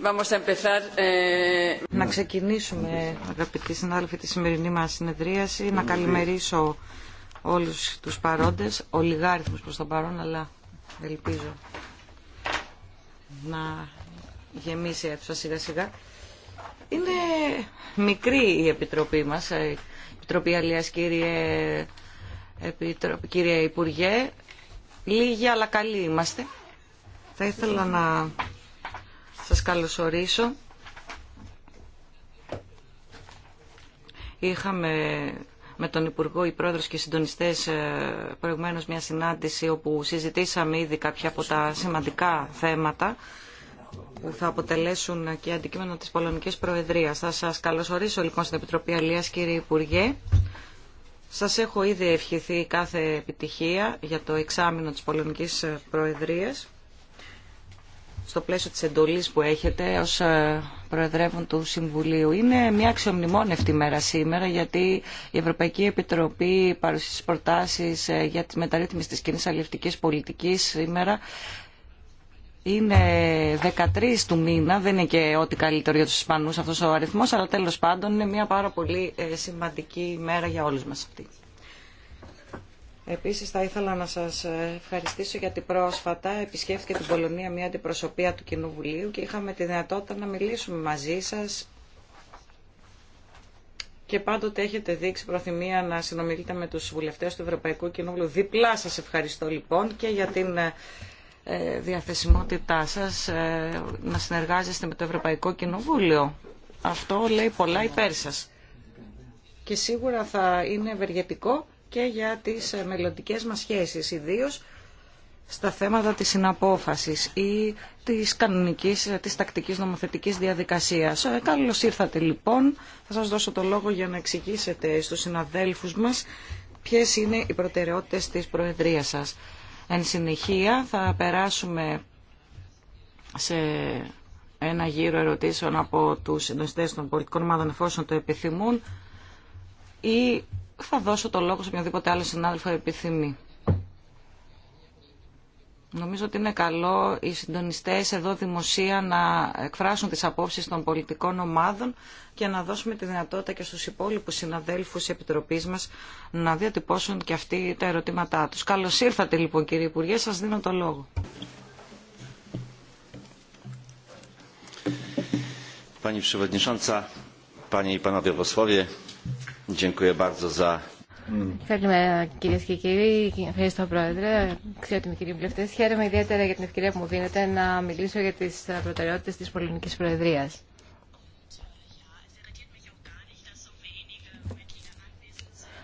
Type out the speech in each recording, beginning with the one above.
Eh, να ξεκινήσουμε, αγαπητοί συνάδελφοι, τη σημερινή μας συνεδρίαση. Να καλημερίσω όλους τους παρόντες, ολιγάριθμους προς τον παρόν, αλλά ελπίζω να γεμίσει η σιγα σιγά-σιγά. Είναι μικρή η Επιτροπή μας, ε, η Επιτροπή Αλίας, κύριε, κύριε Υπουργέ. Λίγοι αλλά καλοί είμαστε. Θα ήθελα να σας καλωσορίσω. Είχαμε με τον Υπουργό, οι Πρόεδρος και οι συντονιστές ε, προηγουμένως μια συνάντηση όπου συζητήσαμε ήδη κάποια από τα σημαντικά θέματα που θα αποτελέσουν και αντικείμενο της Πολωνικής Προεδρίας. Θα σας καλωσορίσω λοιπόν στην Επιτροπή Αλίας κύριε Υπουργέ. Σας έχω ήδη ευχηθεί κάθε επιτυχία για το εξάμεινο της Πολωνικής Προεδρίας στο πλαίσιο της εντολής που έχετε ως ε, Προεδρεύον του Συμβουλίου. Είναι μια αξιομνημόνευτη μέρα σήμερα γιατί η Ευρωπαϊκή Επιτροπή παρουσίασε τι προτάσεις ε, για τη μεταρρύθμιση της κοινή αλληλευτικής πολιτικής σήμερα. Είναι 13 του μήνα, δεν είναι και ό,τι καλύτερο για τους Ισπανούς αυτός ο αριθμός, αλλά τέλος πάντων είναι μια πάρα πολύ ε, σημαντική μέρα για όλους μας αυτή. Επίσης θα ήθελα να σας ευχαριστήσω γιατί πρόσφατα επισκέφθηκε την Πολωνία μια αντιπροσωπεία του Κοινοβουλίου και είχαμε τη δυνατότητα να μιλήσουμε μαζί σας και πάντοτε έχετε δείξει προθυμία να συνομιλείτε με τους βουλευτές του Ευρωπαϊκού Κοινοβουλίου. Διπλά σας ευχαριστώ λοιπόν και για την ε, ε, διαθεσιμότητά σας ε, να συνεργάζεστε με το Ευρωπαϊκό Κοινοβούλιο. Αυτό λέει πολλά υπέρ σας. Και σίγουρα θα είναι ευεργετικό και για τις ε, μελλοντικές μας σχέσεις, ιδίως στα θέματα της συναπόφασης ή της κανονικής, ε, της τακτικής νομοθετικής διαδικασίας. Ε, καλώς ήρθατε λοιπόν. Θα σας δώσω το λόγο για να εξηγήσετε στους συναδέλφους μας ποιες είναι οι προτεραιότητες της Προεδρίας σας. Εν συνεχεία θα περάσουμε σε ένα γύρο ερωτήσεων από τους συντονιστές των πολιτικών ομάδων εφόσον το επιθυμούν ή θα δώσω το λόγο σε οποιονδήποτε άλλο συνάδελφο επιθυμεί. Νομίζω ότι είναι καλό οι συντονιστές εδώ δημοσία να εκφράσουν τις απόψεις των πολιτικών ομάδων και να δώσουμε τη δυνατότητα και στους υπόλοιπους συναδέλφους της Επιτροπής μας να διατυπώσουν και αυτοί τα ερωτήματά τους. Καλώς ήρθατε λοιπόν κύριε Υπουργέ, σας δίνω το λόγο. Przewodnicząca, Panie i Καλημέρα κυρίε και κύριοι. Ευχαριστώ πρόεδρε. Αξιότιμοι κύριοι βουλευτέ. Χαίρομαι ιδιαίτερα για την ευκαιρία που μου δίνετε να μιλήσω για τι προτεραιότητε τη Πολωνική Προεδρία.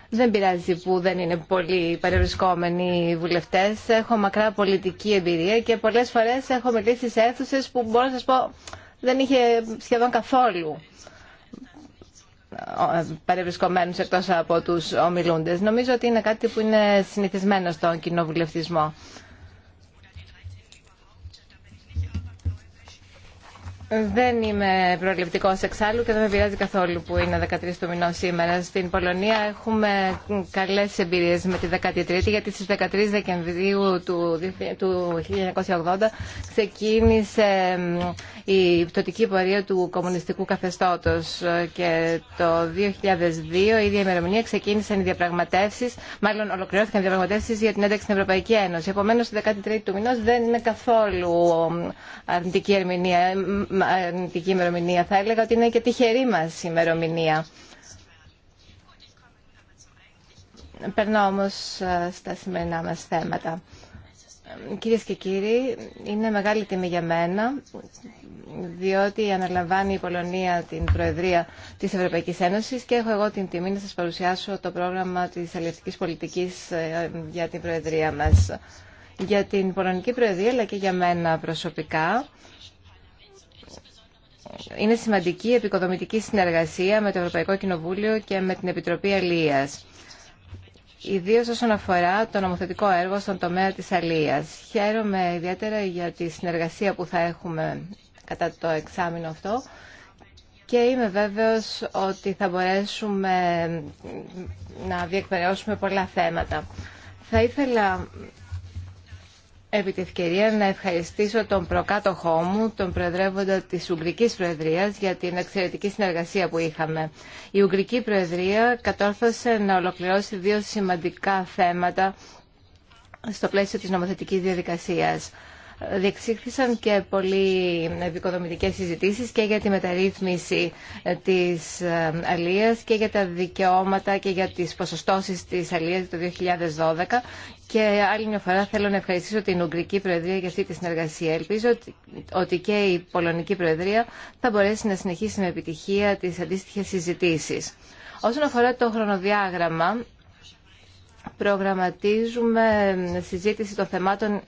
Δεν πειράζει που δεν είναι πολλοί παρευρισκόμενοι οι βουλευτέ. Έχω μακρά πολιτική εμπειρία και πολλέ φορέ έχω μιλήσει σε αίθουσε που μπορώ να σα πω δεν είχε σχεδόν καθόλου παρευρισκομένους εκτός από τους ομιλούντες. Νομίζω ότι είναι κάτι που είναι συνηθισμένο στον κοινοβουλευτισμό. Δεν είμαι προληπτικό εξάλλου και δεν με πειράζει καθόλου που είναι 13 του μηνό σήμερα. Στην Πολωνία έχουμε καλέ εμπειρίε με τη 13η, γιατί στι 13 Δεκεμβρίου του 1980 ξεκίνησε η πτωτική πορεία του κομμουνιστικού καθεστώτος και το 2002 η ίδια ημερομηνία ξεκίνησαν οι διαπραγματεύσεις, μάλλον ολοκληρώθηκαν οι διαπραγματεύσεις για την ένταξη στην Ευρωπαϊκή Ένωση. Επομένως, το 13 του μηνός δεν είναι καθόλου αρνητική, ε, αρνητική ημερομηνία. Θα έλεγα ότι είναι και τυχερή μας ημερομηνία. Περνώ όμως ε, στα σημερινά μας θέματα. Κυρίε και κύριοι, είναι μεγάλη τιμή για μένα, διότι αναλαμβάνει η Πολωνία την Προεδρία της Ευρωπαϊκής Ένωσης και έχω εγώ την τιμή να σας παρουσιάσω το πρόγραμμα της αλληλευτικής πολιτικής ε, για την Προεδρία μας. Για την Πολωνική Προεδρία, αλλά και για μένα προσωπικά, είναι σημαντική επικοδομητική συνεργασία με το Ευρωπαϊκό Κοινοβούλιο και με την Επιτροπή Αλίας ιδίω όσον αφορά το νομοθετικό έργο στον τομέα της αλίας. Χαίρομαι ιδιαίτερα για τη συνεργασία που θα έχουμε κατά το εξάμεινο αυτό και είμαι βέβαιος ότι θα μπορέσουμε να διεκπαιρεώσουμε πολλά θέματα. Θα ήθελα επί τη ευκαιρία να ευχαριστήσω τον προκάτοχό μου, τον Προεδρεύοντα της Ουγγρικής Προεδρίας, για την εξαιρετική συνεργασία που είχαμε. Η Ουγγρική Προεδρία κατόρθωσε να ολοκληρώσει δύο σημαντικά θέματα στο πλαίσιο της νομοθετικής διαδικασίας. Διεξήχθησαν και πολλοί επικοδομητικές συζητήσεις και για τη μεταρρύθμιση της ε, αλίας και για τα δικαιώματα και για τις ποσοστώσεις της αλίας το 2012 και άλλη μια φορά θέλω να ευχαριστήσω την Ουγγρική Προεδρία για αυτή τη συνεργασία. Ελπίζω ότι και η Πολωνική Προεδρία θα μπορέσει να συνεχίσει με επιτυχία τις αντίστοιχες συζητήσεις. Όσον αφορά το χρονοδιάγραμμα, προγραμματίζουμε συζήτηση των θεμάτων ε,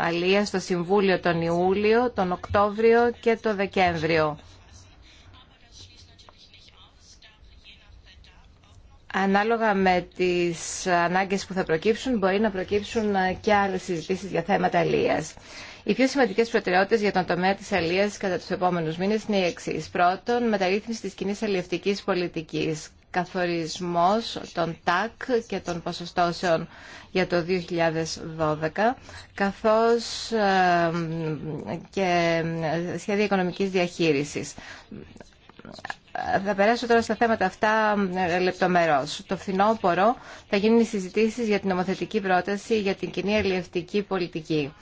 αλία στο Συμβούλιο τον Ιούλιο, τον Οκτώβριο και τον Δεκέμβριο. Ανάλογα με τις ανάγκες που θα προκύψουν, μπορεί να προκύψουν ε, και άλλες συζητήσεις για θέματα αλίας. Οι πιο σημαντικέ προτεραιότητε για τον τομέα τη αλλία κατά του επόμενου μήνε είναι οι εξή. Πρώτον, μεταρρύθμιση τη κοινή αλληλευτική πολιτική καθορισμός των ΤΑΚ και των ποσοστώσεων για το 2012, καθώς και σχέδια οικονομικής διαχείρισης. Θα περάσω τώρα στα θέματα αυτά λεπτομερώς. Το φθινόπωρο θα γίνουν οι συζητήσεις για την νομοθετική πρόταση για την κοινή αλληλευτική πολιτική.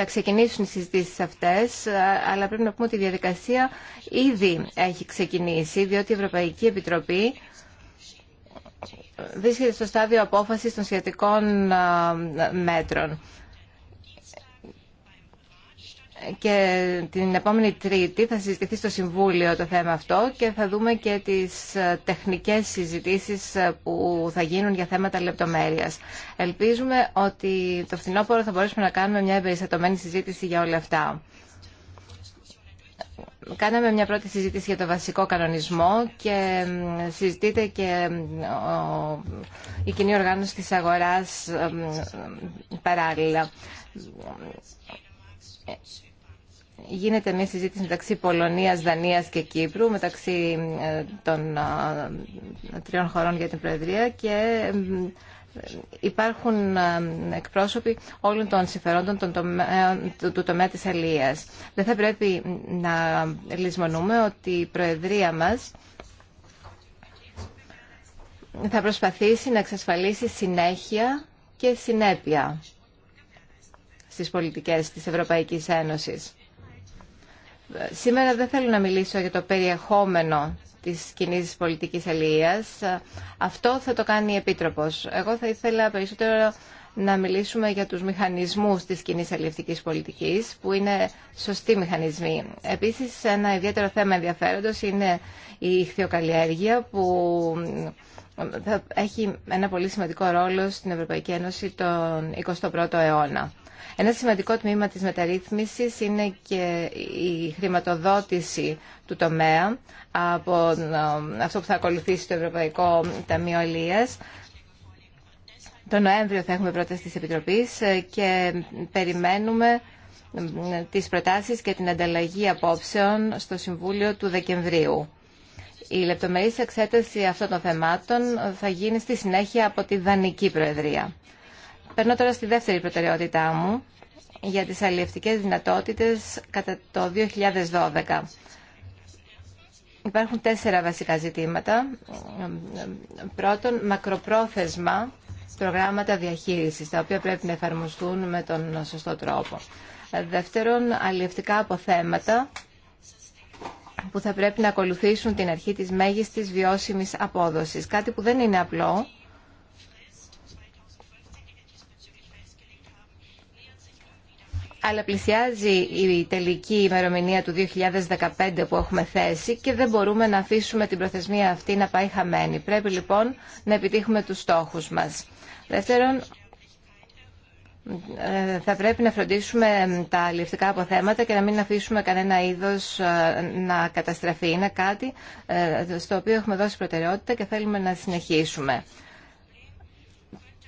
Θα ξεκινήσουν οι συζητήσει αυτές, αλλά πρέπει να πούμε ότι η διαδικασία ήδη έχει ξεκινήσει, διότι η Ευρωπαϊκή Επιτροπή βρίσκεται στο στάδιο απόφασης των σχετικών ε, μέτρων και την επόμενη Τρίτη θα συζητηθεί στο Συμβούλιο το θέμα αυτό και θα δούμε και τις ε, τεχνικές συζητήσεις ε, που θα γίνουν για θέματα λεπτομέρειας. Ελπίζουμε ότι το φθινόπωρο θα μπορέσουμε να κάνουμε μια εμπεριστατωμένη συζήτηση για όλα αυτά. Κάναμε μια πρώτη συζήτηση για το βασικό κανονισμό και συζητείται και η κοινή οργάνωση της αγοράς παράλληλα γίνεται μια συζήτηση μεταξύ Πολωνίας, Δανίας και Κύπρου, μεταξύ ε, των ε, τριών χωρών για την Προεδρία και ε, υπάρχουν εκπρόσωποι όλων των συμφερόντων του, του τομέα της αλίας. Δεν θα πρέπει να λησμονούμε ότι η Προεδρία μας θα προσπαθήσει να εξασφαλίσει συνέχεια και συνέπεια στις πολιτικές της Ευρωπαϊκής Ένωσης. Σήμερα δεν θέλω να μιλήσω για το περιεχόμενο της κοινή πολιτικής αλληλείας. Αυτό θα το κάνει η Επίτροπος. Εγώ θα ήθελα περισσότερο να μιλήσουμε για τους μηχανισμούς της κοινή αλληλευτικής πολιτικής, που είναι σωστοί μηχανισμοί. Επίσης, ένα ιδιαίτερο θέμα ενδιαφέροντος είναι η ηχθειοκαλλιέργεια, που έχει ένα πολύ σημαντικό ρόλο στην Ευρωπαϊκή Ένωση τον 21ο αιώνα. Ένα σημαντικό τμήμα της μεταρρύθμισης είναι και η χρηματοδότηση του τομέα από ε, αυτό που θα ακολουθήσει το Ευρωπαϊκό Ταμείο Ελίας. Το Νοέμβριο θα έχουμε πρόταση της Επιτροπής ε, και περιμένουμε ε, τις προτάσεις και την ανταλλαγή απόψεων στο Συμβούλιο του Δεκεμβρίου. Η λεπτομερής εξέταση αυτών των θεμάτων θα γίνει στη συνέχεια από τη Δανική Προεδρία. Περνώ τώρα στη δεύτερη προτεραιότητά μου για τις αλληλευτικές δυνατότητες κατά το 2012. Υπάρχουν τέσσερα βασικά ζητήματα. Πρώτον, μακροπρόθεσμα προγράμματα διαχείρισης, τα οποία πρέπει να εφαρμοστούν με τον σωστό τρόπο. Δεύτερον, αλληλευτικά αποθέματα που θα πρέπει να ακολουθήσουν την αρχή της μέγιστης βιώσιμης απόδοσης. Κάτι που δεν είναι απλό, αλλά πλησιάζει η τελική ημερομηνία του 2015 που έχουμε θέσει και δεν μπορούμε να αφήσουμε την προθεσμία αυτή να πάει χαμένη. Πρέπει λοιπόν να επιτύχουμε τους στόχους μας. Δεύτερον, ε, θα πρέπει να φροντίσουμε τα αλληλευτικά αποθέματα και να μην αφήσουμε κανένα είδος ε, να καταστραφεί. Είναι κάτι ε, στο οποίο έχουμε δώσει προτεραιότητα και θέλουμε να συνεχίσουμε.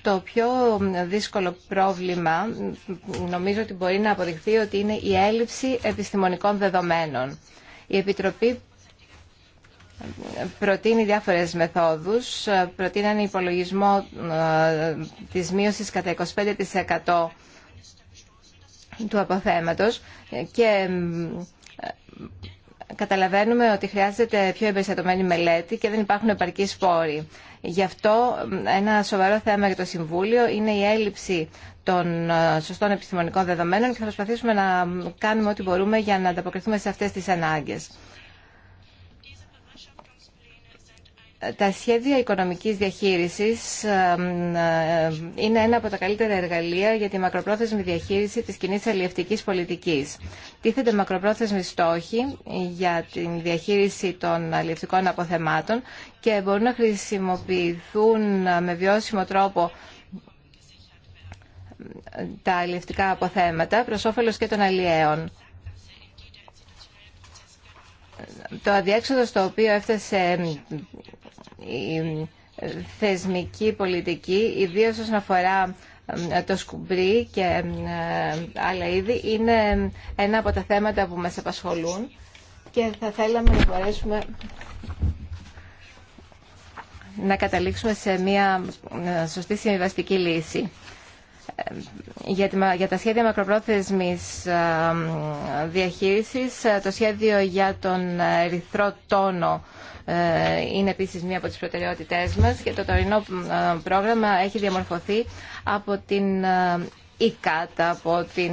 Το πιο δύσκολο πρόβλημα νομίζω ότι μπορεί να αποδειχθεί ότι είναι η έλλειψη επιστημονικών δεδομένων. Η Επιτροπή προτείνει διάφορες μεθόδους. Προτείνει έναν υπολογισμό ε, της μείωσης κατά 25% του αποθέματος και καταλαβαίνουμε ότι χρειάζεται πιο εμπεριστατωμένη μελέτη και δεν υπάρχουν επαρκή σπόροι. Γι' αυτό ένα σοβαρό θέμα για το Συμβούλιο είναι η έλλειψη των ε, σωστών επιστημονικών δεδομένων και θα προσπαθήσουμε να κάνουμε ό,τι μπορούμε για να ανταποκριθούμε σε αυτές τις ανάγκες. τα σχέδια οικονομικής διαχείρισης ε, είναι ένα από τα καλύτερα εργαλεία για τη μακροπρόθεσμη διαχείριση της κοινή αλληλευτικής πολιτικής. Τίθενται μακροπρόθεσμοι στόχοι για τη διαχείριση των αλληλευτικών αποθεμάτων και μπορούν να χρησιμοποιηθούν ε, με βιώσιμο τρόπο τα αλληλευτικά αποθέματα προς όφελος και των αλλιέων το αδιέξοδο στο οποίο έφτασε η ε, θεσμική πολιτική, ιδίως όσον αφορά ε, το σκουμπρί και ε, άλλα είδη, είναι ένα από τα θέματα που μας απασχολούν και θα θέλαμε να μπορέσουμε να καταλήξουμε σε μια σωστή συμβιβαστική λύση. Για τα σχέδια μακροπρόθεσμης διαχείρισης, το σχέδιο για τον ερυθρό τόνο ε, είναι επίσης μία από τις προτεραιότητές μας και το τωρινό ε, πρόγραμμα έχει διαμορφωθεί από την ε, ΙΚΑΤ, από την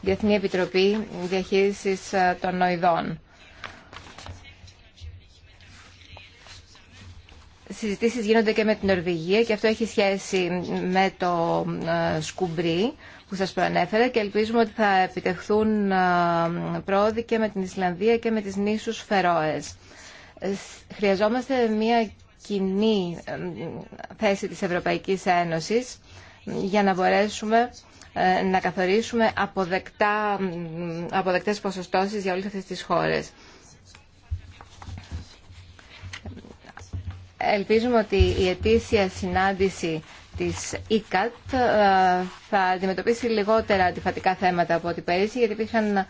Διεθνή Επιτροπή Διαχείρισης των Νοηδών. Συζητήσεις γίνονται και με την Νορβηγία και αυτό έχει σχέση με το σκουμπρί που σας προανέφερα και ελπίζουμε ότι θα επιτευχθούν πρόοδοι και με την Ισλανδία και με τις νήσους Φερόες. Ε, χρειαζόμαστε μια κοινή ε, θέση της Ευρωπαϊκής Ένωσης για να μπορέσουμε ε, να καθορίσουμε αποδεκτά, αποδεκτές ποσοστώσεις για όλες αυτές τις χώρες. Ελπίζουμε ότι η ετήσια συνάντηση της ΙΚΑΤ ε, θα αντιμετωπίσει λιγότερα αντιφατικά θέματα από ό,τι πέρυσι, γιατί υπήρχαν ε,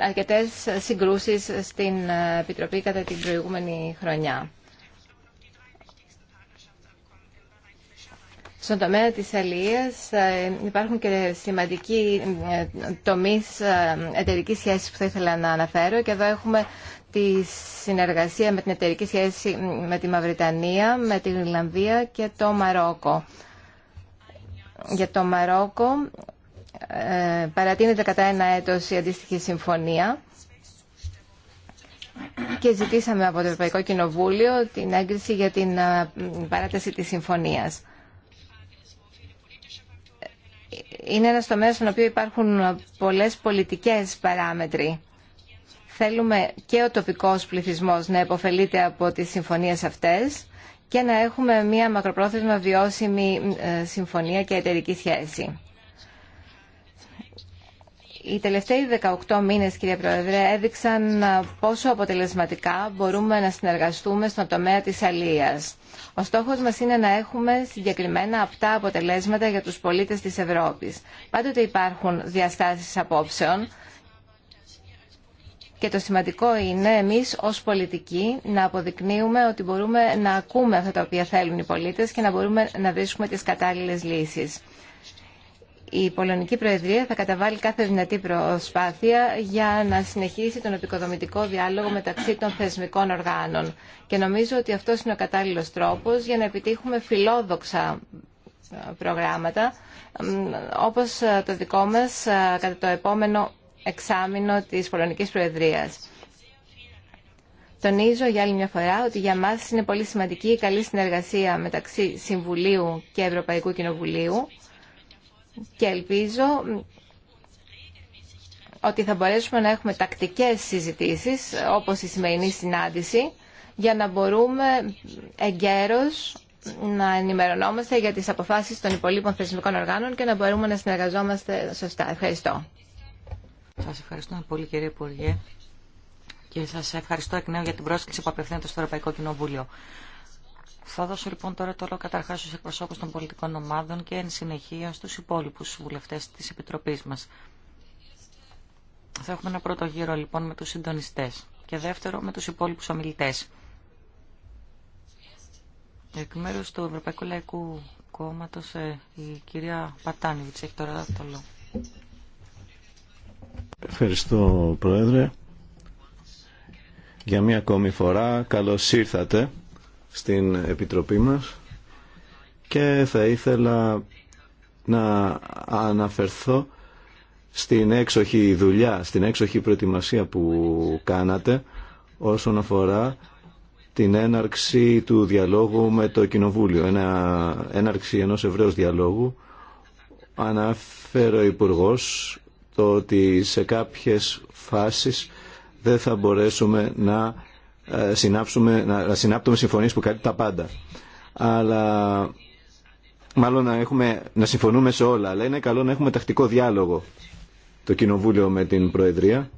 αρκετές συγκρούσεις στην ε, Επιτροπή κατά την προηγούμενη χρονιά. Στον τομέα της αλληλείας υπάρχουν και σημαντικοί τομείς εταιρικής σχέσης που θα ήθελα να αναφέρω και εδώ έχουμε τη συνεργασία με την εταιρική σχέση με τη Μαυριτανία, με την Γρυλανδία και το Μαρόκο. Για το Μαρόκο ε, παρατείνεται κατά ένα έτος η αντίστοιχη συμφωνία και ζητήσαμε από το Ευρωπαϊκό Κοινοβούλιο την έγκριση για την ε, παράταση της συμφωνίας. Ε, είναι ένας τομέας στον οποίο υπάρχουν πολλές πολιτικές παράμετροι. Θέλουμε και ο τοπικός πληθυσμός να υποφελείται από τις συμφωνίες αυτές και να έχουμε μια μακροπρόθεσμα βιώσιμη ε, συμφωνία και εταιρική σχέση. Οι τελευταίοι 18 μήνες, κύριε Πρόεδρε, έδειξαν ε, πόσο αποτελεσματικά μπορούμε να συνεργαστούμε στον τομέα της αλίας. Ο στόχος μας είναι να έχουμε συγκεκριμένα αυτά αποτελέσματα για τους πολίτες της Ευρώπης. Πάντοτε υπάρχουν διαστάσεις απόψεων και το σημαντικό είναι εμείς ως πολιτικοί να αποδεικνύουμε ότι μπορούμε να ακούμε αυτά τα οποία θέλουν οι πολίτες και να μπορούμε να βρίσκουμε τις κατάλληλες λύσεις. Η Πολωνική Προεδρία θα καταβάλει κάθε δυνατή προσπάθεια για να συνεχίσει τον επικοδομητικό διάλογο μεταξύ των θεσμικών οργάνων. Και νομίζω ότι αυτό είναι ο κατάλληλος τρόπος για να επιτύχουμε φιλόδοξα ε, προγράμματα, όπως ε, το δικό μας ε, κατά το επόμενο εξάμεινο της Πολωνικής Προεδρίας. Τονίζω για άλλη μια φορά ότι για μας είναι πολύ σημαντική η καλή συνεργασία μεταξύ Συμβουλίου και Ευρωπαϊκού Κοινοβουλίου και ελπίζω ότι θα μπορέσουμε να έχουμε τακτικές συζητήσεις, όπως η σημερινή συνάντηση, για να μπορούμε εγκαίρως να ενημερωνόμαστε για τις αποφάσεις των υπολείπων θεσμικών οργάνων και να μπορούμε να συνεργαζόμαστε σωστά. Ευχαριστώ. Σας ευχαριστώ πολύ κύριε Υπουργέ και σας ευχαριστώ εκ νέου για την πρόσκληση που απευθύνεται στο Ευρωπαϊκό Κοινοβούλιο. Θα δώσω λοιπόν τώρα το λόγο καταρχάς στους εκπροσώπους των πολιτικών ομάδων και εν συνεχεία στους υπόλοιπους βουλευτές της Επιτροπής μας. Θα έχουμε ένα πρώτο γύρο λοιπόν με τους συντονιστές και δεύτερο με τους υπόλοιπους ομιλητές. Εκ μέρους του Ευρωπαϊκού Λαϊκού Κόμματος ε, η κυρία Πατάνιβιτς έχει τώρα το λόγο. Ευχαριστώ Πρόεδρε. Για μία ακόμη φορά καλώς ήρθατε στην Επιτροπή μας και θα ήθελα να αναφερθώ στην έξοχη δουλειά, στην έξοχη προετοιμασία που κάνατε όσον αφορά την έναρξη του διαλόγου με το Κοινοβούλιο, ένα έναρξη ενός ευρέως διαλόγου αναφέρω ο υπουργό το ότι σε κάποιες φάσεις δεν θα μπορέσουμε να ε, συνάψουμε, να συνάπτουμε συμφωνίες που καλύπτουν τα πάντα. Αλλά μάλλον να, έχουμε, να συμφωνούμε σε όλα, αλλά είναι καλό να έχουμε τακτικό διάλογο το Κοινοβούλιο με την Προεδρία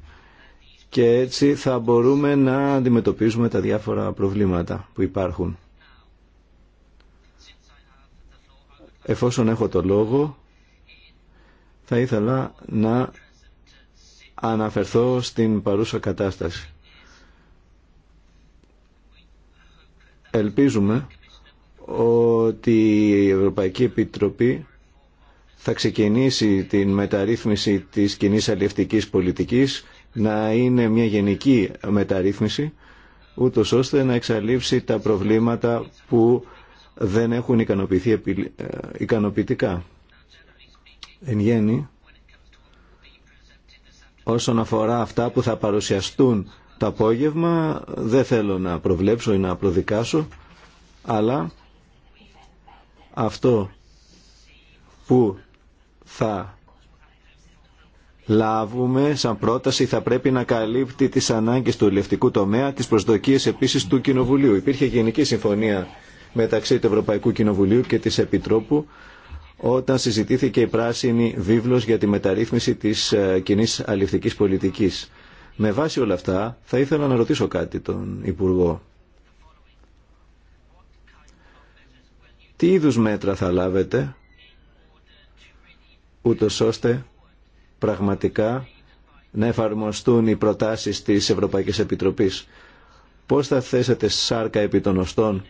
και έτσι θα μπορούμε να αντιμετωπίζουμε τα διάφορα προβλήματα που υπάρχουν. Εφόσον έχω το λόγο, θα ήθελα να αναφερθώ στην παρούσα κατάσταση. Ελπίζουμε ότι η Ευρωπαϊκή Επιτροπή θα ξεκινήσει την μεταρρύθμιση της κοινή αλληλευτικής πολιτικής να είναι μια γενική μεταρρύθμιση ούτως ώστε να εξαλείψει τα προβλήματα που δεν έχουν ικανοποιηθεί ε, ικανοποιητικά. Εν γέννη, όσον αφορά αυτά που θα παρουσιαστούν το απόγευμα, δεν θέλω να προβλέψω ή να προδικάσω, αλλά αυτό που θα λάβουμε σαν πρόταση θα πρέπει να καλύπτει τις ανάγκες του ελευτικού τομέα, τις προσδοκίες επίσης του Κοινοβουλίου. Υπήρχε γενική συμφωνία μεταξύ του Ευρωπαϊκού Κοινοβουλίου και της Επιτρόπου όταν συζητήθηκε η πράσινη βίβλος για τη μεταρρύθμιση της ε, κοινή αληθικής πολιτικής. Με βάση όλα αυτά θα ήθελα να ρωτήσω κάτι τον Υπουργό. Τι είδους μέτρα θα λάβετε ούτω ώστε πραγματικά να εφαρμοστούν οι προτάσεις της Ευρωπαϊκής Επιτροπής. Πώς θα θέσετε σάρκα επί των οστών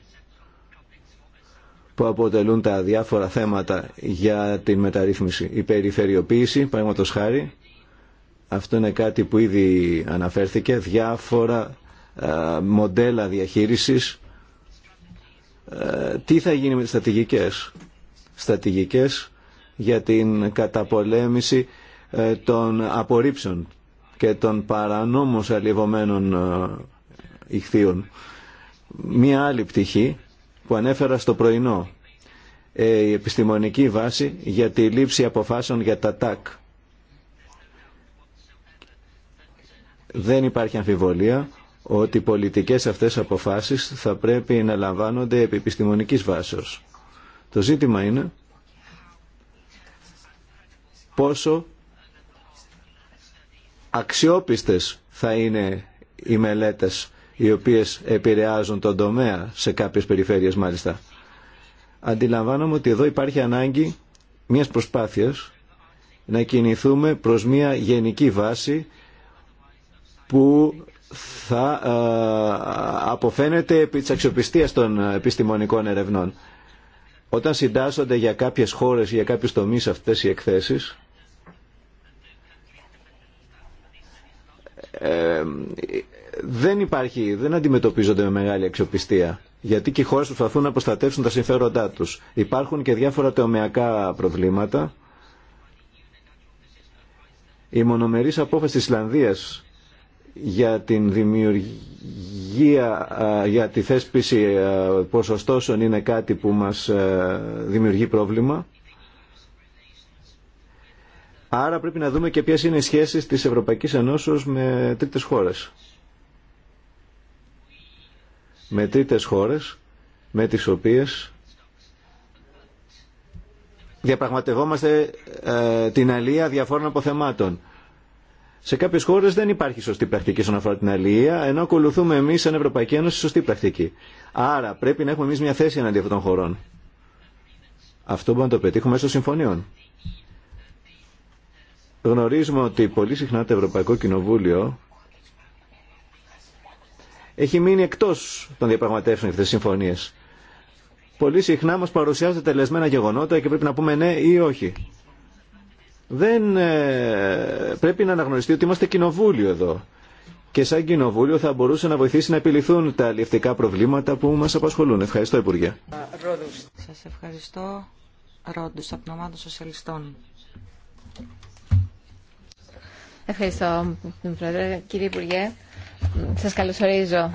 που αποτελούν τα διάφορα θέματα για την μεταρρύθμιση. Η περιφερειοποίηση, παραδείγματο χάρη, αυτό είναι κάτι που ήδη αναφέρθηκε, διάφορα ε, μοντέλα διαχείρισης. Ε, τι θα γίνει με τις στρατηγικές. Στρατηγικές για την καταπολέμηση ε, των απορρίψεων και των παρανόμως αλληλευωμένων ηχθείων. Μία άλλη πτυχή που ανέφερα στο πρωινό. Ε, η επιστημονική βάση για τη λήψη αποφάσεων για τα ΤΑΚ. Δεν υπάρχει αμφιβολία ότι οι πολιτικές αυτές αποφάσεις θα πρέπει να λαμβάνονται επί επιστημονικής βάσεως. Το ζήτημα είναι πόσο αξιόπιστες θα είναι οι μελέτες οι οποίες επηρεάζουν τον τομέα σε κάποιες περιφέρειες μάλιστα. Αντιλαμβάνομαι ότι εδώ υπάρχει ανάγκη μιας προσπάθειας να κινηθούμε προς μια γενική βάση που θα ε, αποφαίνεται επί της αξιοπιστίας των επιστημονικών ερευνών. Όταν συντάσσονται για κάποιες χώρες ή για κάποιους τομείς αυτές οι εκθέσεις, ε, δεν υπάρχει, δεν αντιμετωπίζονται με μεγάλη αξιοπιστία. Γιατί και οι χώρε προσπαθούν να προστατεύσουν τα συμφέροντά του. Υπάρχουν και διάφορα τεωμεακά προβλήματα. Η μονομερής απόφαση της Ισλανδίας για την δημιουργία, για τη θέσπιση ποσοστώσεων είναι κάτι που μας δημιουργεί πρόβλημα. Άρα πρέπει να δούμε και ποιες είναι οι σχέσεις της Ευρωπαϊκής Ενώσεως με τρίτες χώρες με τρίτες χώρες με τις οποίες διαπραγματευόμαστε ε, την αλία διαφόρων αποθεμάτων. Σε κάποιες χώρες δεν υπάρχει σωστή πρακτική στον αφορά την αλληλεία, ενώ ακολουθούμε εμείς σαν Ευρωπαϊκή Ένωση σωστή πρακτική. Άρα πρέπει να έχουμε εμείς μια θέση εναντί αυτών των χωρών. Αυτό μπορούμε να το πετύχουμε μέσω συμφωνιών. Γνωρίζουμε ότι πολύ συχνά το Ευρωπαϊκό Κοινοβούλιο έχει μείνει εκτός των διαπραγματεύσεων αυτές τι συμφωνίες. Πολύ συχνά μας παρουσιάζονται τελεσμένα γεγονότα και πρέπει να πούμε ναι ή όχι. Δεν ε, πρέπει να αναγνωριστεί ότι είμαστε κοινοβούλιο εδώ. Και σαν κοινοβούλιο θα μπορούσε να βοηθήσει να επιληθούν τα αλληλευτικά προβλήματα που μας απασχολούν. Ευχαριστώ Υπουργέ. Σας ευχαριστώ Ρόντου, από την ομάδα Σοσιαλιστών. Ευχαριστώ, Κύριε Υπουργέ, σας καλωσορίζω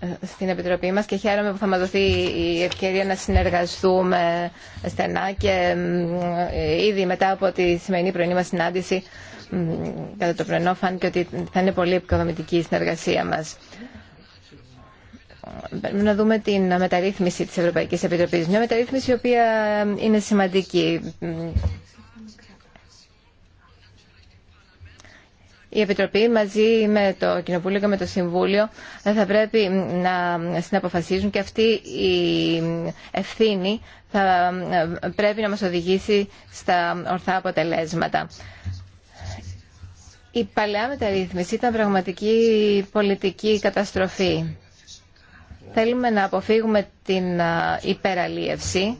ε, στην Επιτροπή μας και χαίρομαι που θα μας δοθεί η ευκαιρία να συνεργαστούμε στενά και ε, ήδη μετά από τη σημερινή πρωινή μας συνάντηση κατά το πρωινό και ότι θα είναι πολύ επικοδομητική η συνεργασία μας. Πρέπει να δούμε την μεταρρύθμιση της Ευρωπαϊκής Επιτροπής. Μια μεταρρύθμιση η οποία είναι σημαντική. η Επιτροπή μαζί με το Κοινοβούλιο και με το Συμβούλιο θα πρέπει να συναποφασίζουν και αυτή η ευθύνη θα πρέπει να μας οδηγήσει στα ορθά αποτελέσματα. Η παλαιά μεταρρύθμιση ήταν πραγματική πολιτική καταστροφή. Θέλουμε να αποφύγουμε την υπεραλίευση,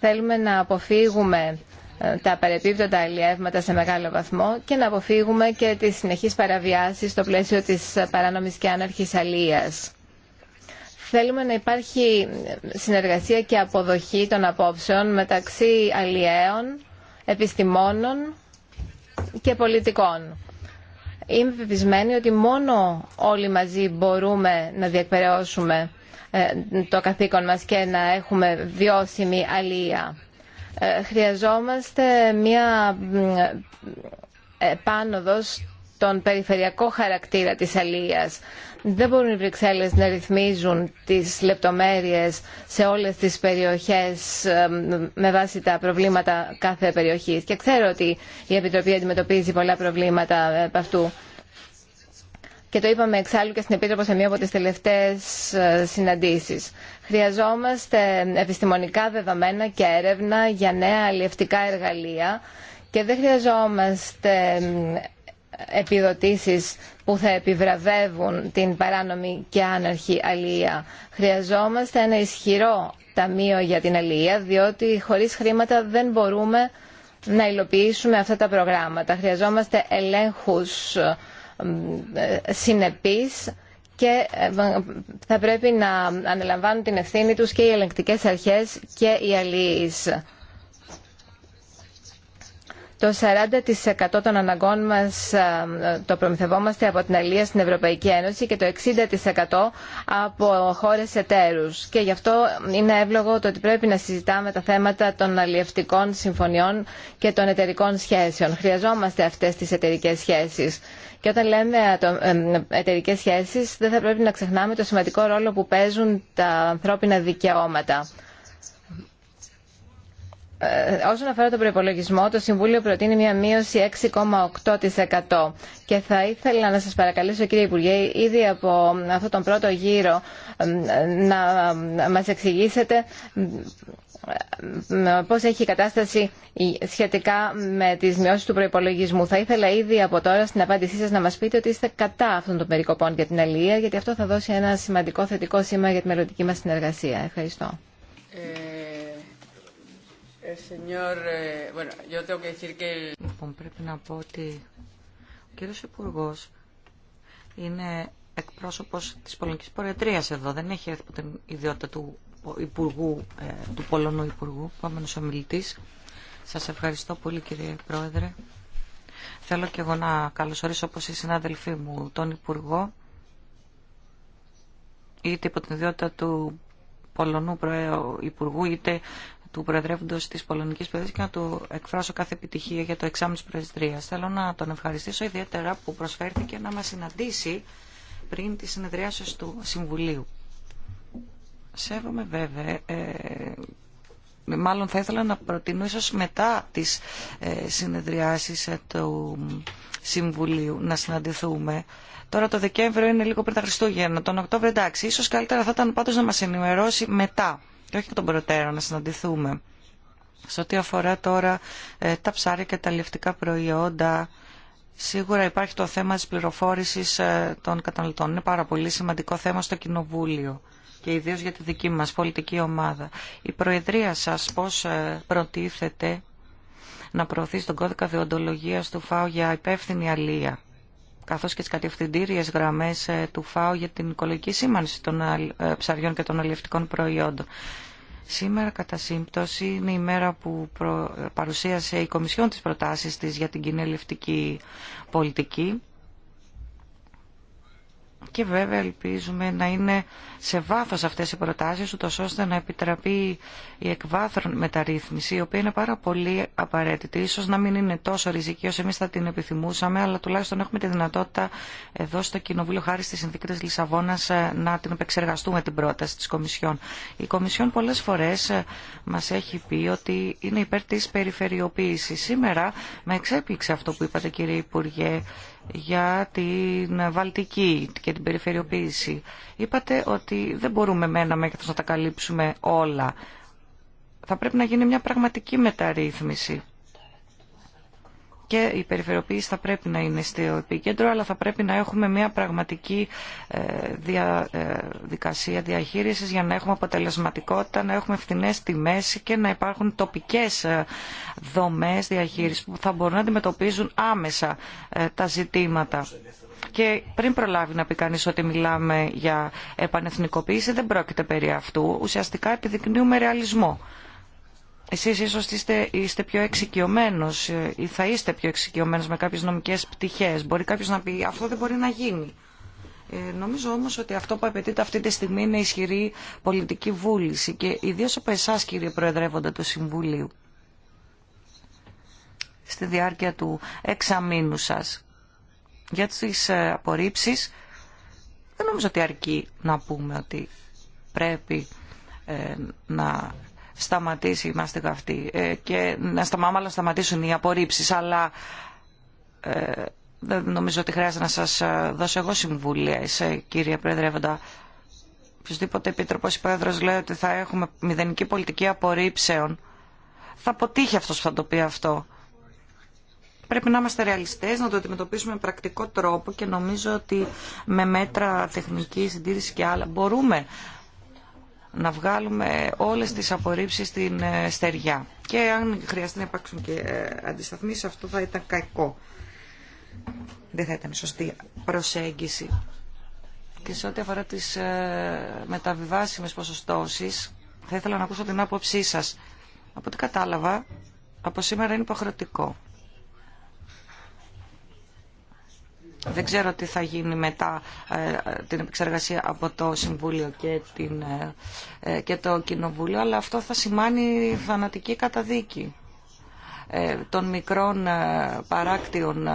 θέλουμε να αποφύγουμε ε, τα παρεπίπτοντα αλλιεύματα σε μεγάλο βαθμό και να αποφύγουμε και τις συνεχείς παραβιάσεις στο πλαίσιο της παράνομης και άναρχης αλίας. Θέλουμε να υπάρχει συνεργασία και αποδοχή των απόψεων μεταξύ αλλιέων, επιστημόνων και πολιτικών. Είμαι πεπισμένη ότι μόνο όλοι μαζί μπορούμε να διεκπαιρεώσουμε ε, το καθήκον μας και να έχουμε βιώσιμη αλία. Ε, χρειαζόμαστε μια ε, επάνωδο των περιφερειακό χαρακτήρα της αλίας. Δεν μπορούν οι Βρυξέλλες να ρυθμίζουν τις λεπτομέρειες σε όλες τις περιοχές ε, με βάση τα προβλήματα κάθε περιοχής. Και ξέρω ότι η Επιτροπή αντιμετωπίζει πολλά προβλήματα από αυτού. Και το είπαμε εξάλλου και στην Επίτροπο σε μία από τις τελευταίες συναντήσεις. Χρειαζόμαστε επιστημονικά δεδομένα και έρευνα για νέα αλλιευτικά εργαλεία και δεν χρειαζόμαστε επιδοτήσεις που θα επιβραβεύουν την παράνομη και άναρχη αλληλεία. Χρειαζόμαστε ένα ισχυρό ταμείο για την αλληλεία, διότι χωρίς χρήματα δεν μπορούμε να υλοποιήσουμε αυτά τα προγράμματα. Χρειαζόμαστε ελέγχους συνεπείς και ε, θα πρέπει να ανελαμβάνουν την ευθύνη τους και οι ελεγκτικές αρχές και οι αλληλείς. Το 40% των αναγκών μας το προμηθευόμαστε από την Αλία στην Ευρωπαϊκή Ένωση και το 60% από χώρες εταίρους. Και γι' αυτό είναι εύλογο το ότι πρέπει να συζητάμε τα θέματα των αλλιευτικών συμφωνιών και των εταιρικών σχέσεων. Χρειαζόμαστε αυτές τις εταιρικές σχέσεις. Και όταν λέμε ε, εταιρικές σχέσεις δεν θα πρέπει να ξεχνάμε το σημαντικό ρόλο που παίζουν τα ανθρώπινα δικαιώματα. Ε, όσον αφορά τον προπολογισμό, το Συμβούλιο προτείνει μια μείωση 6,8% και θα ήθελα να σας παρακαλέσω κύριε Υπουργέ ήδη από αυτόν τον πρώτο γύρο ε, να μας εξηγήσετε ε, πώς έχει η κατάσταση σχετικά με τις μειώσεις του προϋπολογισμού. Θα ήθελα ήδη από τώρα στην απάντησή σας να μας πείτε ότι είστε κατά αυτών των περικοπών για την αλληλεία, γιατί αυτό θα δώσει ένα σημαντικό θετικό σήμα για τη μελλοντική μας συνεργασία. Ευχαριστώ. Λοιπόν, πρέπει να πω ότι ο κύριος Υπουργό είναι εκπρόσωπος της Πολωνικής Προεδρίας εδώ. Δεν έχει έρθει από την ιδιότητα του, υπουργού, ε, του Πολωνού Υπουργού, ο ομιλητής. Σας ευχαριστώ πολύ κύριε Πρόεδρε. Θέλω και εγώ να καλωσορίσω όπως οι συνάδελφοί μου τον Υπουργό είτε υπό την ιδιότητα του Πολωνού Υπουργού είτε του Προεδρεύοντο τη Πολωνική Προεδρία και να του εκφράσω κάθε επιτυχία για το εξάμεινο τη Προεδρία. Θέλω να τον ευχαριστήσω ιδιαίτερα που προσφέρθηκε να μα συναντήσει πριν τη συνεδριάσεις του Συμβουλίου. Σέβομαι βέβαια. Ε, μάλλον θα ήθελα να προτείνω ίσως μετά τις ε, συνεδριάσεις ε, του Συμβουλίου να συναντηθούμε. Τώρα το Δεκέμβριο είναι λίγο πριν τα Χριστούγεννα, τον Οκτώβριο εντάξει, ίσως καλύτερα θα ήταν πάντως να μας ενημερώσει μετά και όχι από τον προτέρα να συναντηθούμε. Σε ό,τι αφορά τώρα ε, τα ψάρια και τα λευτικά προϊόντα, σίγουρα υπάρχει το θέμα της πληροφόρησης ε, των καταναλωτών. Είναι πάρα πολύ σημαντικό θέμα στο Κοινοβούλιο και ιδίως για τη δική μας πολιτική ομάδα. Η Προεδρία σας πώς ε, προτίθεται να προωθεί τον κώδικα διοντολογίας του ΦΑΟ για υπεύθυνη αλία καθώς και τις κατευθυντήριες γραμμές ε, του ΦΑΟ για την οικολογική σήμανση των ε, ψαριών και των αλληλευτικών προϊόντων. Σήμερα, κατά σύμπτωση, είναι η μέρα που ε, παρουσίασε η Κομισιόν τις προτάσεις της για την κοινή αλληλευτική πολιτική και βέβαια ελπίζουμε να είναι σε βάθος αυτές οι προτάσεις ούτως ώστε να επιτραπεί η εκβάθρον μεταρρύθμιση η οποία είναι πάρα πολύ απαραίτητη ίσως να μην είναι τόσο ριζική όσο εμείς θα την επιθυμούσαμε αλλά τουλάχιστον έχουμε τη δυνατότητα εδώ στο Κοινοβούλιο χάρη στη συνθήκη της Λισαβόνας ε, να την επεξεργαστούμε την πρόταση της Κομισιόν. Η Κομισιόν πολλές φορές ε, μας έχει πει ότι είναι υπέρ της περιφερειοποίησης. Σήμερα με εξέπληξε αυτό που είπατε κύριε Υπουργέ για την βαλτική και την περιφερειοποίηση. Είπατε ότι δεν μπορούμε με ένα μέγεθος να τα καλύψουμε όλα. Θα πρέπει να γίνει μια πραγματική μεταρρύθμιση και η περιφερειοποίηση θα πρέπει να είναι στο επίκεντρο, αλλά θα πρέπει να έχουμε μια πραγματική ε, διαδικασία ε, διαχείρισης για να έχουμε αποτελεσματικότητα, να έχουμε φθηνές τιμές και να υπάρχουν τοπικές ε, δομές διαχείρισης που θα μπορούν να αντιμετωπίζουν άμεσα τα ζητήματα. Και πριν προλάβει να πει κανεί ότι μιλάμε για επανεθνικοποίηση, δεν πρόκειται περί αυτού. Ουσιαστικά επιδεικνύουμε ρεαλισμό. Εσείς ίσως είστε, είστε πιο εξοικειωμένο ε, ή θα είστε πιο εξοικειωμένο με κάποιες νομικές πτυχές. Μπορεί κάποιος να πει αυτό δεν μπορεί να γίνει. Ε, νομίζω όμως ότι αυτό που απαιτείται αυτή τη στιγμή είναι ισχυρή πολιτική βούληση και ιδίως από εσάς κύριε Προεδρεύοντα του Συμβουλίου στη διάρκεια του εξαμήνου σας. Για τις ε, απορρίψεις δεν νομίζω ότι αρκεί να πούμε ότι πρέπει ε, να σταματήσει η μάστιγα αυτή ε, και να σταματήσουν οι απορρίψεις. Αλλά ε, δεν νομίζω ότι χρειάζεται να σας ε, δώσω εγώ συμβούλια. συμβουλίες, κύριε Πρεδρεύοντα. Οποιοςδήποτε επίτροπος ή πρόεδρος λέει ότι θα έχουμε μηδενική πολιτική απορρίψεων. Θα αποτύχει αυτός που θα το πει αυτό. Πρέπει να είμαστε ρεαλιστές, να το αντιμετωπίσουμε με πρακτικό τρόπο και νομίζω ότι με μέτρα τεχνική συντήρηση και άλλα μπορούμε να βγάλουμε όλες τις απορρίψεις στην ε, στεριά. Και αν χρειαστεί να υπάρξουν και ε, αντισταθμίσεις, αυτό θα ήταν κακό. Δεν θα ήταν σωστή προσέγγιση. Και σε ό,τι αφορά τις ε, μεταβιβάσιμες ποσοστώσεις, θα ήθελα να ακούσω την άποψή σας. Από ό,τι κατάλαβα, από σήμερα είναι υποχρεωτικό Δεν ξέρω τι θα γίνει μετά ε, την επεξεργασία από το Συμβούλιο ε, ε, και, το Κοινοβούλιο, αλλά αυτό θα σημάνει θανατική καταδίκη των μικρών παράκτιων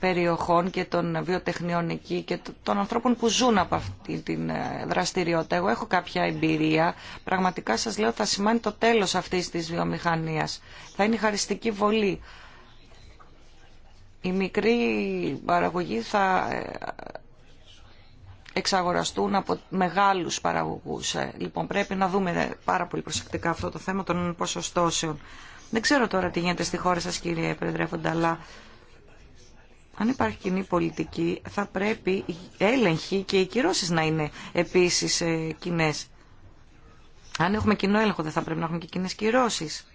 περιοχών και των βιοτεχνιών εκεί και των ανθρώπων που ζουν από αυτή την δραστηριότητα. Εγώ έχω κάποια εμπειρία. Πραγματικά σας λέω θα σημάνει το τέλος αυτής της βιομηχανίας. Θα είναι χαριστική βολή οι μικροί παραγωγοί θα ε, εξαγοραστούν από μεγάλους παραγωγούς. Ε, λοιπόν, πρέπει να δούμε ε, πάρα πολύ προσεκτικά αυτό το θέμα των ποσοστώσεων. Δεν ξέρω τώρα τι γίνεται στη χώρα σας, κύριε Πρεδρέφοντα, αλλά αν υπάρχει κοινή πολιτική, θα πρέπει η έλεγχη και οι κυρώσεις να είναι επίσης κοινέ. Αν έχουμε κοινό έλεγχο, δεν θα πρέπει να έχουμε και κοινέ κυρώσεις.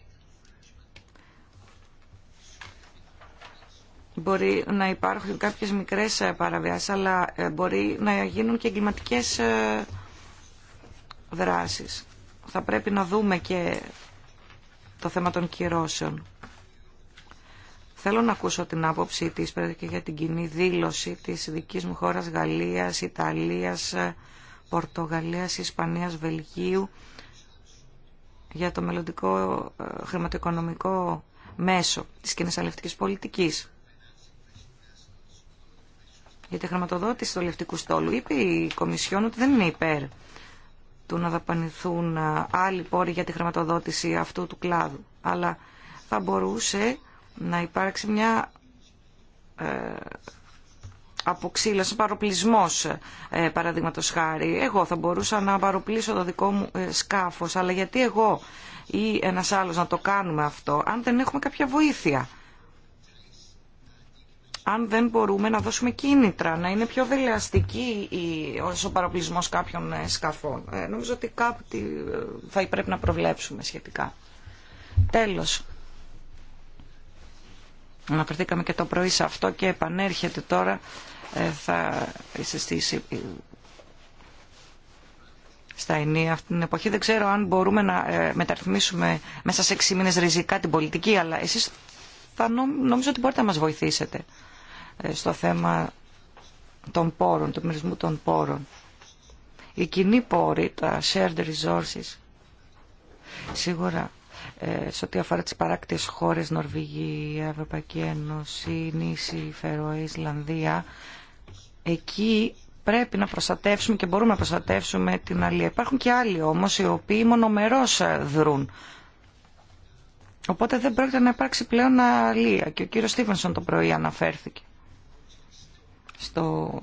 Μπορεί να υπάρχουν κάποιες μικρές ε, παραβιάσεις, αλλά ε, μπορεί να γίνουν και εγκληματικέ ε, δράσεις. Θα πρέπει να δούμε και το θέμα των κυρώσεων. Θέλω να ακούσω την άποψή της και για την κοινή δήλωση της δικής μου χώρας Γαλλίας, Ιταλίας, Πορτογαλίας, Ισπανίας, Βελγίου για το μελλοντικό χρηματοοικονομικό μέσο της κοινής πολιτικής για τη χρηματοδότηση του λευτικού στόλου. Είπε η Κομισιόν ότι δεν είναι υπέρ του να δαπανηθούν ε, άλλοι πόροι για τη χρηματοδότηση αυτού του κλάδου. Αλλά θα μπορούσε να υπάρξει μια ε, αποξήλωση, παροπλισμός ε, παραδείγματος χάρη. Εγώ θα μπορούσα να παροπλήσω το δικό μου ε, σκάφος, αλλά γιατί εγώ ή ένας άλλος να το κάνουμε αυτό, αν δεν έχουμε κάποια βοήθεια αν δεν μπορούμε να δώσουμε κίνητρα, να είναι πιο δελεαστική ο παραπλησμός κάποιων ε, σκαφών. Ε, νομίζω ότι κάτι ε, θα πρέπει να προβλέψουμε σχετικά. Τέλος. Αναφερθήκαμε και το πρωί σε αυτό και επανέρχεται τώρα. θα είσαι στα ενία αυτή την εποχή. Δεν ξέρω αν μπορούμε να μεταρρυθμίσουμε μέσα σε 6 μήνες ριζικά την πολιτική, αλλά εσείς νομίζω ότι μπορείτε να μας βοηθήσετε. Ε, στο θέμα των πόρων, του μερισμού των πόρων. Οι κοινοί πόροι, τα shared resources, σίγουρα ε, σε ό,τι αφορά τις παράκτιες χώρες, Νορβηγία, Ευρωπαϊκή Ένωση, Νύση, Φερόη, Ισλανδία, εκεί πρέπει να προστατεύσουμε και μπορούμε να προστατεύσουμε την αλία. Υπάρχουν και άλλοι όμως οι οποίοι μονομερώς ε, δρούν. Οπότε δεν πρόκειται να υπάρξει πλέον αλία και ο κύριος Στίβενσον το πρωί αναφέρθηκε στο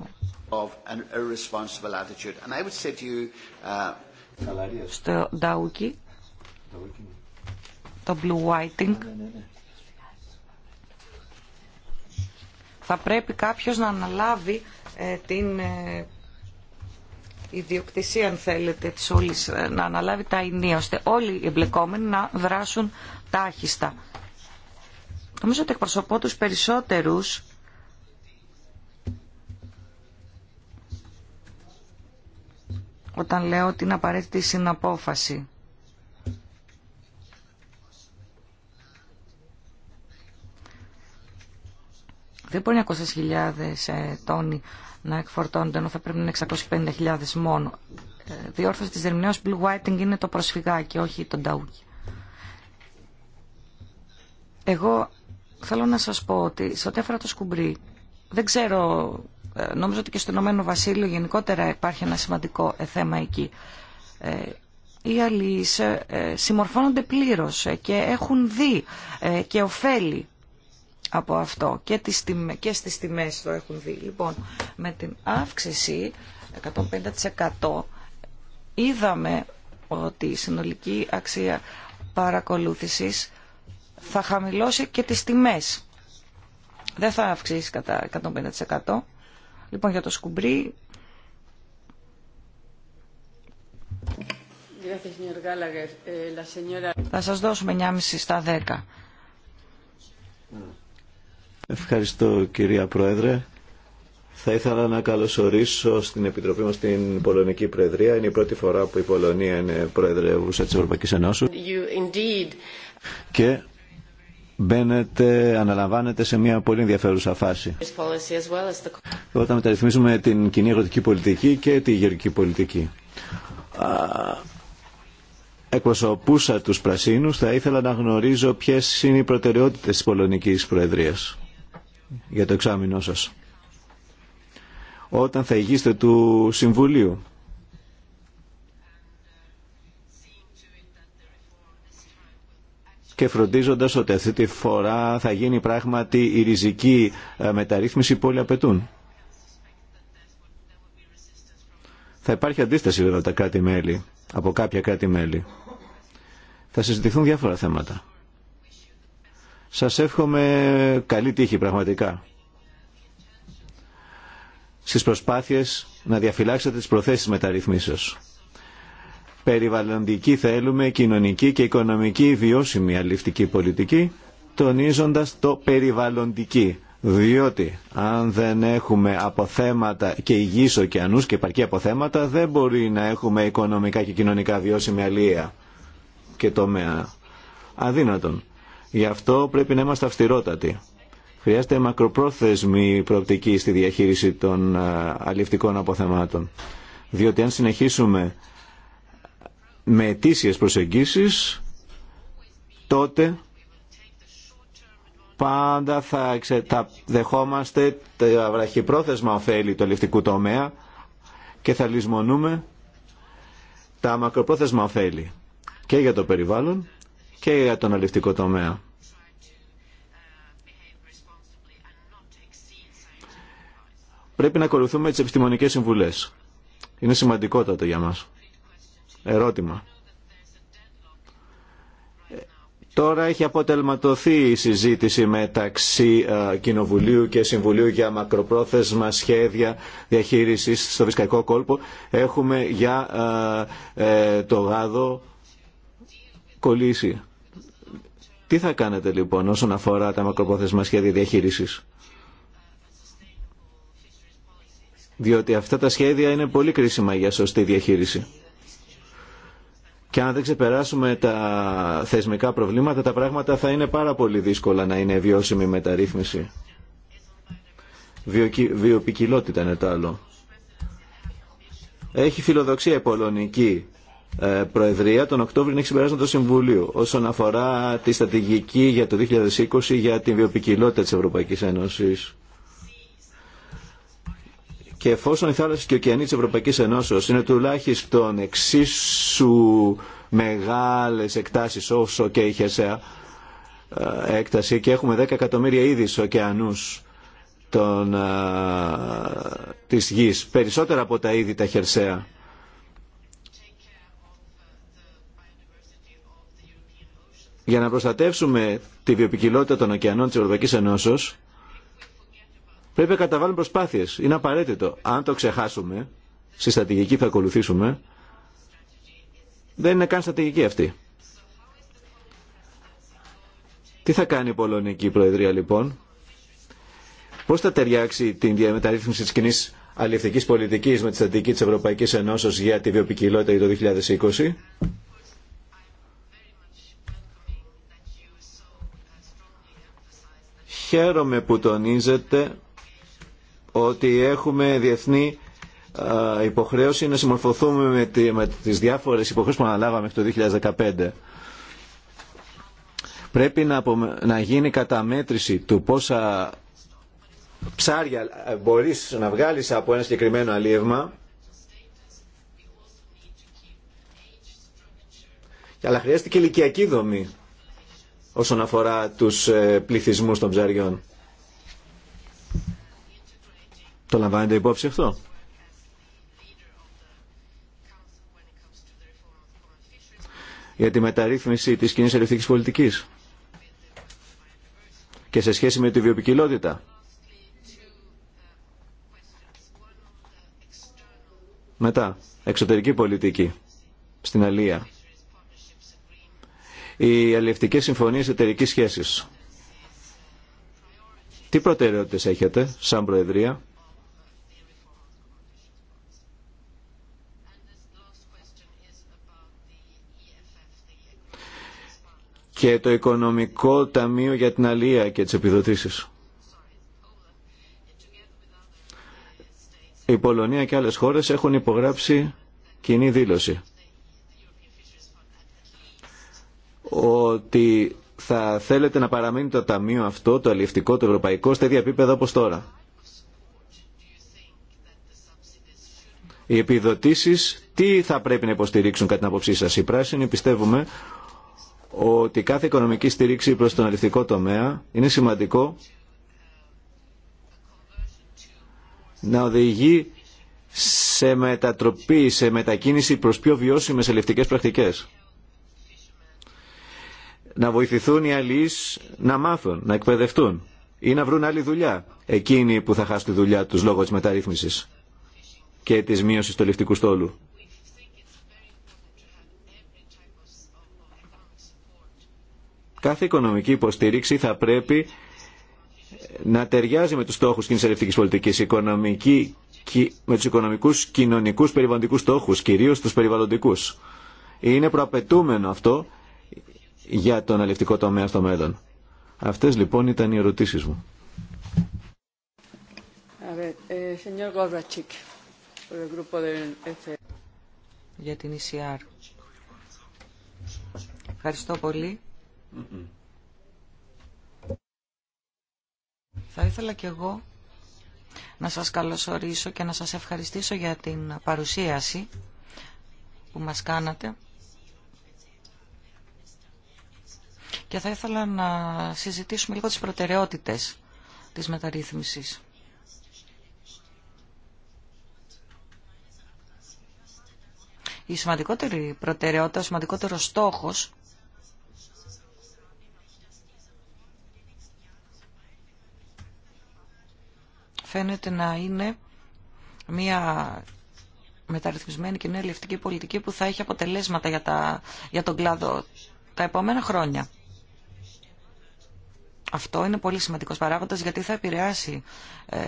Νταούκι uh, το Blue Whiting ναι, ναι, ναι. θα πρέπει κάποιος να αναλάβει ε, την ε, ιδιοκτησία αν θέλετε της όλης, ε, να αναλάβει τα ενία ώστε όλοι οι εμπλεκόμενοι να δράσουν τάχιστα. Νομίζω ότι εκπροσωπώ τους περισσότερους όταν λέω ότι είναι απαραίτητη η συναπόφαση. Δεν μπορεί 900.000 ε, τόνοι να εκφορτώνονται, ενώ θα πρέπει να είναι 650.000 μόνο. Ε, διόρθωση της δερμηνέως Blue Whiting είναι το προσφυγάκι, όχι το νταούκι. Εγώ θέλω να σας πω ότι σε ό,τι αφορά το σκουμπρί, δεν ξέρω ε, νομίζω ότι και στο Ηνωμένο Βασίλειο γενικότερα υπάρχει ένα σημαντικό ε, θέμα εκεί. Ε, οι αλλοί συμμορφώνονται πλήρως και έχουν δει και ωφέλη από αυτό και, τις στις τιμές το έχουν δει. Λοιπόν, με την αύξηση 150% είδαμε ότι η συνολική αξία παρακολούθησης θα χαμηλώσει και τις τιμές. Δεν θα αυξήσει κατά 150%. Λοιπόν, για το σκουμπρί. Eh, Θα σας δώσουμε 9,5 στα 10. Ευχαριστώ κυρία Πρόεδρε. Θα ήθελα να καλωσορίσω στην Επιτροπή μας την Πολωνική Προεδρία. Είναι η πρώτη φορά που η Πολωνία είναι Προεδρεύουσα της Ευρωπαϊκής Ενώσης. Και μπαίνετε, αναλαμβάνετε σε μια πολύ ενδιαφέρουσα φάση. Όταν μεταρρυθμίζουμε την κοινή αγροτική πολιτική και τη γερική πολιτική. Εκπροσωπούσα τους πρασίνους, θα ήθελα να γνωρίζω ποιες είναι οι προτεραιότητες της Πολωνικής Προεδρίας για το εξάμεινό σας. Όταν θα ηγείστε του Συμβουλίου και φροντίζοντας ότι αυτή τη φορά θα γίνει πράγματι η ριζική ε, μεταρρύθμιση που όλοι απαιτούν. Θα υπάρχει αντίσταση βέβαια από μελη από κάποια κράτη-μέλη. Θα συζητηθούν διάφορα θέματα. Σας εύχομαι καλή τύχη πραγματικά στις προσπάθειες να διαφυλάξετε τις προθέσεις μεταρρυθμίσεως περιβαλλοντική θέλουμε, κοινωνική και οικονομική βιώσιμη αληφτική πολιτική, τονίζοντας το περιβαλλοντική. Διότι αν δεν έχουμε αποθέματα και υγιείς ωκεανούς και επαρκή αποθέματα, δεν μπορεί να έχουμε οικονομικά και κοινωνικά βιώσιμη αλία και τομέα. Αδύνατον. Γι' αυτό πρέπει να είμαστε αυστηρότατοι. Χρειάζεται μακροπρόθεσμη προοπτική στη διαχείριση των ε, αληφτικών αποθεμάτων. Διότι αν συνεχίσουμε με αιτήσιες προσεγγίσεις, τότε πάντα θα, δεχόμαστε τα βραχυπρόθεσμα ωφέλη του ελευτικού τομέα και θα λησμονούμε τα μακροπρόθεσμα ωφέλη και για το περιβάλλον και για τον αληφτικό τομέα. Πρέπει να ακολουθούμε τις επιστημονικές συμβουλές. Είναι σημαντικότατο για μας. Ερώτημα. Τώρα έχει αποτελματωθεί η συζήτηση μεταξύ Κοινοβουλίου και Συμβουλίου για μακροπρόθεσμα σχέδια διαχείρισης στο Βυσκαϊκό Κόλπο. Έχουμε για ε, το γάδο κολλήσει. Τι θα κάνετε λοιπόν όσον αφορά τα μακροπρόθεσμα σχέδια διαχείρισης. Διότι αυτά τα σχέδια είναι πολύ κρίσιμα για σωστή διαχείριση. Και αν δεν ξεπεράσουμε τα θεσμικά προβλήματα, τα πράγματα θα είναι πάρα πολύ δύσκολα να είναι βιώσιμη μεταρρύθμιση. Βιοπικιλότητα είναι το άλλο. Έχει φιλοδοξία η Πολωνική ε, Προεδρία τον Οκτώβριο να συμπεράσει το Συμβουλίο όσον αφορά τη στρατηγική για το 2020 για την βιοπικιλότητα της Ευρωπαϊκής Ένωσης και εφόσον η θάλασσες και οι ωκεανοί της Ευρωπαϊκής Ενώσεως είναι τουλάχιστον εξίσου μεγάλες εκτάσεις όσο και η χερσαία ε, έκταση και έχουμε 10 εκατομμύρια είδη στους ωκεανούς των, α, ε, της γης, περισσότερα από τα είδη τα χερσαία. Για να προστατεύσουμε τη βιοπικιλότητα των ωκεανών της Ευρωπαϊκής Ενώσεως, Πρέπει να καταβάλουμε προσπάθειε. Είναι απαραίτητο. Αν το ξεχάσουμε στη στρατηγική θα ακολουθήσουμε, δεν είναι καν στρατηγική αυτή. Τι θα κάνει η Πολωνική Προεδρία λοιπόν, πώ θα ταιριάξει την διαμεταρρύθμιση τη κοινή αλληλευτική πολιτική με τη στρατηγική τη Ευρωπαϊκή Ενώσεω για τη βιοπικιλότητα για το 2020. Χαίρομαι που τονίζετε ότι έχουμε διεθνή ε, υποχρέωση να συμμορφωθούμε με, τις διάφορες υποχρέωσεις που αναλάβαμε το 2015. Πρέπει να, να γίνει καταμέτρηση του πόσα ψάρια ε, μπορείς να βγάλεις από ένα συγκεκριμένο αλίευμα αλλά χρειάζεται και ηλικιακή δομή όσον αφορά τους ε, πληθυσμούς των ψαριών. Το λαμβάνετε υπόψη αυτό. Για τη μεταρρύθμιση της κοινής ελευθερικής πολιτικής και σε σχέση με τη βιοποικιλότητα. Μετά, εξωτερική πολιτική στην Αλία. Οι αλληλευτικές συμφωνίες εταιρικής σχέσης. Τι προτεραιότητες έχετε σαν Προεδρία και το Οικονομικό Ταμείο για την Αλία και τις επιδοτήσεις. Η Πολωνία και άλλες χώρες έχουν υπογράψει κοινή δήλωση ότι θα θέλετε να παραμείνει το ταμείο αυτό, το αλληλευτικό, το ευρωπαϊκό, στα ίδια επίπεδα όπως τώρα. Οι επιδοτήσεις, τι θα πρέπει να υποστηρίξουν κατά την άποψή σας. Οι πράσινοι πιστεύουμε ότι κάθε οικονομική στήριξη προς τον αληθικό τομέα είναι σημαντικό να οδηγεί σε μετατροπή, σε μετακίνηση προς πιο βιώσιμες ελευτικές πρακτικές. Να βοηθηθούν οι αλληλείς να μάθουν, να εκπαιδευτούν ή να βρουν άλλη δουλειά, εκείνοι που θα χάσουν τη δουλειά τους λόγω της μεταρρύθμισης και της μείωσης του ελευτικού στόλου. κάθε οικονομική υποστήριξη θα πρέπει να ταιριάζει με τους στόχους κοινής ελευτικής πολιτικής, οικονομική, με τους οικονομικούς, κοινωνικούς, περιβαλλοντικούς στόχους, κυρίως τους περιβαλλοντικούς. Είναι προαπαιτούμενο αυτό για τον ελευθερικό τομέα στο μέλλον. Αυτές λοιπόν ήταν οι ερωτήσεις μου. Eh, για την e Ευχαριστώ πολύ. Θα ήθελα κι εγώ να σας καλωσορίσω και να σας ευχαριστήσω για την παρουσίαση που μας κάνατε. Και θα ήθελα να συζητήσουμε λίγο τις προτεραιότητες της μεταρρύθμισης. Η σημαντικότερη προτεραιότητα, ο σημαντικότερος στόχος φαίνεται να είναι μια μεταρρυθμισμένη και νέα ελευτική πολιτική που θα έχει αποτελέσματα για, τα, για τον κλάδο τα επόμενα χρόνια. Αυτό είναι πολύ σημαντικός παράγοντας γιατί θα επηρεάσει ε,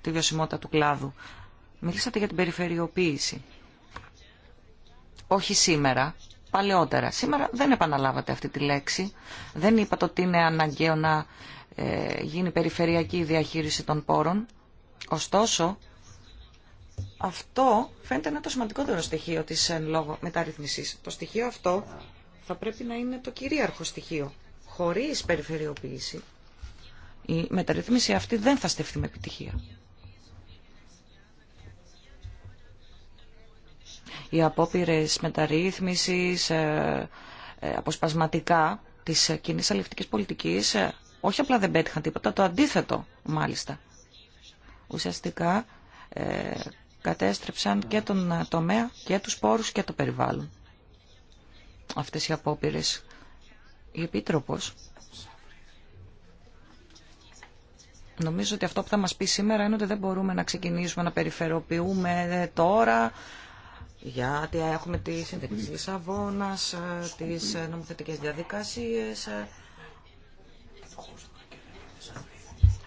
τη βιωσιμότητα του κλάδου. Μιλήσατε για την περιφερειοποίηση. Όχι σήμερα, παλαιότερα. Σήμερα δεν επαναλάβατε αυτή τη λέξη. Δεν είπατε ότι είναι αναγκαίο να ε, γίνει περιφερειακή η διαχείριση των πόρων. Ωστόσο, αυτό φαίνεται να το σημαντικότερο στοιχείο της εν λόγω μεταρρυθμισής. Το στοιχείο αυτό θα πρέπει να είναι το κυρίαρχο στοιχείο. Χωρίς περιφερειοποίηση, η μεταρρύθμιση αυτή δεν θα στεφθεί με επιτυχία. Οι απόπειρε μεταρρύθμισης, ε, ε, αποσπασματικά της κοινή αλληλευτικής πολιτικής όχι απλά δεν πέτυχαν τίποτα, το αντίθετο μάλιστα. Ουσιαστικά ε, κατέστρεψαν και τον ε, τομέα και τους πόρους και το περιβάλλον. Αυτές οι απόπειρες. Η Επίτροπος νομίζω ότι αυτό που θα μας πει σήμερα είναι ότι δεν μπορούμε να ξεκινήσουμε να περιφεροποιούμε τώρα γιατί έχουμε τη σύνδεξη της αβώνας, ε, τις ε, νομοθετικές διαδικασίες,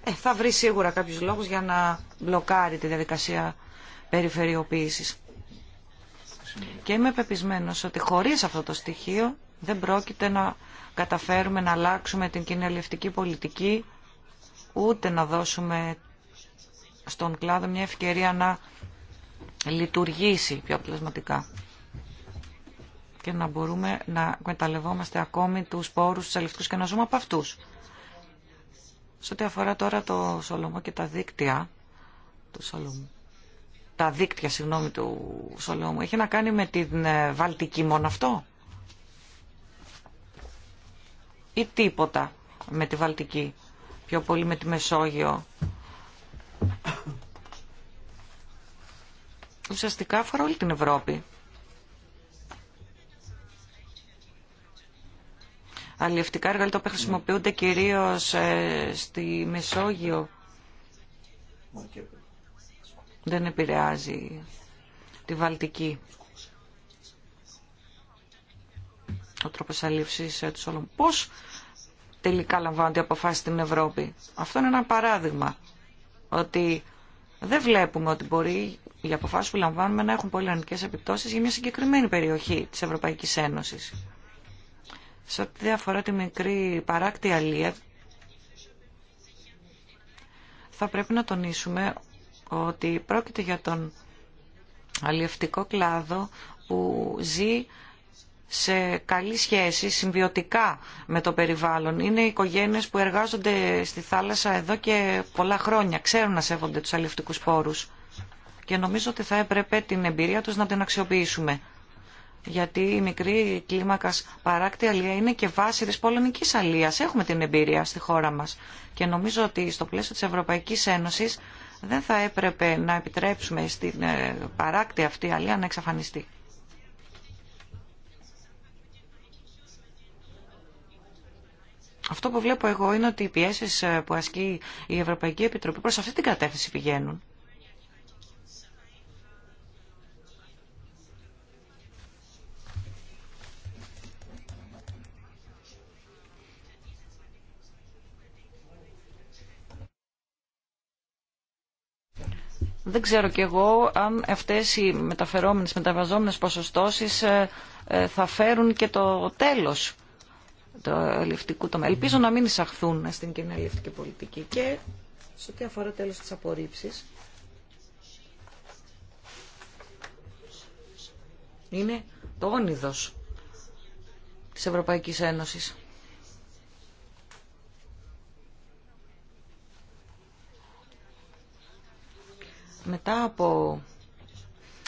ε, θα βρει σίγουρα κάποιους λόγους για να μπλοκάρει τη διαδικασία περιφερειοποίησης. Και είμαι πεπισμένος ότι χωρίς αυτό το στοιχείο δεν πρόκειται να καταφέρουμε να αλλάξουμε την κοινωνιευτική πολιτική ούτε να δώσουμε στον κλάδο μια ευκαιρία να λειτουργήσει πιο πλασματικά και να μπορούμε να μεταλλευόμαστε ακόμη τους πόρους, τους αλληλευτικούς και να ζούμε από αυτούς. Σε ό,τι αφορά τώρα το Σολομό και τα δίκτυα του Σολομού. Τα δίκτυα, συγγνώμη, του Σολομού. Έχει να κάνει με την ε, Βαλτική μόνο αυτό. Ή τίποτα με τη Βαλτική. Πιο πολύ με τη Μεσόγειο. Ουσιαστικά αφορά όλη την Ευρώπη. αλλιευτικά εργαλεία που οποία χρησιμοποιούνται κυρίως ε, στη Μεσόγειο δεν επηρεάζει τη Βαλτική. Ο τρόπος αλήψης ε, του όλων. Πώς τελικά λαμβάνονται οι αποφάσεις στην Ευρώπη. Αυτό είναι ένα παράδειγμα. Ότι δεν βλέπουμε ότι μπορεί οι αποφάσει που λαμβάνουμε να έχουν πολύ αρνητικές επιπτώσεις για μια συγκεκριμένη περιοχή τη Ευρωπαϊκή Ένωση. Σε ό,τι αφορά τη μικρή παράκτη αλία, θα πρέπει να τονίσουμε ότι πρόκειται για τον αλλιευτικό κλάδο που ζει σε καλή σχέση, συμβιωτικά με το περιβάλλον. Είναι οικογένειες που εργάζονται στη θάλασσα εδώ και πολλά χρόνια, ξέρουν να σέβονται τους αλλιευτικούς πόρους και νομίζω ότι θα έπρεπε την εμπειρία τους να την αξιοποιήσουμε γιατί η μικρή κλίμακα παράκτη αλία είναι και βάση τη πολωνική αλία. Έχουμε την εμπειρία στη χώρα μα. Και νομίζω ότι στο πλαίσιο τη Ευρωπαϊκή Ένωση δεν θα έπρεπε να επιτρέψουμε στην ε, παράκτη αυτή αλία να εξαφανιστεί. Αυτό που βλέπω εγώ είναι ότι οι πιέσει ε, που ασκεί η Ευρωπαϊκή Επιτροπή προ αυτή την κατεύθυνση πηγαίνουν. δεν ξέρω κι εγώ αν αυτές οι μεταφερόμενες, μεταβαζόμενες ποσοστώσεις ε, ε, θα φέρουν και το τέλος του ελληνικού τομέα. Ελπίζω να μην εισαχθούν στην κοινή ελληνική πολιτική. Και σε ό,τι αφορά τέλος της απορρίψης, είναι το όνειδος της Ευρωπαϊκής Ένωσης. Μετά από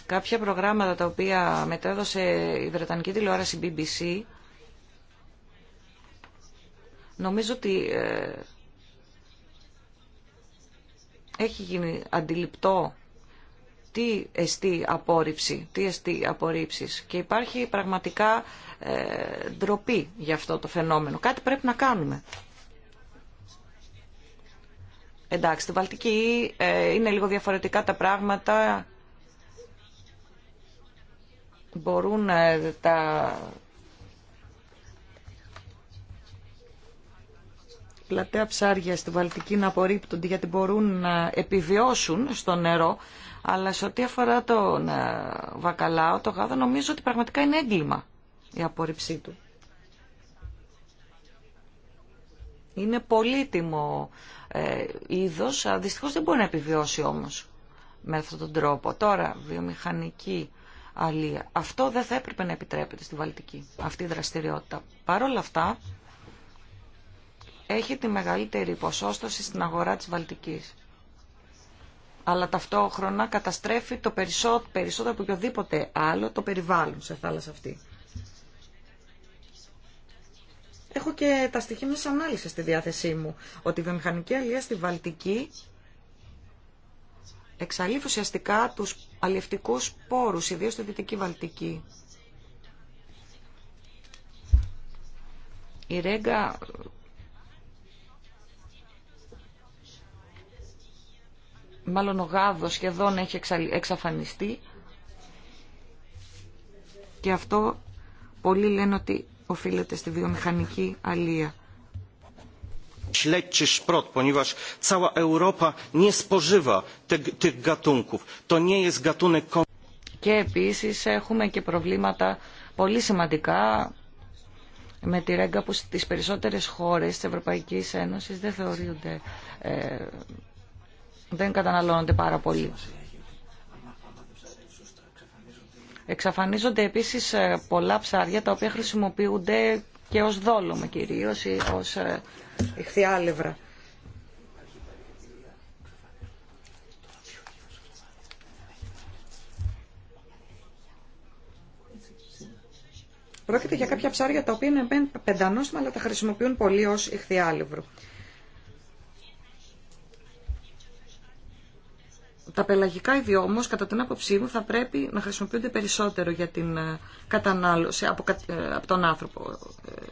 κάποια προγράμματα τα οποία μετέδωσε η Βρετανική τηλεόραση BBC, νομίζω ότι ε, έχει γίνει αντιληπτό τι εστί απόρριψη, τι εστί απορρίψεις και υπάρχει πραγματικά ε, ντροπή για αυτό το φαινόμενο. Κάτι πρέπει να κάνουμε. Εντάξει, στη Βαλτική ε, είναι λίγο διαφορετικά τα πράγματα. Μπορούν ε, τα πλατέα ψάρια στη Βαλτική να απορρίπτονται γιατί μπορούν να επιβιώσουν στο νερό, αλλά σε ό,τι αφορά τον ε, βακαλάο, το γάδο, νομίζω ότι πραγματικά είναι έγκλημα η απόρριψή του. Είναι πολύτιμο ε, είδος, δυστυχώς δεν μπορεί να επιβιώσει όμως με αυτόν τον τρόπο. Τώρα, βιομηχανική αλία. Αυτό δεν θα έπρεπε να επιτρέπεται στη Βαλτική, αυτή η δραστηριότητα. Παρ' όλα αυτά, έχει τη μεγαλύτερη ποσόστοση στην αγορά της Βαλτικής. Αλλά ταυτόχρονα καταστρέφει το περισσότερο, περισσότερο από οποιοδήποτε άλλο το περιβάλλον σε θάλασσα αυτή. Έχω και τα στοιχεία μιας ανάλυση στη διάθεσή μου. Ότι η βιομηχανική αλληλεία στη Βαλτική εξαλείφει ουσιαστικά τους αλληλευτικούς πόρους, ιδίως στη Δυτική Βαλτική. Η Ρέγκα μάλλον ο γάδος σχεδόν έχει εξαφανιστεί και αυτό πολλοί λένε ότι οφείλεται στη βιομηχανική αλία. Και επίσης έχουμε και προβλήματα πολύ σημαντικά με τη ρέγγα που στις περισσότερες χώρες της ευρωπαϊκή Ένωσης δεν θεωρούνται, ε, δεν καταναλώνονται πάρα πολύ. Εξαφανίζονται επίσης ε, πολλά ψάρια τα οποία χρησιμοποιούνται και ως δόλωμα κυρίως ή ως ε, ηχθιάλευρα. Πρόκειται για κάποια ψάρια τα οποία είναι πεντανόστιμα αλλά τα χρησιμοποιούν πολύ ως ηχθιάλευρο. Τα πελαγικά είδη όμω, κατά την άποψή μου, θα πρέπει να χρησιμοποιούνται περισσότερο για την ε, κατανάλωση από, ε, από τον άνθρωπο. Ε.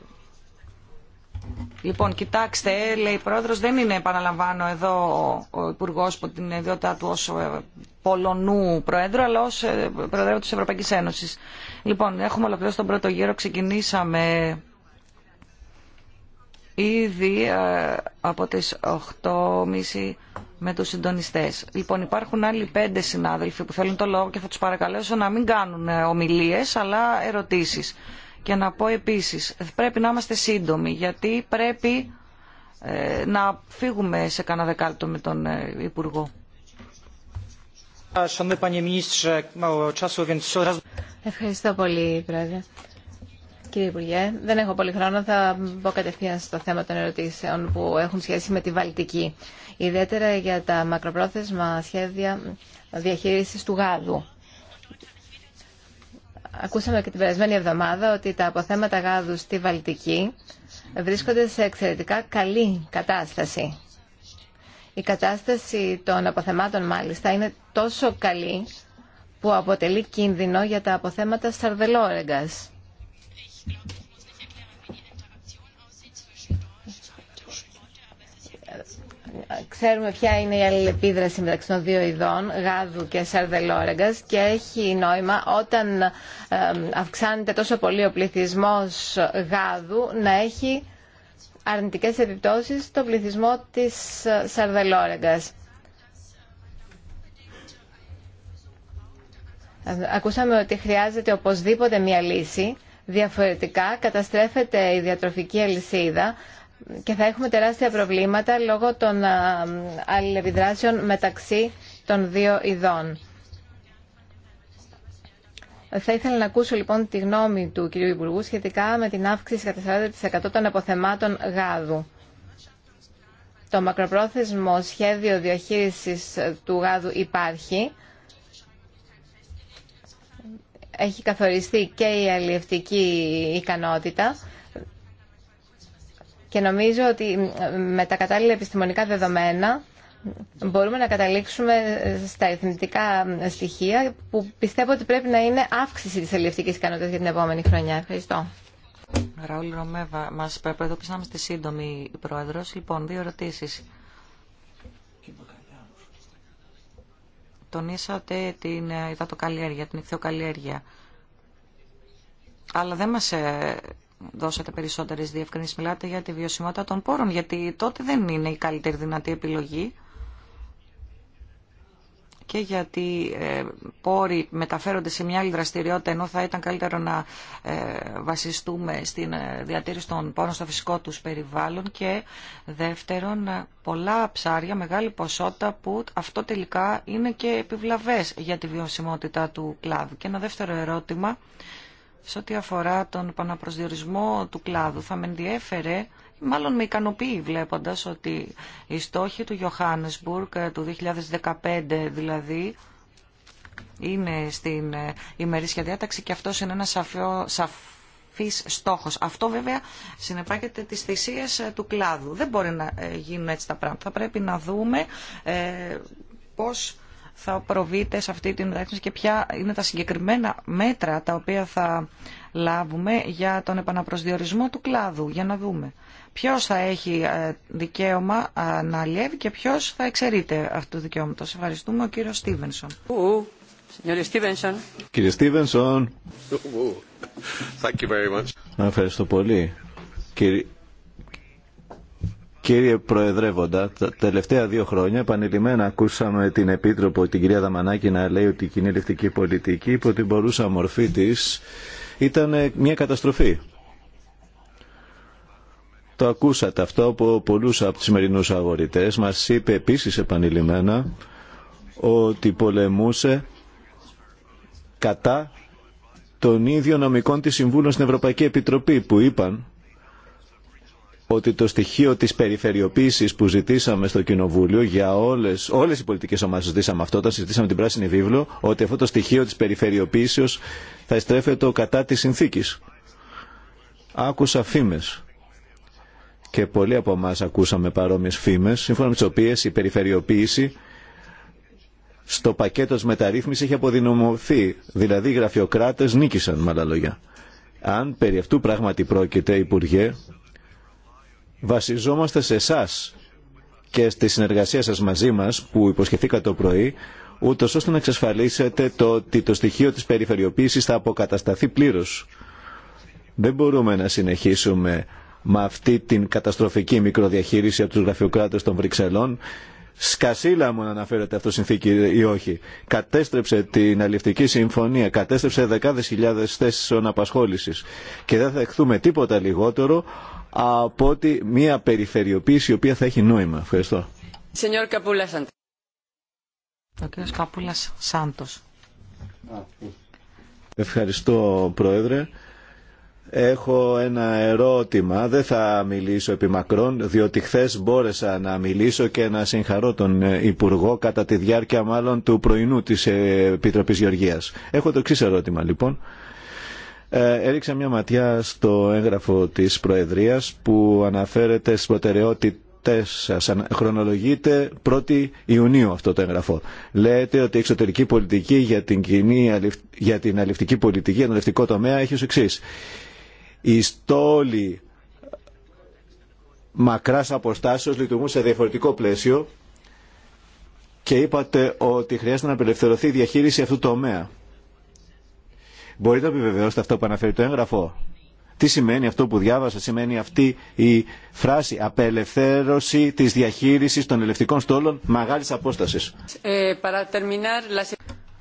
Λοιπόν, κοιτάξτε, λέει η πρόεδρο, δεν είναι, επαναλαμβάνω εδώ ο υπουργό που την ιδιότητά του ω Πολωνού Προέδρου, αλλά ω προέδρο τη Ευρωπαϊκή Ένωση. Λοιπόν, έχουμε ολοκληρώσει τον πρώτο γύρο. Ξεκινήσαμε ήδη από τις 8.30 με τους συντονιστές. Λοιπόν, υπάρχουν άλλοι πέντε συνάδελφοι που θέλουν το λόγο και θα τους παρακαλέσω να μην κάνουν ε, ομιλίες, αλλά ερωτήσεις. Και να πω επίσης, πρέπει να είμαστε σύντομοι, γιατί πρέπει ε, να φύγουμε σε κανένα δεκάλεπτο με τον ε, Υπουργό. Ευχαριστώ πολύ, Πρόεδρε. Κύριε Υπουργέ, δεν έχω πολύ χρόνο. Θα μπω κατευθείαν στο θέμα των ερωτήσεων που έχουν σχέση με τη Βαλτική. Ιδιαίτερα για τα μακροπρόθεσμα σχέδια διαχείρισης του γάδου. Ακούσαμε και την περασμένη εβδομάδα ότι τα αποθέματα γάδου στη Βαλτική βρίσκονται σε εξαιρετικά καλή κατάσταση. Η κατάσταση των αποθεμάτων μάλιστα είναι τόσο καλή που αποτελεί κίνδυνο για τα αποθέματα σαρδελόρεγκας. Ξέρουμε ποια είναι η αλληλεπίδραση μεταξύ των δύο ειδών, γάδου και σαρδελόρεγκα, και έχει νόημα όταν αυξάνεται τόσο πολύ ο πληθυσμό γάδου να έχει αρνητικέ επιπτώσει. στον πληθυσμό της ε, σαρδελόρεγκα. Ακούσαμε ότι χρειάζεται οπωσδήποτε μια λύση Διαφορετικά καταστρέφεται η διατροφική αλυσίδα και θα έχουμε τεράστια προβλήματα λόγω των αλληλεπιδράσεων μεταξύ των δύο ειδών. Θα ήθελα να ακούσω λοιπόν τη γνώμη του κυρίου Υπουργού σχετικά με την αύξηση κατά 40% των αποθεμάτων γάδου. Το μακροπρόθεσμο σχέδιο διαχείρισης του γάδου υπάρχει έχει καθοριστεί και η αλληλευτική ικανότητα και νομίζω ότι με τα κατάλληλα επιστημονικά δεδομένα μπορούμε να καταλήξουμε στα εθνικά στοιχεία που πιστεύω ότι πρέπει να είναι αύξηση της αλληλευτικής ικανότητας για την επόμενη χρονιά. Ευχαριστώ. Ραούλ Ρωμέβα, μας πρέπει να Πρόεδρος. Λοιπόν, δύο ερωτήσεις. Τονίσατε την ε, υδατοκαλλιέργεια, την ηχθειοκαλλιέργεια. Αλλά δεν μας ε, δώσατε περισσότερες διευκρινήσεις. Μιλάτε για τη βιωσιμότητα των πόρων, γιατί τότε δεν είναι η καλύτερη δυνατή επιλογή και γιατί ε, πόροι μεταφέρονται σε μια άλλη δραστηριότητα ενώ θα ήταν καλύτερο να ε, βασιστούμε στην ε, διατήρηση των πόρων στο φυσικό τους περιβάλλον και δεύτερον πολλά ψάρια, μεγάλη ποσότητα που αυτό τελικά είναι και επιβλαβές για τη βιωσιμότητα του κλάδου. Και ένα δεύτερο ερώτημα σε ό,τι αφορά τον επαναπροσδιορισμό του κλάδου θα με ενδιέφερε Μάλλον με ικανοποιεί βλέποντας ότι οι στόχοι του Johannesburg ε, του 2015 δηλαδή είναι στην ε, ημερήσια διάταξη και αυτός είναι ένας σαφής στόχος. Αυτό βέβαια συνεπάγεται τις θυσίες ε, του κλάδου. Δεν μπορεί να γίνουν έτσι τα πράγματα. Θα πρέπει να δούμε πώς θα προβείτε σε αυτή την διάταξη και ποια είναι τα συγκεκριμένα μέτρα τα οποία θα λάβουμε για τον επαναπροσδιορισμό του κλάδου, για να δούμε ποιος θα έχει ε, δικαίωμα ε, να αλλιεύει και ποιος θα εξαιρείται αυτού του δικαιώματος. Ευχαριστούμε ο κύριος Στίβενσον. Κύριε Στίβενσον. Ευχαριστώ πολύ. Κύριε... Προεδρεύοντα, τα τελευταία δύο χρόνια επανειλημμένα ακούσαμε την Επίτροπο, την κυρία Δαμανάκη, να λέει ότι η κοινή πολιτική υπό την μπορούσα μορφή τη ήταν μια καταστροφή. Το ακούσατε αυτό από πολλούς από τους σημερινούς αγορητές. Μας είπε επίσης επανειλημμένα ότι πολεμούσε κατά των ίδιων νομικών της συμβούλων στην Ευρωπαϊκή Επιτροπή που είπαν ότι το στοιχείο της περιφερειοποίησης που ζητήσαμε στο Κοινοβούλιο για όλες, όλες οι πολιτικές ομάδες ζητήσαμε αυτό, όταν συζητήσαμε την Πράσινη Βίβλο, ότι αυτό το στοιχείο της περιφερειοποίησης θα εστρέφεται κατά της συνθήκης. Άκουσα φήμες και πολλοί από εμά ακούσαμε παρόμοιε φήμες, σύμφωνα με τι οποίε η περιφερειοποίηση στο πακέτο τη έχει αποδυναμωθεί, δηλαδή οι γραφειοκράτε νίκησαν με άλλα λόγια. Αν περί αυτού πράγματι πρόκειται, Υπουργέ, βασιζόμαστε σε εσά και στη συνεργασία σας μαζί μας που υποσχεθήκατε το πρωί, ούτως ώστε να εξασφαλίσετε το ότι το στοιχείο της περιφερειοποίησης θα αποκατασταθεί πλήρως. Δεν μπορούμε να συνεχίσουμε με αυτή την καταστροφική μικροδιαχείριση από τους γραφειοκράτες των Βρυξελών. Σκασίλα μου να αναφέρεται αυτό συνθήκη ή όχι. Κατέστρεψε την αληφτική συμφωνία, κατέστρεψε δεκάδες χιλιάδες θέσεις απασχόλησης και δεν θα δεχθούμε τίποτα λιγότερο από ότι μια περιφερειοποίηση η οποία θα έχει νόημα. Ευχαριστώ. Ευχαριστώ Πρόεδρε. Έχω ένα ερώτημα, δεν θα μιλήσω επί μακρόν, διότι χθε μπόρεσα να μιλήσω και να συγχαρώ τον Υπουργό κατά τη διάρκεια μάλλον του πρωινού της Επιτροπής Γεωργίας. Έχω το εξή ερώτημα λοιπόν. Ε, έριξα μια ματιά στο έγγραφο της Προεδρίας που αναφέρεται στις προτεραιότητες σας. Χρονολογείται 1η Ιουνίου αυτό το έγγραφο. Λέτε ότι η εξωτερική πολιτική για την, κοινή, για την αλληλευτική πολιτική, για τον τομέα έχει ως εξής οι στόλοι μακράς αποστάσεως λειτουργούν σε διαφορετικό πλαίσιο και είπατε ότι χρειάζεται να απελευθερωθεί η διαχείριση αυτού του τομέα. Μπορείτε να επιβεβαιώσετε αυτό που αναφέρει το έγγραφο. Τι σημαίνει αυτό που διάβασα, σημαίνει αυτή η φράση απελευθέρωση της διαχείρισης των ελευτικών στόλων μεγάλης απόστασης. Ε,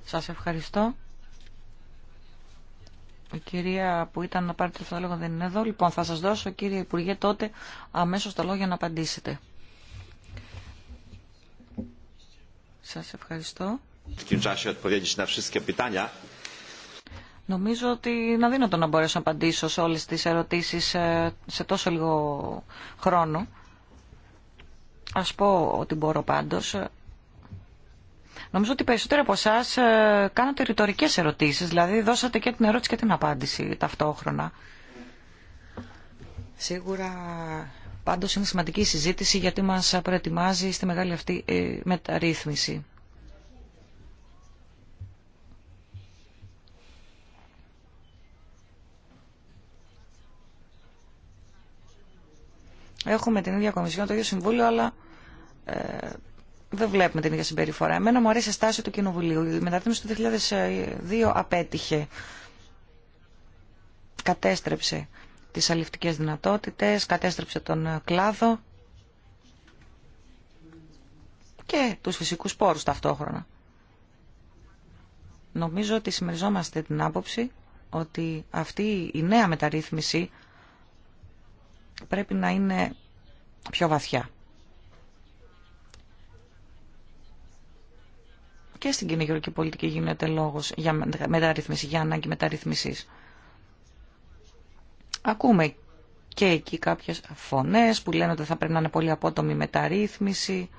Σας ευχαριστώ. Η κυρία που ήταν να πάρει το λόγο δεν είναι εδώ. Λοιπόν, θα σας δώσω, κύριε Υπουργέ, τότε αμέσως το λόγο να απαντήσετε. Σας ευχαριστώ. Νομίζω ότι να δίνω το να μπορέσω να απαντήσω σε όλες τις ερωτήσεις ε, σε τόσο λίγο χρόνο. Ας πω ότι μπορώ πάντως. Νομίζω ότι περισσότερο από εσά ε, κάνατε ρητορικέ ερωτήσει, δηλαδή δώσατε και την ερώτηση και την απάντηση ταυτόχρονα. Σίγουρα πάντως είναι σημαντική η συζήτηση γιατί μας προετοιμάζει στη μεγάλη αυτή ε, μεταρρύθμιση. Έχουμε την ίδια Κομισιόν, το ίδιο Συμβούλιο, αλλά ε, δεν βλέπουμε την ίδια συμπεριφορά. Εμένα μου αρέσει η στάση του Κοινοβουλίου. Η μεταρρύθμιση του 2002 απέτυχε. Κατέστρεψε τις αληφτικές δυνατότητες, κατέστρεψε τον κλάδο και τους φυσικούς πόρους ταυτόχρονα. Νομίζω ότι συμμεριζόμαστε την άποψη ότι αυτή η νέα μεταρρύθμιση πρέπει να είναι πιο βαθιά. και στην κοινή γεωργική πολιτική γίνεται λόγο για μεταρρύθμιση, για ανάγκη μεταρρύθμιση. Ακούμε και εκεί κάποιε φωνές που λένε ότι θα πρέπει να είναι πολύ απότομη μεταρρύθμιση,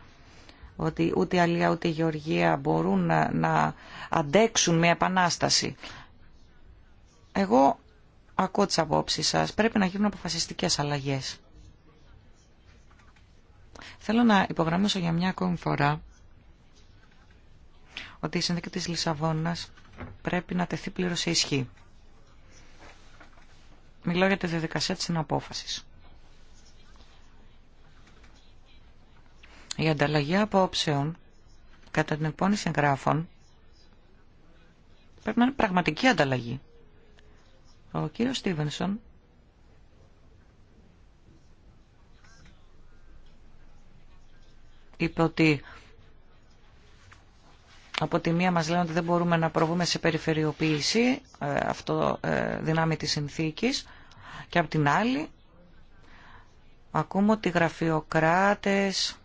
ότι ούτε η Αλία ούτε η Γεωργία μπορούν να, να αντέξουν μια επανάσταση. Εγώ ακούω τις απόψεις σας. Πρέπει να γίνουν αποφασιστικές αλλαγές. Θέλω να υπογραμμίσω για μια ακόμη φορά ότι η συνθήκη της Λισαβόνας πρέπει να τεθεί πλήρως σε ισχύ. Μιλώ για τη διαδικασία της συναπόφασης. Η ανταλλαγή απόψεων κατά την επόμενη εγγράφων πρέπει να είναι πραγματική ανταλλαγή. Ο κύριος Στίβενσον είπε ότι από τη μία μας λένε ότι δεν μπορούμε να προβούμε σε περιφερειοποίηση, ε, αυτό ε, δυνάμει της συνθήκης, και από την άλλη ακούμε ότι οι γραφειοκράτες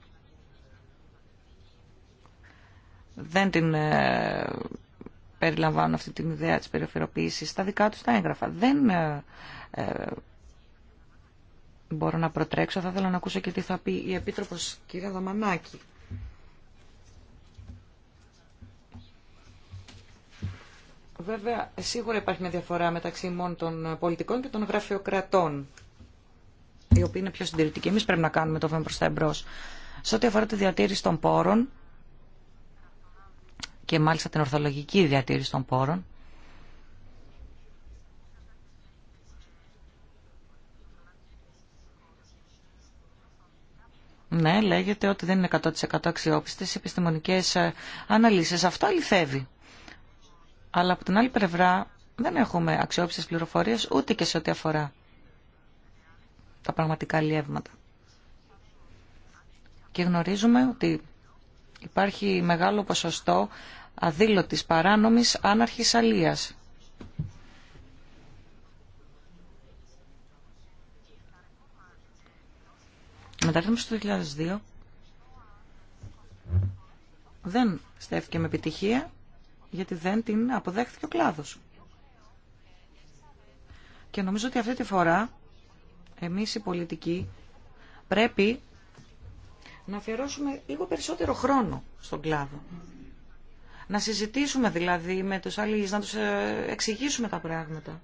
δεν την ε, περιλαμβάνουν αυτή την ιδέα της περιφερειοποίησης στα δικά τους τα έγγραφα. Δεν μπορώ να προτρέξω, θα ήθελα να ακούσω και τι θα πει η Επίτροπος κυρία Δαμανάκη. Βέβαια, σίγουρα υπάρχει μια διαφορά μεταξύ μόνο των πολιτικών και των γραφειοκρατών, οι οποίοι είναι πιο συντηρητικοί. Εμεί πρέπει να κάνουμε το βήμα προ τα εμπρό. Σε ό,τι αφορά τη διατήρηση των πόρων και μάλιστα την ορθολογική διατήρηση των πόρων, Ναι, λέγεται ότι δεν είναι 100% αξιόπιστες οι επιστημονικές ε, αναλύσεις. Αυτό αληθεύει. Αλλά από την άλλη πλευρά δεν έχουμε αξιόπιστες πληροφορίες ούτε και σε ό,τι αφορά τα πραγματικά λιεύματα. Και γνωρίζουμε ότι υπάρχει μεγάλο ποσοστό αδήλωτης παράνομης άναρχης αλίας. Μεταρρύθμιση του 2002 δεν στέφθηκε με επιτυχία γιατί δεν την αποδέχθηκε ο κλάδος. Και νομίζω ότι αυτή τη φορά εμείς οι πολιτικοί πρέπει να αφιερώσουμε λίγο περισσότερο χρόνο στον κλάδο. Να συζητήσουμε δηλαδή με τους άλλους, να τους ε, εξηγήσουμε τα πράγματα.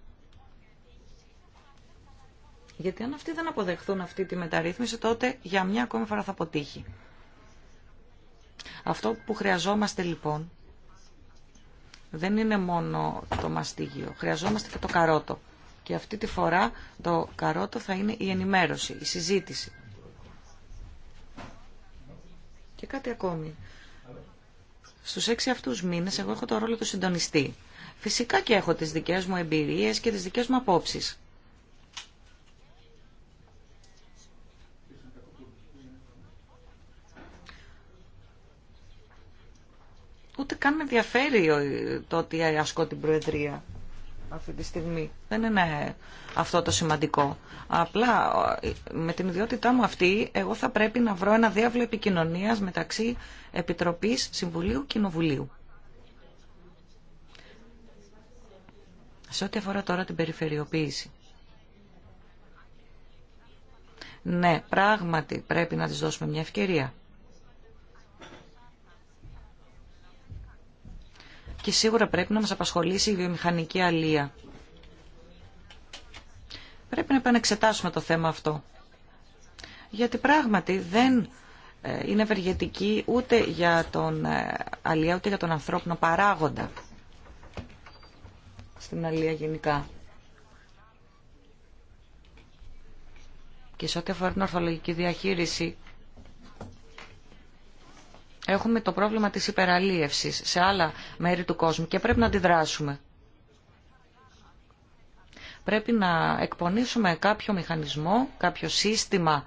Γιατί αν αυτοί δεν αποδεχθούν αυτή τη μεταρρύθμιση, τότε για μια ακόμη φορά θα αποτύχει. Αυτό που χρειαζόμαστε λοιπόν δεν είναι μόνο το μαστίγιο. Χρειαζόμαστε και το καρότο. Και αυτή τη φορά το καρότο θα είναι η ενημέρωση, η συζήτηση. Και κάτι ακόμη. Στους έξι αυτούς μήνες εγώ έχω το ρόλο του συντονιστή. Φυσικά και έχω τις δικές μου εμπειρίες και τις δικές μου απόψεις. ούτε καν με ενδιαφέρει το ότι ασκώ την Προεδρία αυτή τη στιγμή. Δεν είναι αυτό το σημαντικό. Απλά με την ιδιότητά μου αυτή, εγώ θα πρέπει να βρω ένα διάβλο επικοινωνίας μεταξύ Επιτροπής Συμβουλίου Κοινοβουλίου. Σε ό,τι αφορά τώρα την περιφερειοποίηση. Ναι, πράγματι πρέπει να της δώσουμε μια ευκαιρία. και σίγουρα πρέπει να μας απασχολήσει η βιομηχανική αλία. Πρέπει να επανεξετάσουμε το θέμα αυτό. Γιατί πράγματι δεν ε, είναι ευεργετική ούτε για τον ε, αλία ούτε για τον ανθρώπινο παράγοντα στην αλία γενικά. Και σε ό,τι αφορά την ορθολογική διαχείριση, έχουμε το πρόβλημα της υπεραλίευσης σε άλλα μέρη του κόσμου και πρέπει να αντιδράσουμε. Πρέπει να εκπονήσουμε κάποιο μηχανισμό, κάποιο σύστημα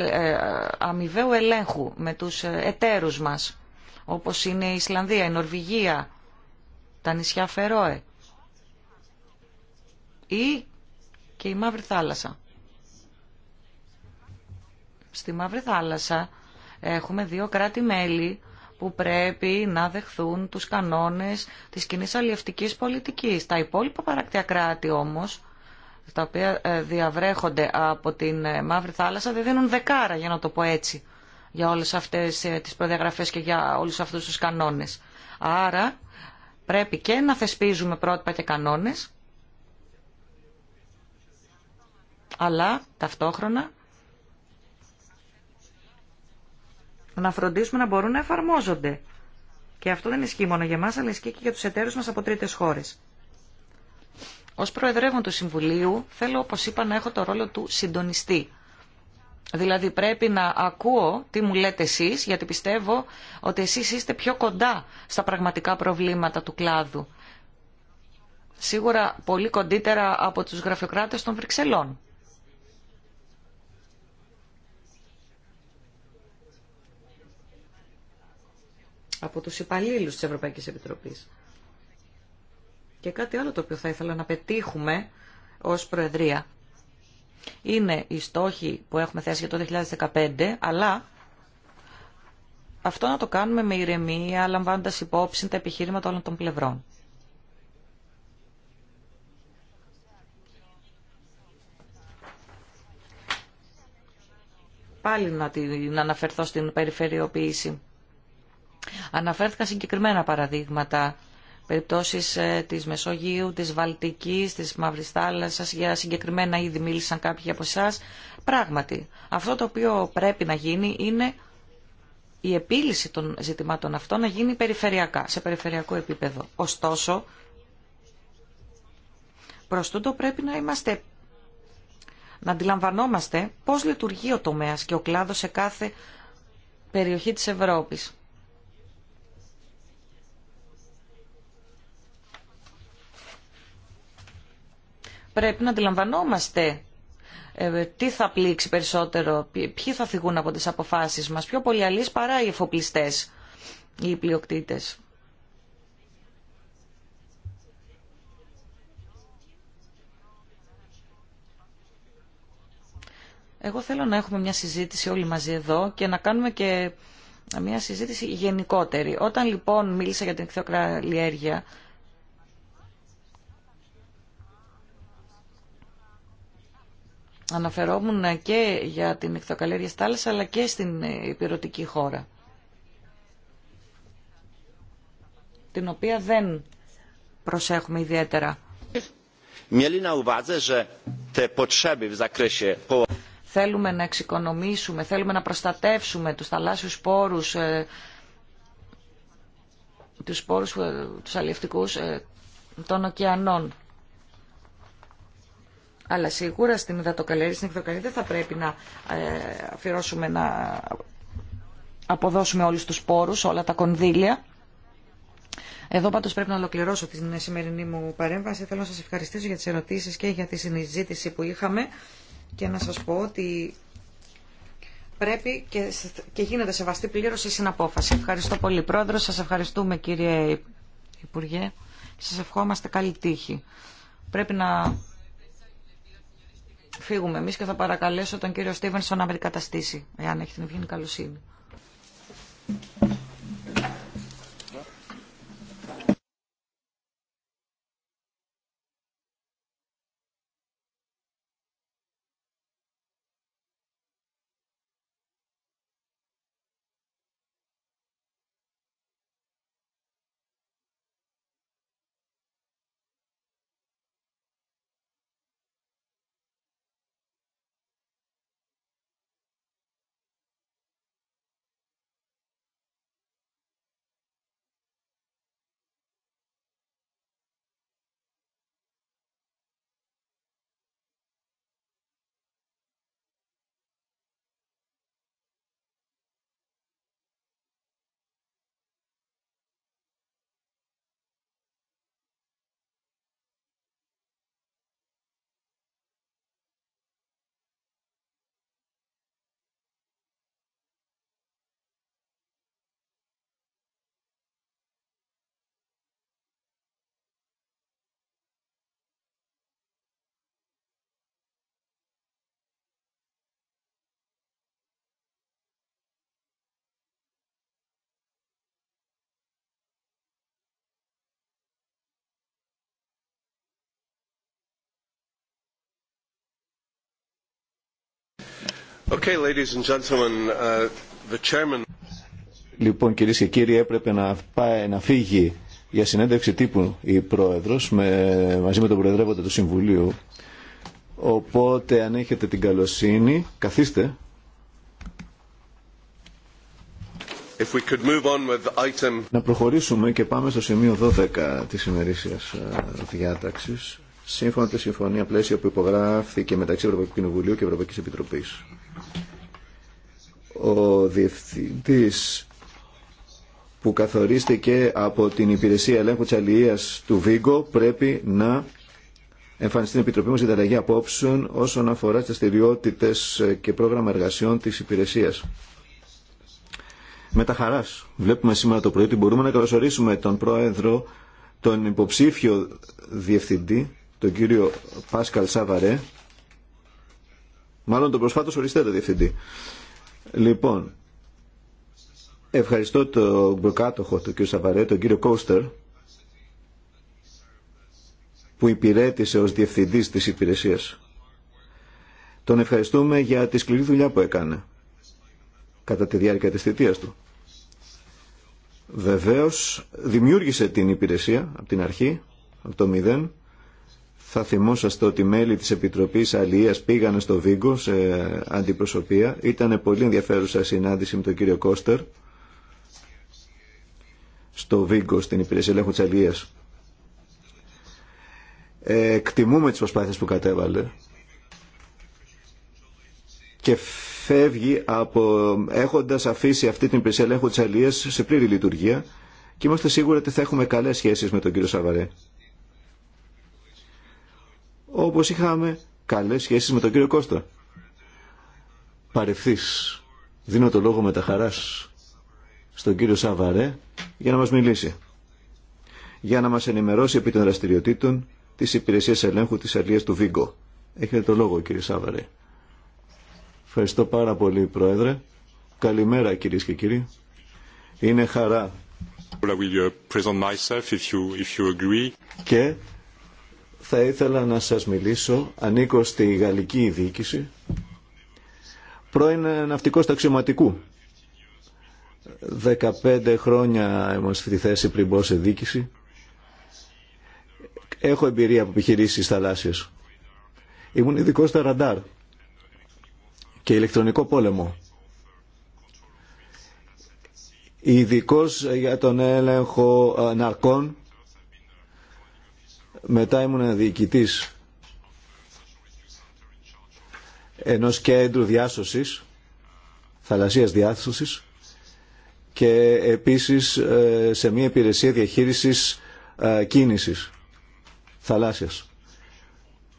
ε, αμοιβαίου ελέγχου με τους ε, εταίρους μας, όπως είναι η Ισλανδία, η Νορβηγία, τα νησιά Φερόε ή και η Μαύρη Θάλασσα. Στη Μαύρη Θάλασσα Έχουμε δύο κράτη-μέλη που πρέπει να δεχθούν τους κανόνες της κοινή αλλιευτικής πολιτικής. Τα υπόλοιπα παρακτία κράτη όμως, τα οποία ε, διαβρέχονται από την ε, Μαύρη Θάλασσα, δεν δίνουν δεκάρα, για να το πω έτσι, για όλες αυτές ε, τις προδιαγραφές και για όλους αυτούς τους κανόνες. Άρα πρέπει και να θεσπίζουμε πρότυπα και κανόνες, αλλά ταυτόχρονα να φροντίσουμε να μπορούν να εφαρμόζονται. Και αυτό δεν ισχύει μόνο για εμά, αλλά ισχύει και για του εταίρου μα από τρίτε χώρε. Ω Προεδρεύον του Συμβουλίου, θέλω, όπω είπα, να έχω το ρόλο του συντονιστή. Δηλαδή πρέπει να ακούω τι μου λέτε εσείς, γιατί πιστεύω ότι εσείς είστε πιο κοντά στα πραγματικά προβλήματα του κλάδου. Σίγουρα πολύ κοντύτερα από τους γραφειοκράτες των Βρυξελών. από τους υπαλλήλους της Ευρωπαϊκής Επιτροπής. Και κάτι άλλο το οποίο θα ήθελα να πετύχουμε ως Προεδρία. Είναι οι στόχοι που έχουμε θέσει για το 2015, αλλά αυτό να το κάνουμε με ηρεμία, λαμβάνοντας υπόψη τα επιχείρηματα όλων των πλευρών. Πάλι να, την, να αναφερθώ στην περιφερειοποίηση. Αναφέρθηκαν συγκεκριμένα παραδείγματα περιπτώσεις ε, της Μεσογείου, της Βαλτικής, της Μαύρης Θάλασσας, για συγκεκριμένα ήδη μίλησαν κάποιοι από εσά. Πράγματι, αυτό το οποίο πρέπει να γίνει είναι η επίλυση των ζητημάτων αυτών να γίνει περιφερειακά, σε περιφερειακό επίπεδο. Ωστόσο, προς τούτο πρέπει να είμαστε να αντιλαμβανόμαστε πώς λειτουργεί ο τομέας και ο κλάδος σε κάθε περιοχή της Ευρώπης. πρέπει να αντιλαμβανόμαστε ε, τι θα πλήξει περισσότερο, ποιοι θα φυγούν από τις αποφάσεις μας, πιο πολλοί παρά οι εφοπλιστές ή οι πλειοκτήτες. Εγώ θέλω να έχουμε μια συζήτηση όλοι μαζί εδώ και να κάνουμε και μια συζήτηση γενικότερη. Όταν λοιπόν μίλησα για την εκθεοκραλιέργεια, αναφερόμουν και για την εκτοκαλλιέργεια στη θάλασσα αλλά και στην υπηρετική χώρα την οποία δεν προσέχουμε ιδιαίτερα. Θέλουμε να εξοικονομήσουμε, θέλουμε να προστατεύσουμε τους θαλάσσιους πόρους, ε, τους πόρους, ε, τους ε, των ωκεανών. Αλλά σίγουρα στην υδατοκαλλιέργεια, στην δεν θα πρέπει να ε, αφιερώσουμε να αποδώσουμε όλους τους πόρους, όλα τα κονδύλια. Εδώ πάντως πρέπει να ολοκληρώσω την σημερινή μου παρέμβαση. Θέλω να σα ευχαριστήσω για τι ερωτήσει και για τη συζήτηση που είχαμε και να σα πω ότι πρέπει και, γίνεται σεβαστή πλήρωση στην απόφαση. Ευχαριστώ πολύ, Πρόεδρο. Σα ευχαριστούμε, κύριε Υπουργέ. Σα ευχόμαστε καλή τύχη. Πρέπει να φύγουμε εμείς και θα παρακαλέσω τον κύριο Στίβενσον να με αντικαταστήσει, εάν έχει την ευγενή καλοσύνη. Okay, ladies and gentlemen, uh, the chairman... Λοιπόν, κύριε και κύριοι, έπρεπε να, πάει, να φύγει για συνέντευξη τύπου η Πρόεδρος μαζί με τον Προεδρεύοντα του Συμβουλίου. Οπότε, αν έχετε την καλοσύνη, καθίστε. If we could move on with item... Να προχωρήσουμε και πάμε στο σημείο 12 της ημερήσιας ε, διάταξης σύμφωνα με τη συμφωνία πλαίσια που υπογράφθηκε μεταξύ Ευρωπαϊκού Κοινοβουλίου και Ευρωπαϊκής Επιτροπής. Ο διευθυντής που καθορίστηκε από την Υπηρεσία Ελέγχου της Αλληλείας του Βίγκο πρέπει να εμφανιστεί στην Επιτροπή μας για την απόψεων όσον αφορά τις δραστηριότητε και πρόγραμμα εργασιών της υπηρεσίας. Με τα χαράς βλέπουμε σήμερα το πρωί ότι μπορούμε να καλωσορίσουμε τον πρόεδρο, τον υποψήφιο διευθυντή, τον κύριο Πάσκαλ Σαβαρέ, μάλλον τον προσφάτως οριστέτα διευθυντή. Λοιπόν, ευχαριστώ τον προκάτοχο του κ. Σαβαρέ, τον κύριο Κώστερ, που υπηρέτησε ως διευθυντής της υπηρεσίας. Τον ευχαριστούμε για τη σκληρή δουλειά που έκανε κατά τη διάρκεια της θητείας του. Βεβαίως δημιούργησε την υπηρεσία από την αρχή, από το μηδέν, θα θυμόσαστε ότι μέλη της Επιτροπής Αλίας πήγανε στο Βίγκο σε αντιπροσωπεία. Ήταν πολύ ενδιαφέρουσα συνάντηση με τον κύριο Κώστερ στο Βίγκο στην Υπηρεσία Ελέγχου της Κτιμούμε εκτιμούμε τις προσπάθειες που κατέβαλε και φεύγει από, έχοντας αφήσει αυτή την υπηρεσία ελέγχου της Αλίας σε πλήρη λειτουργία και είμαστε σίγουροι ότι θα έχουμε καλές σχέσεις με τον κύριο Σαβαρέ όπως είχαμε καλές σχέσεις με τον κύριο Κώστα. Παρευθείς, δίνω το λόγο με τα χαράς στον κύριο Σαβαρέ για να μας μιλήσει. Για να μας ενημερώσει επί των δραστηριοτήτων της υπηρεσίας ελέγχου της αλίας του Βίγκο. Έχετε το λόγο κύριε Σαβαρέ. Ευχαριστώ πάρα πολύ Πρόεδρε. Καλημέρα κυρίε και κύριοι. Είναι χαρά. Και θα ήθελα να σας μιλήσω. Ανήκω στη γαλλική διοίκηση. Πρώην ναυτικός ταξιωματικού. 15 χρόνια ήμουν στη θέση πριν μπω σε διοίκηση. Έχω εμπειρία από επιχειρήσεις θαλάσσιες. Ήμουν ειδικό στα ραντάρ και ηλεκτρονικό πόλεμο. Ειδικό για τον έλεγχο ναρκών μετά ήμουν διοικητής ενός κέντρου διάσωσης, θαλασσίας διάσωσης και επίσης ε, σε μια υπηρεσία διαχείρισης ε, κίνησης θαλάσσιας.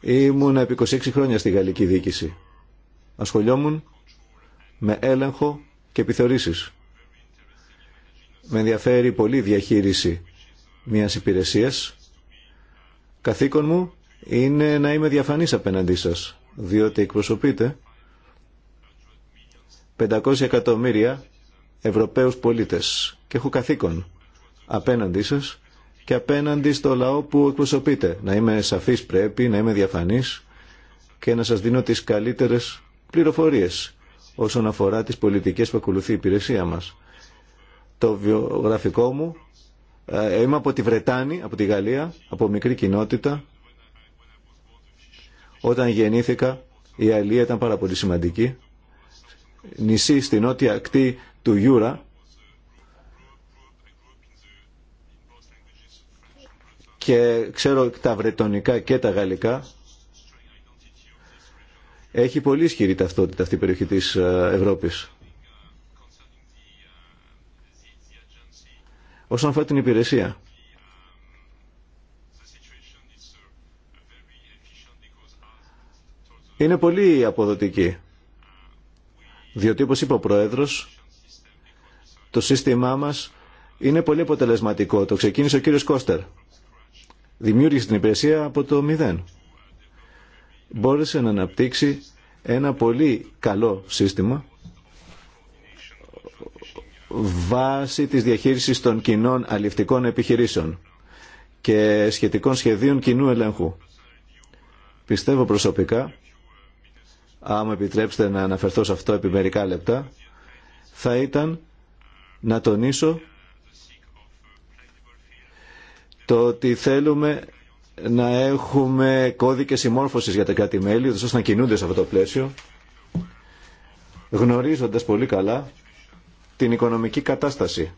Ήμουν επί 26 χρόνια στη γαλλική διοίκηση. Ασχολιόμουν με έλεγχο και επιθεωρήσεις. Με ενδιαφέρει πολύ διαχείριση μιας υπηρεσίας Καθήκον μου είναι να είμαι διαφανής απέναντί σας, διότι εκπροσωπείτε 500 εκατομμύρια Ευρωπαίους πολίτες και έχω καθήκον απέναντί σας και απέναντι στο λαό που εκπροσωπείτε. Να είμαι σαφής πρέπει, να είμαι διαφανής και να σας δίνω τις καλύτερες πληροφορίες όσον αφορά τις πολιτικές που ακολουθεί η υπηρεσία μας. Το βιογραφικό μου ε, είμαι από τη Βρετάνη, από τη Γαλλία, από μικρή κοινότητα. Όταν γεννήθηκα η Αλία ήταν πάρα πολύ σημαντική. Νησί στην νότια ακτή του Γιούρα. Και ξέρω τα βρετονικά και τα γαλλικά. Έχει πολύ ισχυρή ταυτότητα αυτή η περιοχή της ε, Ευρώπης. όσον αφορά την υπηρεσία. Είναι πολύ αποδοτική. Διότι όπως είπε ο Πρόεδρος, το σύστημά μας είναι πολύ αποτελεσματικό. Το ξεκίνησε ο κύριος Κώστερ. Δημιούργησε την υπηρεσία από το μηδέν. Μπόρεσε να αναπτύξει ένα πολύ καλό σύστημα βάση της διαχείρισης των κοινών αληφτικών επιχειρήσεων και σχετικών σχεδίων κοινού ελέγχου. Πιστεύω προσωπικά, άμα επιτρέψετε να αναφερθώ σε αυτό επί μερικά λεπτά, θα ήταν να τονίσω το ότι θέλουμε να έχουμε κώδικες συμμόρφωσης για τα κάτι μέλη, ώστε να κινούνται σε αυτό το πλαίσιο, γνωρίζοντας πολύ καλά την οικονομική κατάσταση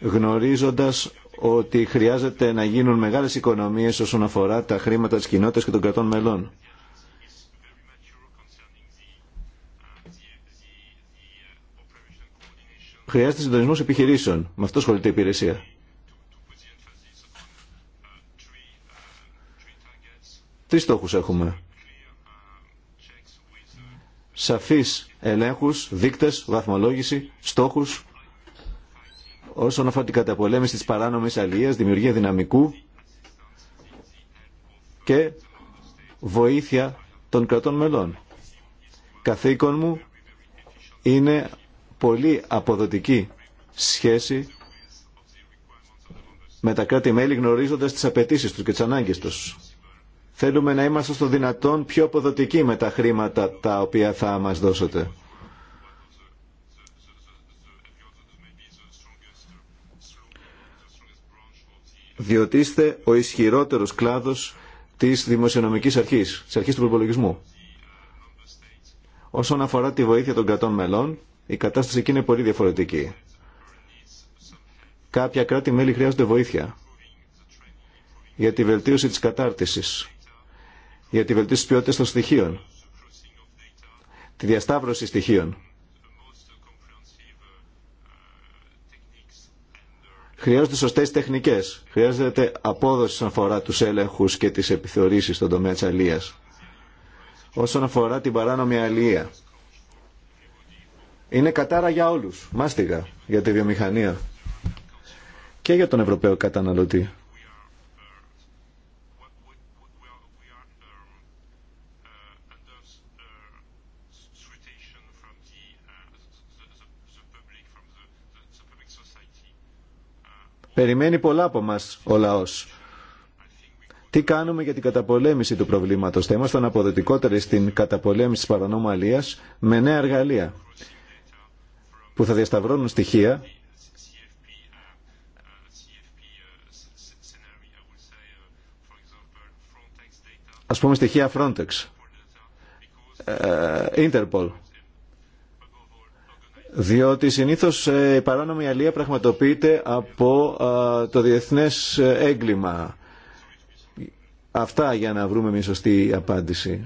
γνωρίζοντας ότι χρειάζεται να γίνουν μεγάλες οικονομίες όσον αφορά τα χρήματα της κοινότητας και των κρατών μελών. Χρειάζεται συντονισμός επιχειρήσεων. Με αυτό σχολείται η υπηρεσία. Τρεις στόχους έχουμε. Σαφής ελέγχους, δείκτες, βαθμολόγηση, στόχους όσον αφορά την καταπολέμηση της παράνομης αλληλείας, δημιουργία δυναμικού και βοήθεια των κρατών μελών. Καθήκον μου είναι πολύ αποδοτική σχέση με τα κράτη-μέλη γνωρίζοντας τις απαιτήσεις τους και τις ανάγκες τους. Θέλουμε να είμαστε στο δυνατόν πιο αποδοτικοί με τα χρήματα τα οποία θα μας δώσετε. Διότι είστε ο ισχυρότερος κλάδος της δημοσιονομικής αρχής, της αρχής του προπολογισμού. Όσον αφορά τη βοήθεια των κρατών μελών, η κατάσταση εκεί είναι πολύ διαφορετική. Κάποια κράτη-μέλη χρειάζονται βοήθεια για τη βελτίωση της κατάρτισης για τη βελτίωση της ποιότητας των στοιχείων, τη διασταύρωση στοιχείων. Χρειάζονται σωστές τεχνικές, χρειάζεται απόδοση όσον αφορά του έλεγχους και τι επιθεωρήσεις στον τομέα τη αλληλεία. Όσον αφορά την παράνομη αλληλεία. είναι κατάρα για όλους, μάστιγα, για τη βιομηχανία και για τον Ευρωπαίο καταναλωτή. Περιμένει πολλά από μας ο λαός. Τι κάνουμε για την καταπολέμηση του προβλήματος. Θα είμαστε αναποδοτικότεροι στην καταπολέμηση της παρανομαλίας με νέα εργαλεία που θα διασταυρώνουν στοιχεία ας πούμε στοιχεία Frontex, ε, Interpol, διότι συνήθως ε, η παράνομη αλία πραγματοποιείται από το διεθνές ε, έγκλημα. Αυτά για να βρούμε μια σωστή απάντηση.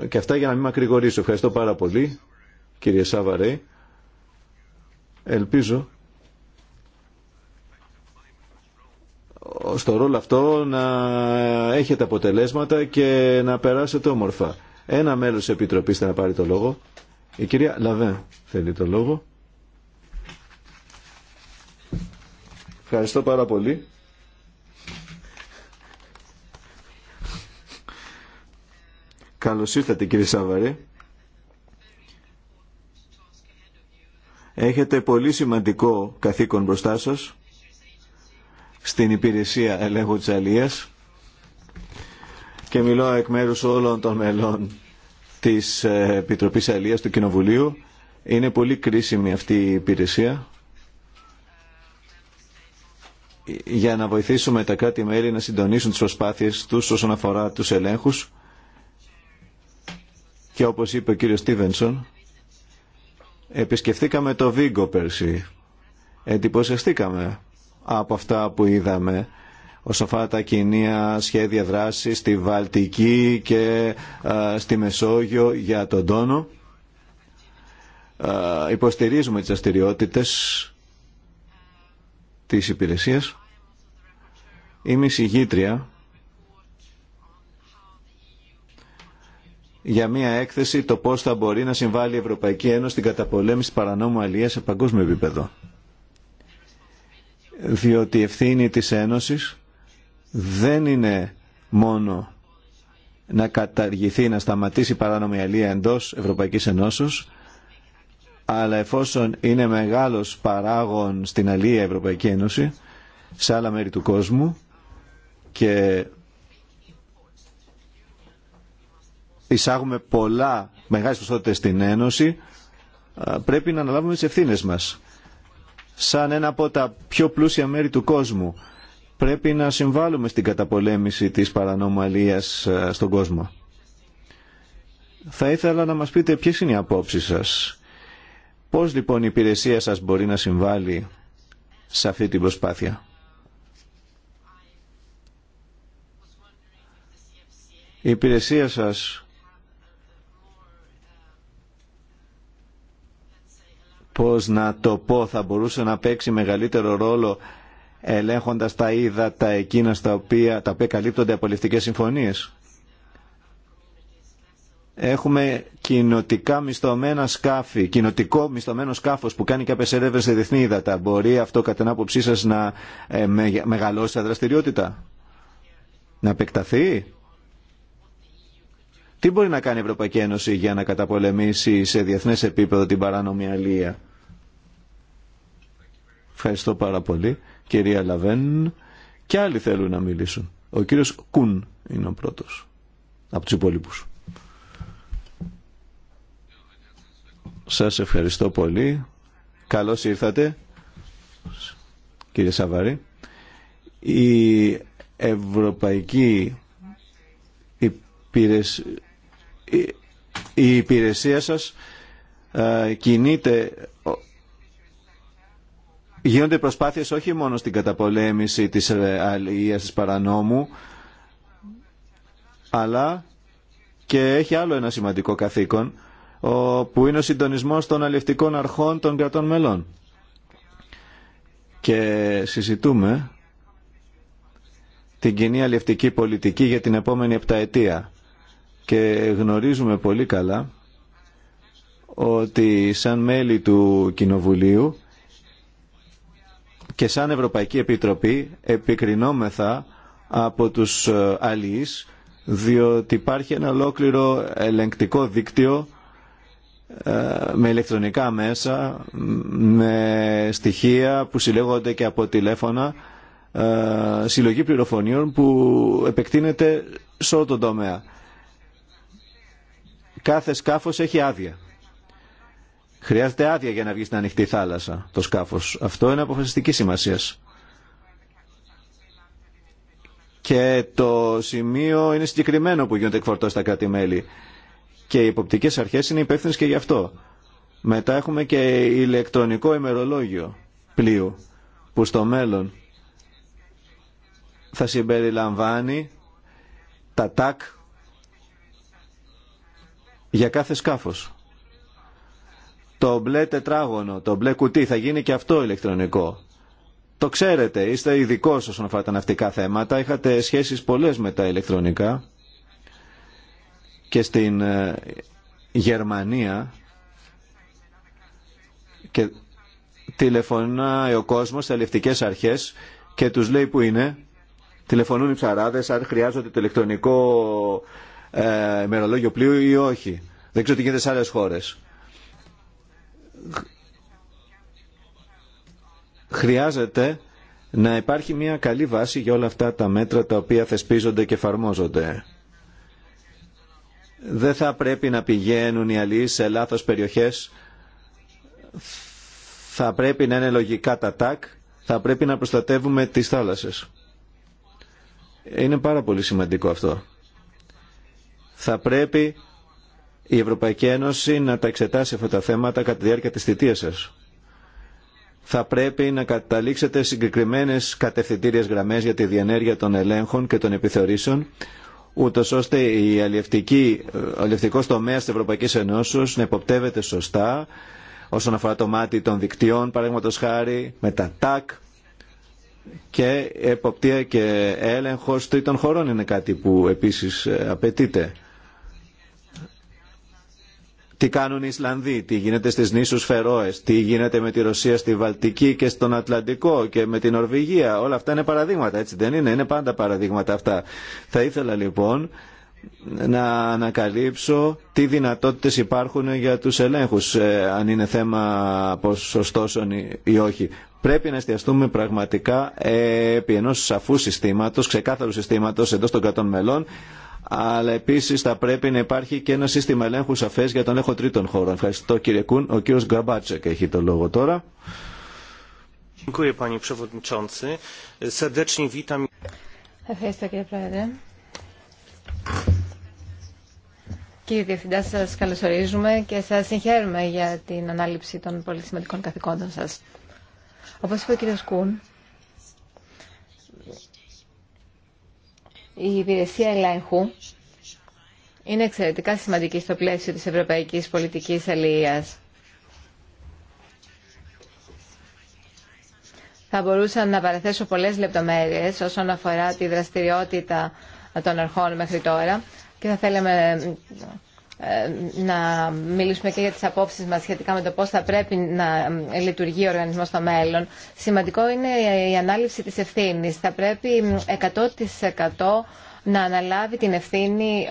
Ε, και αυτά για να μην μακρηγορήσω. Ευχαριστώ πάρα πολύ, κύριε Σάβαρε. Ελπίζω στο ρόλο αυτό να έχετε αποτελέσματα και να περάσετε όμορφα. Ένα μέλος της Επιτροπής θα να πάρει το λόγο. Η κυρία Λαβέ θέλει το λόγο. Ευχαριστώ πάρα πολύ. Καλώς ήρθατε κύριε Σάβαρη. Έχετε πολύ σημαντικό καθήκον μπροστά σας στην υπηρεσία ελέγχου της Αλίας και μιλώ εκ μέρους όλων των μελών της Επιτροπής Αλίας του Κοινοβουλίου. Είναι πολύ κρίσιμη αυτή η υπηρεσία για να βοηθήσουμε τα κράτη-μέλη να συντονίσουν τις προσπάθειες τους όσον αφορά τους ελέγχους και όπως είπε ο κύριος Στίβενσον επισκεφθήκαμε το Βίγκο πέρσι εντυπωσιαστήκαμε από αυτά που είδαμε όσον αφορά τα κοινία σχέδια δράσης στη Βαλτική και στη Μεσόγειο για τον τόνο υποστηρίζουμε τις αστηριότητες της υπηρεσίας Είμαι εισηγήτρια για μια έκθεση το πώς θα μπορεί να συμβάλλει η Ευρωπαϊκή Ένωση στην καταπολέμηση παρανόμου αλληλείας σε παγκόσμιο επίπεδο. Διότι η ευθύνη της Ένωσης δεν είναι μόνο να καταργηθεί, να σταματήσει η παράνομη αλληλεία εντός Ευρωπαϊκής Ενώσεως, αλλά εφόσον είναι μεγάλος παράγων στην αλία Ευρωπαϊκή Ένωση, σε άλλα μέρη του κόσμου, και εισάγουμε πολλά μεγάλες ποσότητες στην Ένωση, πρέπει να αναλάβουμε τις ευθύνες μας. Σαν ένα από τα πιο πλούσια μέρη του κόσμου, πρέπει να συμβάλλουμε στην καταπολέμηση της παρανομαλίας στον κόσμο. Θα ήθελα να μας πείτε ποιες είναι οι απόψεις σας. Πώς λοιπόν η υπηρεσία σας μπορεί να συμβάλλει σε αυτή την προσπάθεια. η υπηρεσία σας πώς να το πω θα μπορούσε να παίξει μεγαλύτερο ρόλο ελέγχοντας τα ύδατα εκείνα στα οποία, τα οποία καλύπτονται από ληφτικές συμφωνίες. Έχουμε κοινοτικά μισθωμένα σκάφη, κοινοτικό μισθωμένο σκάφος που κάνει και ερεύνες σε διεθνή ύδατα. Μπορεί αυτό κατά την άποψή σας να ε, μεγαλώσει τα δραστηριότητα, να επεκταθεί. Τι μπορεί να κάνει η Ευρωπαϊκή Ένωση για να καταπολεμήσει σε διεθνές επίπεδο την παράνομη αλία. Ευχαριστώ πάρα πολύ. Κυρία Λαβέν, και άλλοι θέλουν να μιλήσουν. Ο κύριος Κουν είναι ο πρώτος από τους υπόλοιπους. Σας ευχαριστώ πολύ. Καλώς ήρθατε, κύριε Σαβαρή. Η Ευρωπαϊκή Υπηρεσία η υπηρεσία σας ε, κινείται γίνονται προσπάθειες όχι μόνο στην καταπολέμηση της ε, αλληλείας της παρανόμου αλλά και έχει άλλο ένα σημαντικό καθήκον που είναι ο συντονισμός των αλληλευτικών αρχών των κρατών μελών. Και συζητούμε την κοινή αλληλευτική πολιτική για την επόμενη επταετία και γνωρίζουμε πολύ καλά ότι σαν μέλη του Κοινοβουλίου και σαν Ευρωπαϊκή Επιτροπή επικρινόμεθα από τους ε, αλληλείς διότι υπάρχει ένα ολόκληρο ελεγκτικό δίκτυο ε, με ηλεκτρονικά μέσα, με στοιχεία που συλλέγονται και από τηλέφωνα, ε, συλλογή πληροφωνίων που επεκτείνεται σε όλο τον τομέα κάθε σκάφος έχει άδεια. Χρειάζεται άδεια για να βγει στην ανοιχτή θάλασσα το σκάφος. Αυτό είναι αποφασιστική σημασία. Και το σημείο είναι συγκεκριμένο που γίνονται εκφορτώ στα κράτη-μέλη. Και οι υποπτικές αρχές είναι υπεύθυνε και γι' αυτό. Μετά έχουμε και ηλεκτρονικό ημερολόγιο πλοίου που στο μέλλον θα συμπεριλαμβάνει τα τάκ για κάθε σκάφος. Το μπλε τετράγωνο, το μπλε κουτί θα γίνει και αυτό ηλεκτρονικό. Το ξέρετε, είστε ειδικό όσον αφορά τα ναυτικά θέματα, είχατε σχέσεις πολλές με τα ηλεκτρονικά και στην ε, Γερμανία και τηλεφωνάει ο κόσμος στα αρχές και τους λέει που είναι. Τηλεφωνούν οι ψαράδες αν χρειάζονται το ηλεκτρονικό ε, πλοίου ή όχι. Δεν ξέρω τι γίνεται σε άλλες χώρες. Χρειάζεται να υπάρχει μια καλή βάση για όλα αυτά τα μέτρα τα οποία θεσπίζονται και εφαρμόζονται. Δεν θα πρέπει να πηγαίνουν οι αλλοί σε λάθος περιοχές. Θα πρέπει να είναι λογικά τα τάκ. Θα πρέπει να προστατεύουμε τις θάλασσες. Είναι πάρα πολύ σημαντικό αυτό θα πρέπει η Ευρωπαϊκή Ένωση να τα εξετάσει αυτά τα θέματα κατά τη διάρκεια της θητείας σας. Θα πρέπει να καταλήξετε συγκεκριμένες κατευθυντήριες γραμμές για τη διενέργεια των ελέγχων και των επιθεωρήσεων, ούτω ώστε η αλληλευτικός τομέας της Ευρωπαϊκής Ένωσης να υποπτεύεται σωστά όσον αφορά το μάτι των δικτυών, παραδείγματος χάρη, με τα ΤΑΚ, και εποπτεία και έλεγχος τρίτων χωρών είναι κάτι που επίσης ε, απαιτείται τι κάνουν οι Ισλανδοί, τι γίνεται στις νήσους Φερόες, τι γίνεται με τη Ρωσία στη Βαλτική και στον Ατλαντικό και με την Νορβηγία. Όλα αυτά είναι παραδείγματα, έτσι δεν είναι, είναι πάντα παραδείγματα αυτά. Θα ήθελα λοιπόν να ανακαλύψω τι δυνατότητες υπάρχουν για τους ελέγχους, ε, αν είναι θέμα ποσοστώσεων ή όχι. Πρέπει να εστιαστούμε πραγματικά επί ενός σαφού συστήματος, ξεκάθαρου συστήματος εντός των κρατών μελών, αλλά επίση θα πρέπει να υπάρχει και ένα σύστημα ελέγχου σαφέ για τον έλεγχο τρίτων χώρων. Ευχαριστώ κύριε Κούν. Ο κύριο Γκαμπάτσεκ έχει το λόγο τώρα. Ευχαριστώ κύριε Πρόεδρε. Κύριε Διευθυντά, σα καλωσορίζουμε και σα συγχαίρουμε για την ανάληψη των πολύ σημαντικών καθηκόντων σα. Όπω είπε ο κύριο Κούν, η υπηρεσία ελέγχου είναι εξαιρετικά σημαντική στο πλαίσιο της ευρωπαϊκής πολιτικής αλληλείας. Θα μπορούσα να παραθέσω πολλές λεπτομέρειες όσον αφορά τη δραστηριότητα των αρχών μέχρι τώρα και θα θέλαμε ε, να μιλήσουμε και για τις απόψεις μας σχετικά με το πώς θα πρέπει να λειτουργεί ο οργανισμός στο μέλλον. Σημαντικό είναι η ανάληψη της ευθύνης. Θα πρέπει 100% να αναλάβει την ευθύνη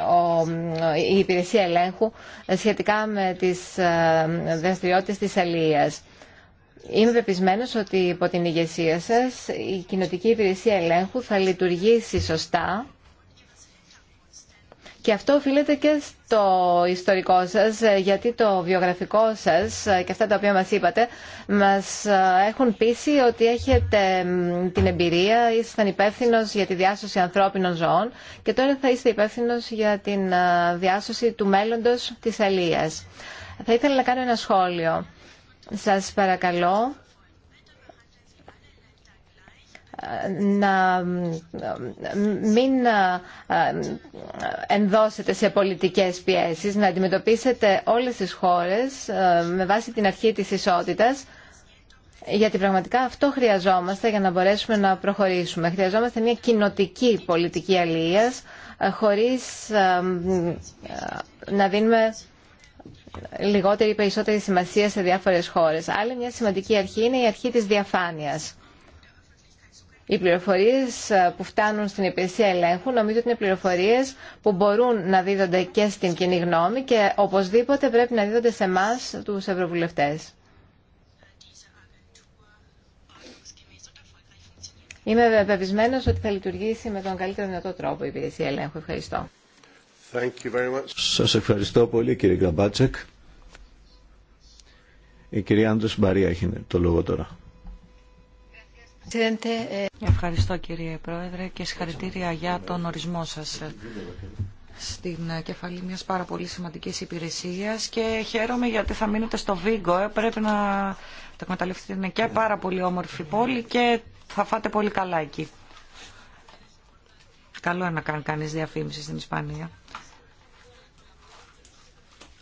η υπηρεσία ελέγχου σχετικά με τις ε, δραστηριότητες της αλίας. Είμαι πεπισμένο ότι υπό την ηγεσία σας η κοινοτική υπηρεσία ελέγχου θα λειτουργήσει σωστά και αυτό οφείλεται και στο ιστορικό σας, γιατί το βιογραφικό σας και αυτά τα οποία μας είπατε μας έχουν πείσει ότι έχετε την εμπειρία, ήσασταν υπεύθυνο για τη διάσωση ανθρώπινων ζώων και τώρα θα είστε υπεύθυνο για την διάσωση του μέλλοντος της αλίας. Θα ήθελα να κάνω ένα σχόλιο. Σας παρακαλώ να ε, μην ε, ε, ενδώσετε σε πολιτικές πιέσεις, να αντιμετωπίσετε όλες τις χώρες με βάση την αρχή της ισότητας, γιατί πραγματικά αυτό χρειαζόμαστε για να μπορέσουμε να προχωρήσουμε. Χρειαζόμαστε μια κοινοτική πολιτική αλληλείας, χωρίς να δίνουμε λιγότερη ή περισσότερη σημασία σε διάφορες χώρες. Άλλη μια σημαντική αρχή είναι η αρχή της διαφάνειας οι πληροφορίες ε, που φτάνουν στην υπηρεσία ελέγχου νομίζω ότι είναι πληροφορίες που μπορούν να δίδονται και στην κοινή γνώμη και οπωσδήποτε πρέπει να δίδονται σε εμά του ευρωβουλευτέ. Είμαι βεβαισμένο ότι θα λειτουργήσει με τον καλύτερο δυνατό τρόπο η υπηρεσία ελέγχου. Ευχαριστώ. Σα Σας ευχαριστώ πολύ κύριε Γκραμπάτσεκ. Η κυρία Άντρε Μπαρία έχει το λόγο τώρα. Eh, Ευχαριστώ κύριε Πρόεδρε και συγχαρητήρια για τον ορισμό σας στην κεφαλή μιας πάρα πολύ σημαντικής υπηρεσίας και χαίρομαι γιατί θα μείνετε στο Βίγκο. Ε. Πρέπει να το εκμεταλλευτείτε. Είναι και πάρα πολύ όμορφη πόλη και θα φάτε πολύ καλά εκεί. Καλό είναι να κάνει κανείς διαφήμιση στην Ισπανία.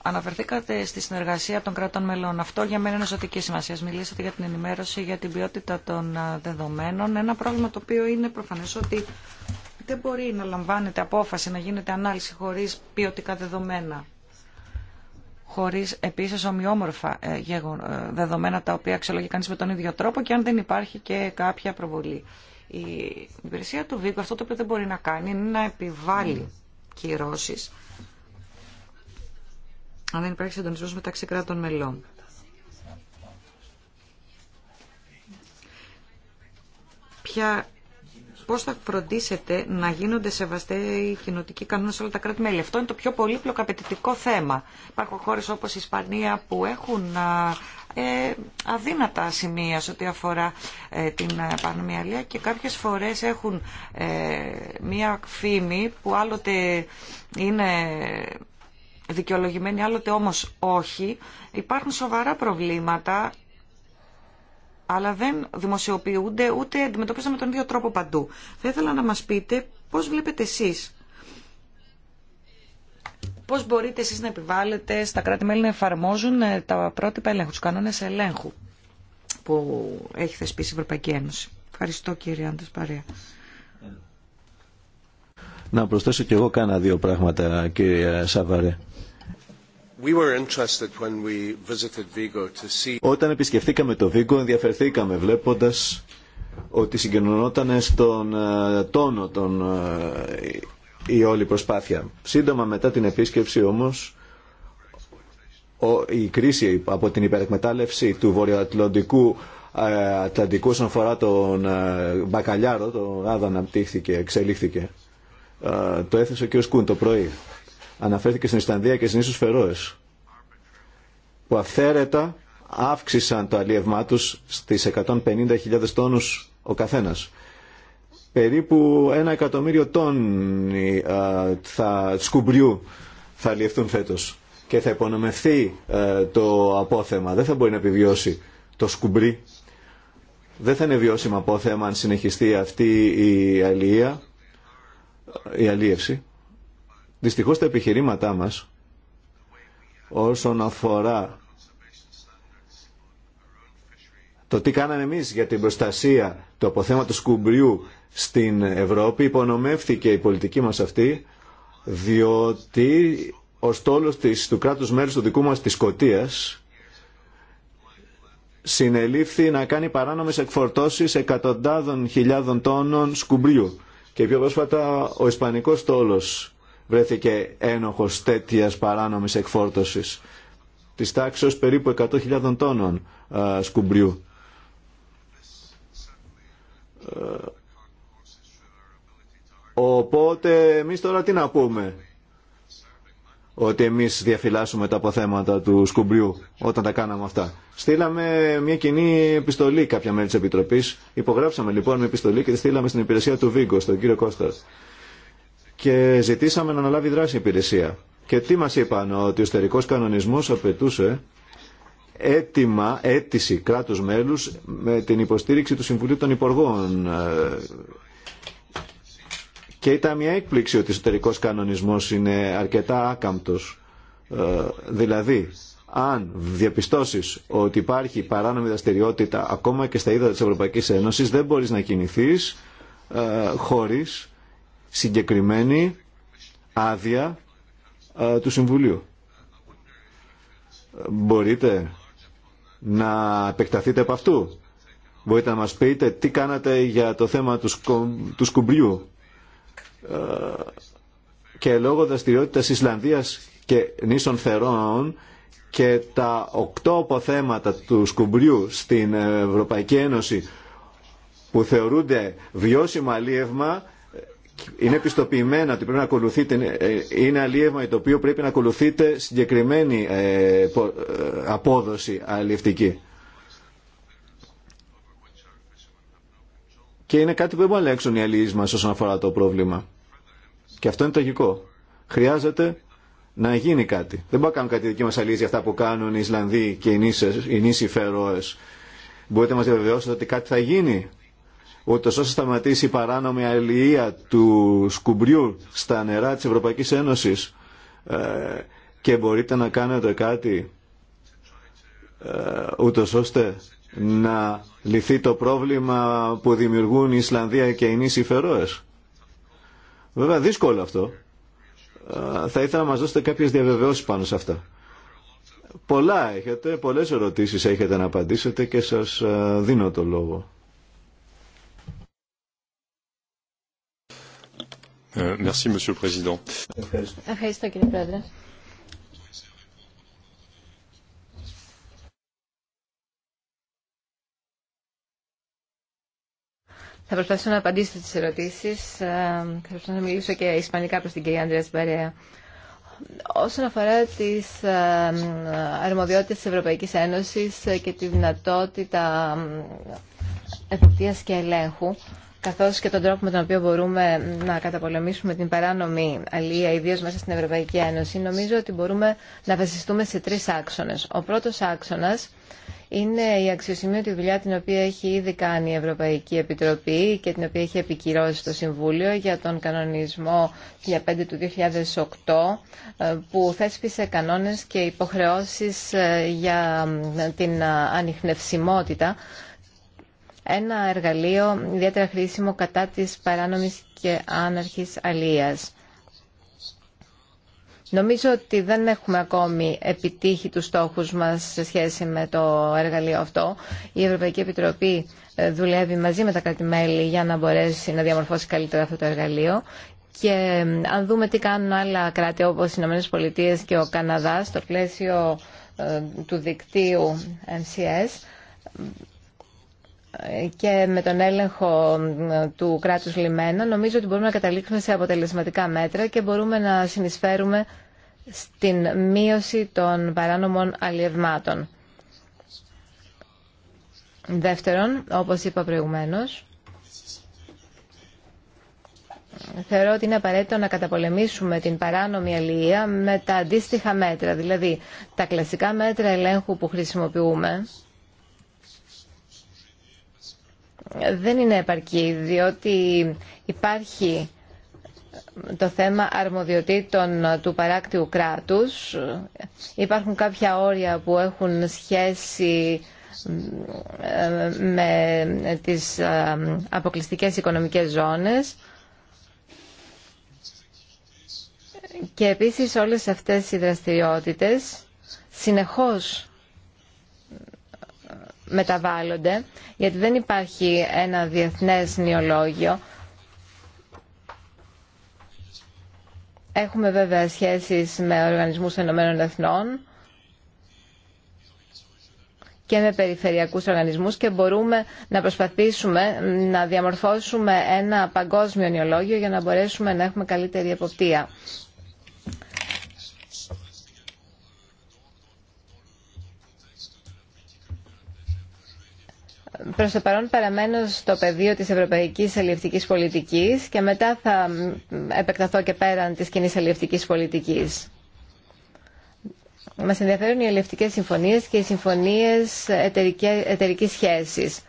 Αναφερθήκατε στη συνεργασία των κρατών μελών. Αυτό για μένα είναι ζωτική σημασία. Μιλήσατε για την ενημέρωση, για την ποιότητα των δεδομένων. Ένα πρόβλημα το οποίο είναι προφανέ ότι δεν μπορεί να λαμβάνεται απόφαση να γίνεται ανάλυση χωρί ποιοτικά δεδομένα. Χωρί επίση ομοιόμορφα ε, ε, δεδομένα τα οποία αξιολογεί κανεί με τον ίδιο τρόπο και αν δεν υπάρχει και κάποια προβολή. Η υπηρεσία του Βίγκο αυτό το οποίο δεν μπορεί να κάνει είναι να επιβάλλει κυρώσει αν δεν υπάρχει συντονισμός μεταξύ κράτων μελών. Ποια, πώς θα φροντίσετε να γίνονται σεβαστέ οι κοινοτικοί κανόνες σε όλα τα κράτη-μέλη. Αυτό είναι το πιο πολύπλοκο απαιτητικό θέμα. Υπάρχουν χώρες όπως η Ισπανία που έχουν ε, αδύνατα σημεία σε ό,τι αφορά ε, την ε, πανομοιαλία και κάποιες φορές έχουν ε, μία φήμη που άλλοτε είναι δικαιολογημένοι, άλλοτε όμως όχι. Υπάρχουν σοβαρά προβλήματα, αλλά δεν δημοσιοποιούνται ούτε αντιμετωπίζονται με τον ίδιο τρόπο παντού. Θα ήθελα να μας πείτε πώς βλέπετε εσείς πώς μπορείτε εσείς να επιβάλλετε στα κράτη-μέλη να εφαρμόζουν ε, τα πρότυπα ελέγχου, τους κανόνες ελέγχου που έχει θεσπίσει η Ευρωπαϊκή Ένωση. Ευχαριστώ κύριε Άντες Παρέα. Να προσθέσω κι εγώ κάνα δύο πράγματα κύριε Σαβαρέ. Όταν επισκεφτήκαμε το Βίγκο ενδιαφερθήκαμε βλέποντας ότι συγκεντρωνόταν στον ε, τόνο τον, ε, η όλη προσπάθεια. Σύντομα μετά την επίσκεψη όμως η κρίση από την υπερεκμετάλλευση του βορειοατλαντικού ε, Ατλαντικού όσον αφορά τον Μπακαλιάρο, το Άδα αναπτύχθηκε, εξελίχθηκε. Το έθεσε ο κ. Κούν το πρωί αναφέρθηκε στην Ισλανδία και στην ίσως Φερόες που αυθαίρετα αύξησαν το αλλιευμά τους στις 150.000 τόνους ο καθένας. Περίπου ένα εκατομμύριο τόνοι θα, σκουμπριού θα αλλιευτούν φέτος και θα υπονομευθεί ε, το απόθεμα. Δεν θα μπορεί να επιβιώσει το σκουμπρί. Δεν θα είναι βιώσιμο απόθεμα αν συνεχιστεί αυτή η αλληλεία, η αλίευση. Δυστυχώς τα επιχειρήματά μας όσον αφορά το τι κάναμε εμείς για την προστασία του αποθέματος σκουμπριού στην Ευρώπη υπονομεύθηκε η πολιτική μας αυτή διότι ο στόλος της, του κράτους μέρους του δικού μας της Σκοτίας συνελήφθη να κάνει παράνομες εκφορτώσεις εκατοντάδων χιλιάδων τόνων σκουμπριού. Και πιο πρόσφατα ο Ισπανικός στόλος βρέθηκε ένοχος τέτοιας παράνομης εκφόρτωσης της τάξης περίπου 100.000 τόνων ε, σκουμπριού. Ε, οπότε εμείς τώρα τι να πούμε ότι εμείς διαφυλάσσουμε τα αποθέματα του σκουμπριού όταν τα κάναμε αυτά. Στείλαμε μια κοινή επιστολή κάποια μέλη της Επιτροπής. Υπογράψαμε λοιπόν μια επιστολή και τη στείλαμε στην υπηρεσία του Βίγκο, στον κύριο Κώστα και ζητήσαμε να αναλάβει δράση η υπηρεσία. Και τι μας είπαν, ότι ο εσωτερικός κανονισμός απαιτούσε έτοιμα, αίτηση κράτους μέλους με την υποστήριξη του Συμβουλίου των Υποργών. Και ήταν μια έκπληξη ότι ο εσωτερικός κανονισμός είναι αρκετά άκαμπτος. Ε, δηλαδή, αν διαπιστώσεις ότι υπάρχει παράνομη δραστηριότητα ακόμα και στα είδα της Ευρωπαϊκής Ένωσης, δεν μπορείς να κινηθείς ε, χωρίς συγκεκριμένη άδεια ε, του Συμβουλίου. Μπορείτε να επεκταθείτε από αυτού. Μπορείτε να μας πείτε τι κάνατε για το θέμα του, σκουμπριού. Ε, και λόγω δραστηριότητα Ισλανδίας και νήσων θερών και τα οκτώ αποθέματα του σκουμπριού στην Ευρωπαϊκή Ένωση που θεωρούνται βιώσιμο αλίευμα είναι πιστοποιημένα ότι πρέπει να ακολουθείτε, ε, είναι αλίευμα το οποίο πρέπει να ακολουθείτε συγκεκριμένη ε, ε, απόδοση αλληλευτική. Και είναι κάτι που δεν μπορεί να ελέγξουν οι αλληλείς μας όσον αφορά το πρόβλημα. Και αυτό είναι τραγικό. Χρειάζεται να γίνει κάτι. Δεν μπορεί να κάνουν κάτι δική μας αλληλείς για αυτά που κάνουν οι Ισλανδοί και οι νήσοι Φερόες. Μπορείτε να μας διαβεβαιώσετε ότι κάτι θα γίνει ούτως όσο σταματήσει η παράνομη αλληλεία του σκουμπριού στα νερά της Ευρωπαϊκής Ένωσης ε, και μπορείτε να κάνετε κάτι ε, ούτω ώστε να λυθεί το πρόβλημα που δημιουργούν η Ισλανδία και οι νήσοι Φερόες. Βέβαια δύσκολο αυτό. Ε, θα ήθελα να μας δώσετε κάποιες διαβεβαιώσεις πάνω σε αυτά. Πολλά έχετε, πολλές ερωτήσεις έχετε να απαντήσετε και σας δίνω το λόγο. Euh, Monsieur le Président. Θα προσπαθήσω να απαντήσω στις ερωτήσεις. Ε, θα προσπαθήσω να μιλήσω και ισπανικά προς την κυρία Ανδρέας Μπαρέα. Όσον αφορά τις ε, αρμοδιότητες της Ευρωπαϊκής Ένωσης και τη δυνατότητα ε, εποπτείας και ελέγχου, καθώς και τον τρόπο με τον οποίο μπορούμε να καταπολεμήσουμε την παράνομη αλληλεία, ιδίω μέσα στην Ευρωπαϊκή Ένωση, νομίζω ότι μπορούμε να βασιστούμε σε τρεις άξονες. Ο πρώτος άξονας είναι η αξιοσημείωτη δουλειά την οποία έχει ήδη κάνει η Ευρωπαϊκή Επιτροπή και την οποία έχει επικυρώσει το Συμβούλιο για τον κανονισμό 2005 του 2008 που θέσπισε κανόνες και υποχρεώσεις ε, για ε, την ανιχνευσιμότητα ένα εργαλείο ιδιαίτερα χρήσιμο κατά της παράνομης και άναρχης αλίας. Νομίζω ότι δεν έχουμε ακόμη επιτύχει τους στόχους μας σε σχέση με το εργαλείο αυτό. Η Ευρωπαϊκή Επιτροπή ε, δουλεύει μαζί με τα κράτη-μέλη για να μπορέσει να διαμορφώσει καλύτερα αυτό το εργαλείο. Και ε, αν δούμε τι κάνουν άλλα κράτη όπως οι ΗΠΑ και ο Καναδάς στο πλαίσιο ε, του δικτύου MCS, και με τον έλεγχο του κράτους λιμένα νομίζω ότι μπορούμε να καταλήξουμε σε αποτελεσματικά μέτρα και μπορούμε να συνεισφέρουμε στην μείωση των παράνομων αλλιευμάτων. Δεύτερον, όπως είπα προηγουμένως, θεωρώ ότι είναι απαραίτητο να καταπολεμήσουμε την παράνομη αλληλεία με τα αντίστοιχα μέτρα, δηλαδή τα κλασικά μέτρα ελέγχου που χρησιμοποιούμε, δεν είναι επαρκή, διότι υπάρχει το θέμα αρμοδιοτήτων του παράκτιου κράτους. Υπάρχουν κάποια όρια που έχουν σχέση με τις ε, αποκλειστικές οικονομικές ζώνες και επίσης όλες αυτές οι δραστηριότητες συνεχώς μεταβάλλονται, γιατί δεν υπάρχει ένα διεθνές νεολόγιο. Έχουμε βέβαια σχέσεις με οργανισμούς Ενωμένων Εθνών και με περιφερειακούς οργανισμούς και μπορούμε να προσπαθήσουμε να διαμορφώσουμε ένα παγκόσμιο νεολόγιο για να μπορέσουμε να έχουμε καλύτερη εποπτεία. προς το παρόν παραμένω στο πεδίο της ευρωπαϊκής αλληλευτικής πολιτικής και μετά θα επεκταθώ και πέραν της κοινής αλληλευτικής πολιτικής. Μας ενδιαφέρουν οι αλληλευτικές συμφωνίες και οι συμφωνίες εταιρικής σχέσης.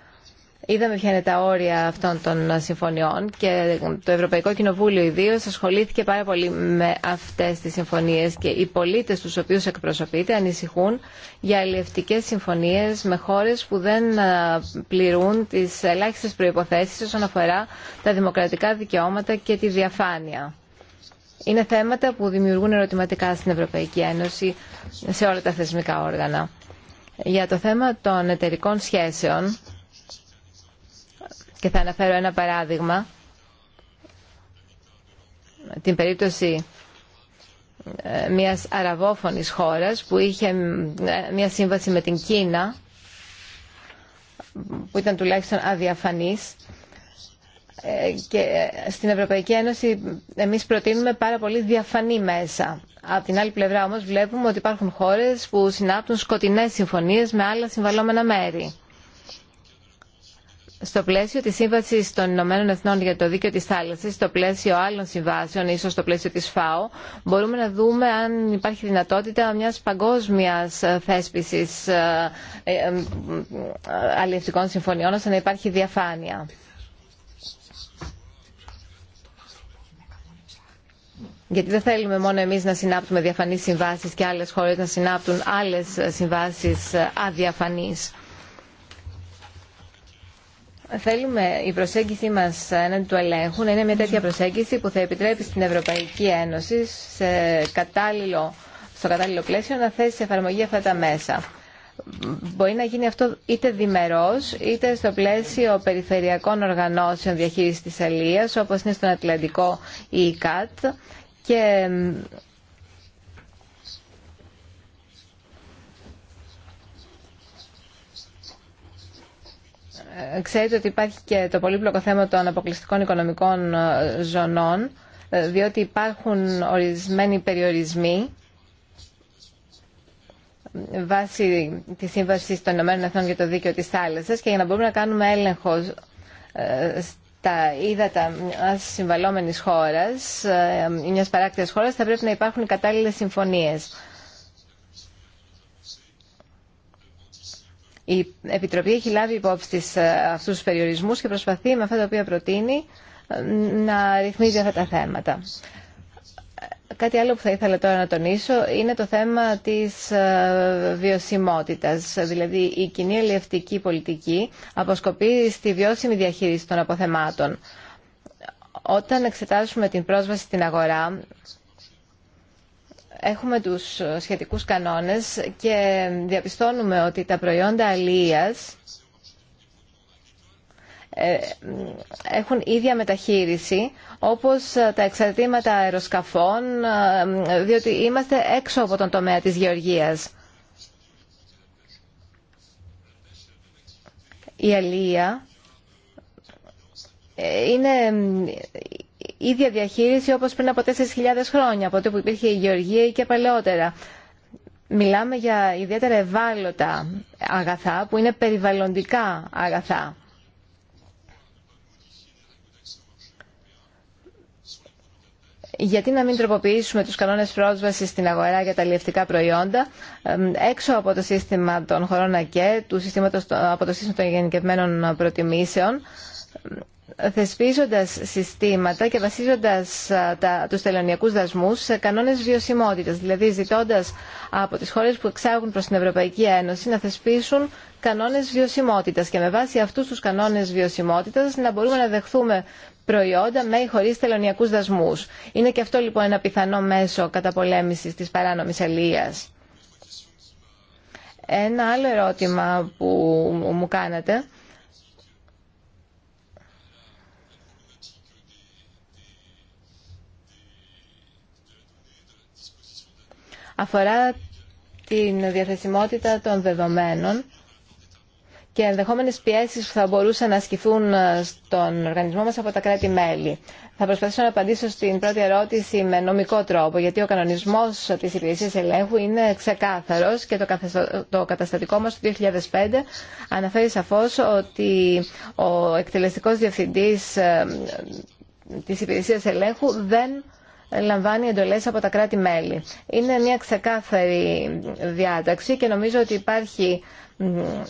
Είδαμε ποια είναι τα όρια αυτών των συμφωνιών και το Ευρωπαϊκό Κοινοβούλιο ιδίω ασχολήθηκε πάρα πολύ με αυτέ τι συμφωνίε και οι πολίτε του οποίου εκπροσωπείται ανησυχούν για αλληλευτικέ συμφωνίε με χώρε που δεν πληρούν τι ελάχιστε προποθέσει όσον αφορά τα δημοκρατικά δικαιώματα και τη διαφάνεια. Είναι θέματα που δημιουργούν ερωτηματικά στην Ευρωπαϊκή Ένωση σε όλα τα θεσμικά όργανα. Για το θέμα των εταιρικών σχέσεων, και θα αναφέρω ένα παράδειγμα. Την περίπτωση ε, μιας αραβόφωνης χώρας που είχε ε, μια σύμβαση με την Κίνα που ήταν τουλάχιστον αδιαφανής ε, και στην Ευρωπαϊκή Ένωση εμείς προτείνουμε πάρα πολύ διαφανή μέσα. Από την άλλη πλευρά όμως βλέπουμε ότι υπάρχουν χώρες που συνάπτουν σκοτεινές συμφωνίες με άλλα συμβαλόμενα μέρη στο πλαίσιο της Σύμβασης των Ηνωμένων Εθνών για το Δίκαιο της Θάλασσης, στο πλαίσιο άλλων συμβάσεων, ίσως στο πλαίσιο της ΦΑΟ, μπορούμε να δούμε αν υπάρχει δυνατότητα μιας παγκόσμιας θέσπισης ε, ε, ε, αλληλευτικών συμφωνιών, ώστε να υπάρχει διαφάνεια. Γιατί δεν θέλουμε μόνο εμείς να συνάπτουμε διαφανείς συμβάσεις και άλλες χώρες να συνάπτουν άλλες συμβάσεις αδιαφανείς. Θέλουμε η προσέγγιση μας έναντι του ελέγχου να είναι μια τέτοια προσέγγιση που θα επιτρέπει στην Ευρωπαϊκή Ένωση σε κατάλληλο, στο κατάλληλο πλαίσιο να θέσει σε εφαρμογή αυτά τα μέσα. Μπορεί να γίνει αυτό είτε διμερός, είτε στο πλαίσιο περιφερειακών οργανώσεων διαχείρισης τη αλίας, όπω είναι στον Ατλαντικό ή η ΚΑΤ, και Ε, ξέρετε ότι υπάρχει και το πολύπλοκο θέμα των αποκλειστικών οικονομικών ε, ζωνών, ε, διότι υπάρχουν ορισμένοι περιορισμοί βάσει τη Σύμβαση των Ηνωμένων Εθνών για το Δίκαιο της Θάλασσα και για να μπορούμε να κάνουμε έλεγχο στα ύδατα μια συμβαλόμενη χώρα ή μια παράκτητα χώρα θα πρέπει να υπάρχουν κατάλληλε συμφωνίε. Η Επιτροπή έχει λάβει υπόψη της ε, αυτούς τους περιορισμούς και προσπαθεί με αυτά τα οποία προτείνει ε, να ρυθμίζει αυτά τα θέματα. Κάτι άλλο που θα ήθελα τώρα να τονίσω είναι το θέμα της ε, βιωσιμότητας. Δηλαδή η κοινή ελευθερική πολιτική αποσκοπεί στη βιώσιμη διαχείριση των αποθεμάτων. Όταν εξετάσουμε την πρόσβαση στην αγορά, έχουμε τους σχετικούς κανόνες και διαπιστώνουμε ότι τα προϊόντα αλίας ε, έχουν ίδια μεταχείριση όπως τα εξαρτήματα αεροσκαφών ε, διότι είμαστε έξω από τον τομέα της γεωργίας. Η αλία ε, είναι ίδια διαχείριση όπως πριν από 4.000 χρόνια, από τότε που υπήρχε η Γεωργία και παλαιότερα. Μιλάμε για ιδιαίτερα ευάλωτα αγαθά που είναι περιβαλλοντικά αγαθά. γιατί να μην τροποποιήσουμε τους κανόνες πρόσβασης στην αγορά για τα λιευτικά προϊόντα έξω από το σύστημα των χωρών ΑΚΕ, του συστήματος, από το σύστημα των γενικευμένων προτιμήσεων θεσπίζοντας συστήματα και βασίζοντας τα, τους τελωνιακούς δασμούς σε κανόνες βιωσιμότητας, δηλαδή ζητώντας από τις χώρες που εξάγουν προς την Ευρωπαϊκή Ένωση να θεσπίσουν κανόνες βιωσιμότητας και με βάση αυτούς τους κανόνες βιωσιμότητας να μπορούμε να δεχθούμε προϊόντα με ή χωρίς τελωνιακούς δασμούς. Είναι και αυτό λοιπόν ένα πιθανό μέσο καταπολέμησης της παράνομης αλίας. Ένα άλλο ερώτημα που μου κάνατε αφορά την διαθεσιμότητα των δεδομένων και ενδεχόμενες πιέσεις που θα μπορούσαν να ασκηθούν στον οργανισμό μας από τα κράτη-μέλη. Θα προσπαθήσω να απαντήσω στην πρώτη ερώτηση με νομικό τρόπο, γιατί ο κανονισμός της υπηρεσίας ελέγχου είναι ξεκάθαρος και το καταστατικό μας του 2005 αναφέρει σαφώς ότι ο εκτελεστικός διευθυντής ε, της υπηρεσίας ελέγχου δεν λαμβάνει εντολές από τα κράτη-μέλη. Είναι μια ξεκάθαρη διάταξη και νομίζω ότι υπάρχει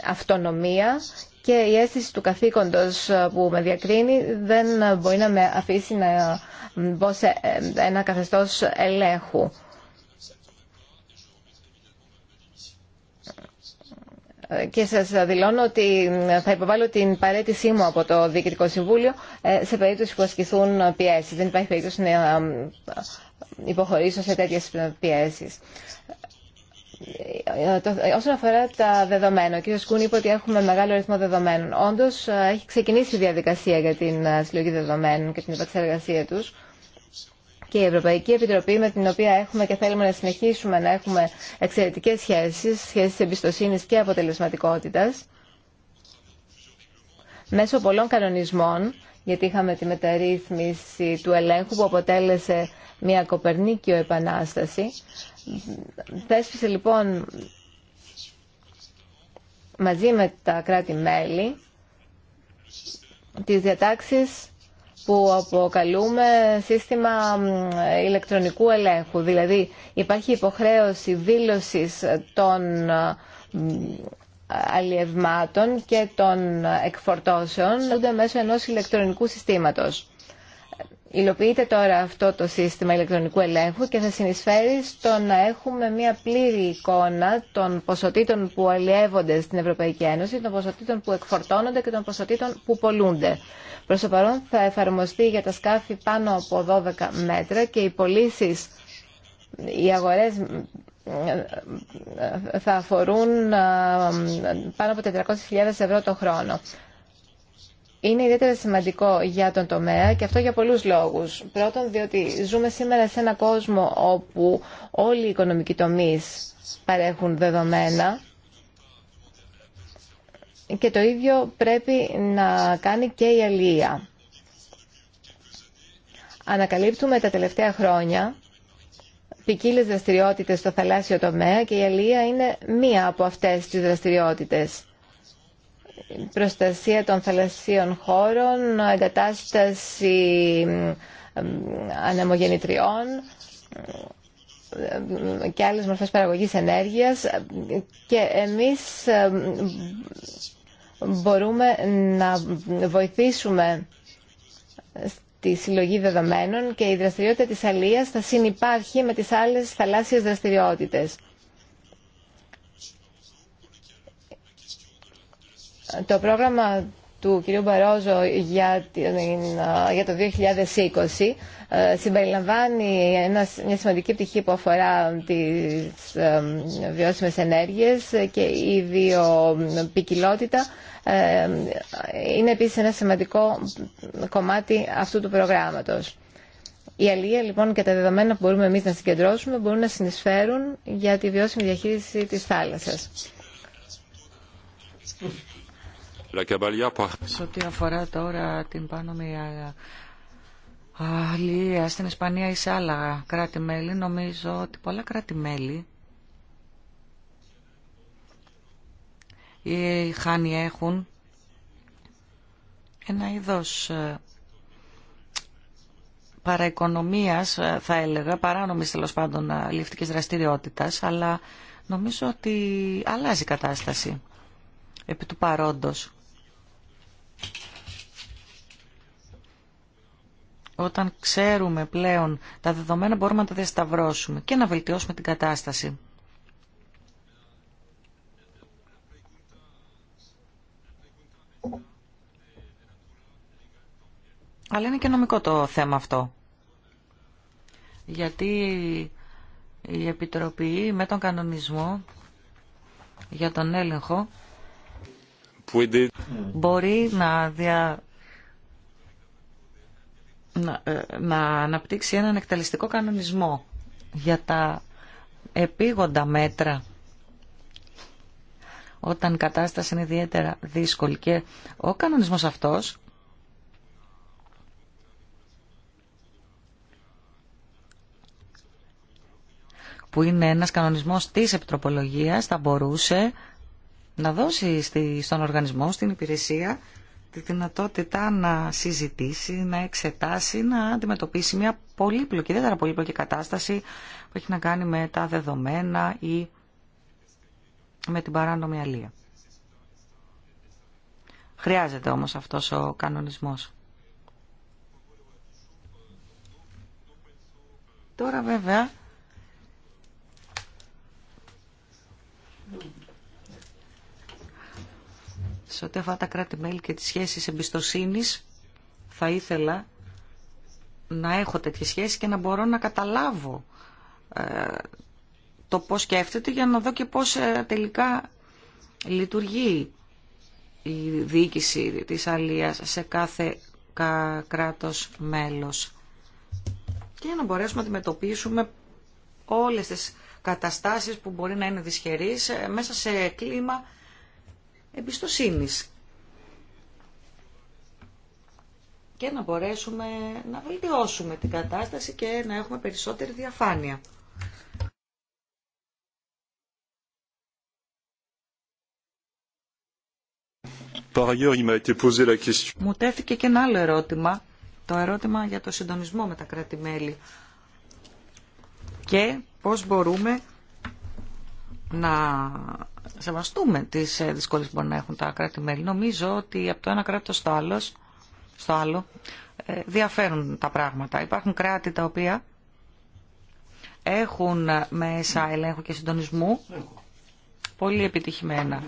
αυτονομία και η αίσθηση του καθήκοντος ε, που με διακρίνει δεν μπορεί να με αφήσει να μπω σε ε, ένα καθεστώς ελέγχου. και σας δηλώνω ότι θα υποβάλω την παρέτησή μου από το Διοικητικό Συμβούλιο ε, σε περίπτωση που ασκηθούν πιέσεις. Δεν υπάρχει περίπτωση να ε, υποχωρήσω σε τέτοιες πιέσεις. Ε, όσον αφορά τα δεδομένα, ο κ. Σκούν είπε ότι έχουμε μεγάλο αριθμό δεδομένων. Όντω, έχει ξεκινήσει η διαδικασία για την συλλογή δεδομένων και την επεξεργασία τους και η Ευρωπαϊκή Επιτροπή με την οποία έχουμε και θέλουμε να συνεχίσουμε να έχουμε εξαιρετικές σχέσεις, σχέσεις εμπιστοσύνης και αποτελεσματικότητας, μέσω πολλών κανονισμών, γιατί είχαμε τη μεταρρύθμιση του ελέγχου που αποτέλεσε μια κοπερνίκιο επανάσταση. Θέσπισε λοιπόν μαζί με τα κράτη-μέλη τις διατάξεις που αποκαλούμε σύστημα ηλεκτρονικού ελέγχου. Δηλαδή υπάρχει υποχρέωση δήλωσης των αλλιευμάτων και των εκφορτώσεων μέσω ενός ηλεκτρονικού συστήματος. Υλοποιείται τώρα αυτό το σύστημα ηλεκτρονικού ελέγχου και θα συνεισφέρει στο να έχουμε μια πλήρη εικόνα των ποσοτήτων που αλλιεύονται στην Ευρωπαϊκή Ένωση, των ποσοτήτων που εκφορτώνονται και των ποσοτήτων που πολλούνται. Προς το παρόν θα εφαρμοστεί για τα σκάφη πάνω από 12 μέτρα και οι πωλήσει, οι αγορές ε, ε, θα αφορούν ε, πάνω από 400.000 ευρώ το χρόνο. Είναι ιδιαίτερα σημαντικό για τον τομέα και αυτό για πολλούς λόγους. Πρώτον, διότι ζούμε σήμερα σε ένα κόσμο όπου όλοι οι οικονομικοί τομείς παρέχουν δεδομένα και το ίδιο πρέπει να κάνει και η αλληλεία. Ανακαλύπτουμε τα τελευταία χρόνια ποικίλε δραστηριότητε στο θαλάσσιο τομέα και η αλληλεία είναι μία από αυτέ τι δραστηριότητε. Προστασία των θαλασσίων χώρων, εγκατάσταση ανεμογεννητριών και άλλες μορφές παραγωγής ενέργειας και εμείς μπορούμε να βοηθήσουμε στη συλλογή δεδομένων και η δραστηριότητα της αλίας θα συνεπάρχει με τις άλλες θαλάσσιες δραστηριότητες. Το πρόγραμμα του κ. Μπαρόζο για, το 2020 ε, συμπεριλαμβάνει μια σημαντική πτυχή που αφορά τις ε, βιώσιμες ενέργειες και η βιοπικιλότητα ε, είναι επίσης ένα σημαντικό κομμάτι αυτού του προγράμματος. Η αλληλεία λοιπόν και τα δεδομένα που μπορούμε εμείς να συγκεντρώσουμε μπορούν να συνεισφέρουν για τη βιώσιμη διαχείριση της θάλασσας. Σε ό,τι αφορά τώρα την πάνω μία αλληλεία στην Ισπανία ή σε άλλα κράτη-μέλη, νομίζω ότι πολλά κράτη-μέλη οι χάνοι έχουν ένα είδος ε, παραοικονομίας, ε, θα έλεγα, παράνομης τέλο πάντων αλληλευτικής ε, δραστηριότητας, αλλά νομίζω ότι αλλάζει η κατάσταση θα ελεγα παρανομης τελο παντων ληφτικης δραστηριοτητας αλλα νομιζω οτι αλλαζει η κατασταση επι του παρόντος. Όταν ξέρουμε πλέον τα δεδομένα μπορούμε να τα διασταυρώσουμε και να βελτιώσουμε την κατάσταση. Αλλά είναι και νομικό το θέμα αυτό. Γιατί η Επιτροπή με τον κανονισμό για τον έλεγχο μπορεί να, δια... να, ε, να αναπτύξει έναν εκτελεστικό κανονισμό για τα επίγοντα μέτρα όταν η κατάσταση είναι ιδιαίτερα δύσκολη και ο κανονισμός αυτός που είναι ένας κανονισμός της επιτροπολογίας θα μπορούσε να δώσει στον οργανισμό, στην υπηρεσία, τη δυνατότητα να συζητήσει, να εξετάσει, να αντιμετωπίσει μια πολύπλοκη, ιδιαίτερα πολύπλοκη κατάσταση που έχει να κάνει με τα δεδομένα ή με την παράνομη αλία. Χρειάζεται όμως αυτός ο κανονισμός. Τώρα βέβαια σε ό,τι αφορά τα κράτη-μέλη και τις σχέσεις εμπιστοσύνης, θα ήθελα να έχω τέτοιες σχέσεις και να μπορώ να καταλάβω ε, το πώς σκέφτεται για να δω και πώς ε, τελικά λειτουργεί η διοίκηση της αλίας σε κάθε κράτος μέλος. Και να μπορέσουμε να αντιμετωπίσουμε όλες τις καταστάσεις που μπορεί να είναι δυσχερείς ε, μέσα σε κλίμα εμπιστοσύνης και να μπορέσουμε να βελτιώσουμε την κατάσταση και να έχουμε περισσότερη διαφάνεια. Μου τέθηκε και ένα άλλο ερώτημα, το ερώτημα για το συντονισμό με τα κράτη-μέλη και πώς μπορούμε να σεβαστούμε τις ε, δυσκολίες που μπορεί να έχουν τα κράτη-μέλη. Νομίζω ότι από το ένα κράτος στο άλλο, στο άλλο ε, διαφέρουν τα πράγματα. Υπάρχουν κράτη τα οποία έχουν ε, μέσα ελέγχου και συντονισμού πολύ επιτυχημένα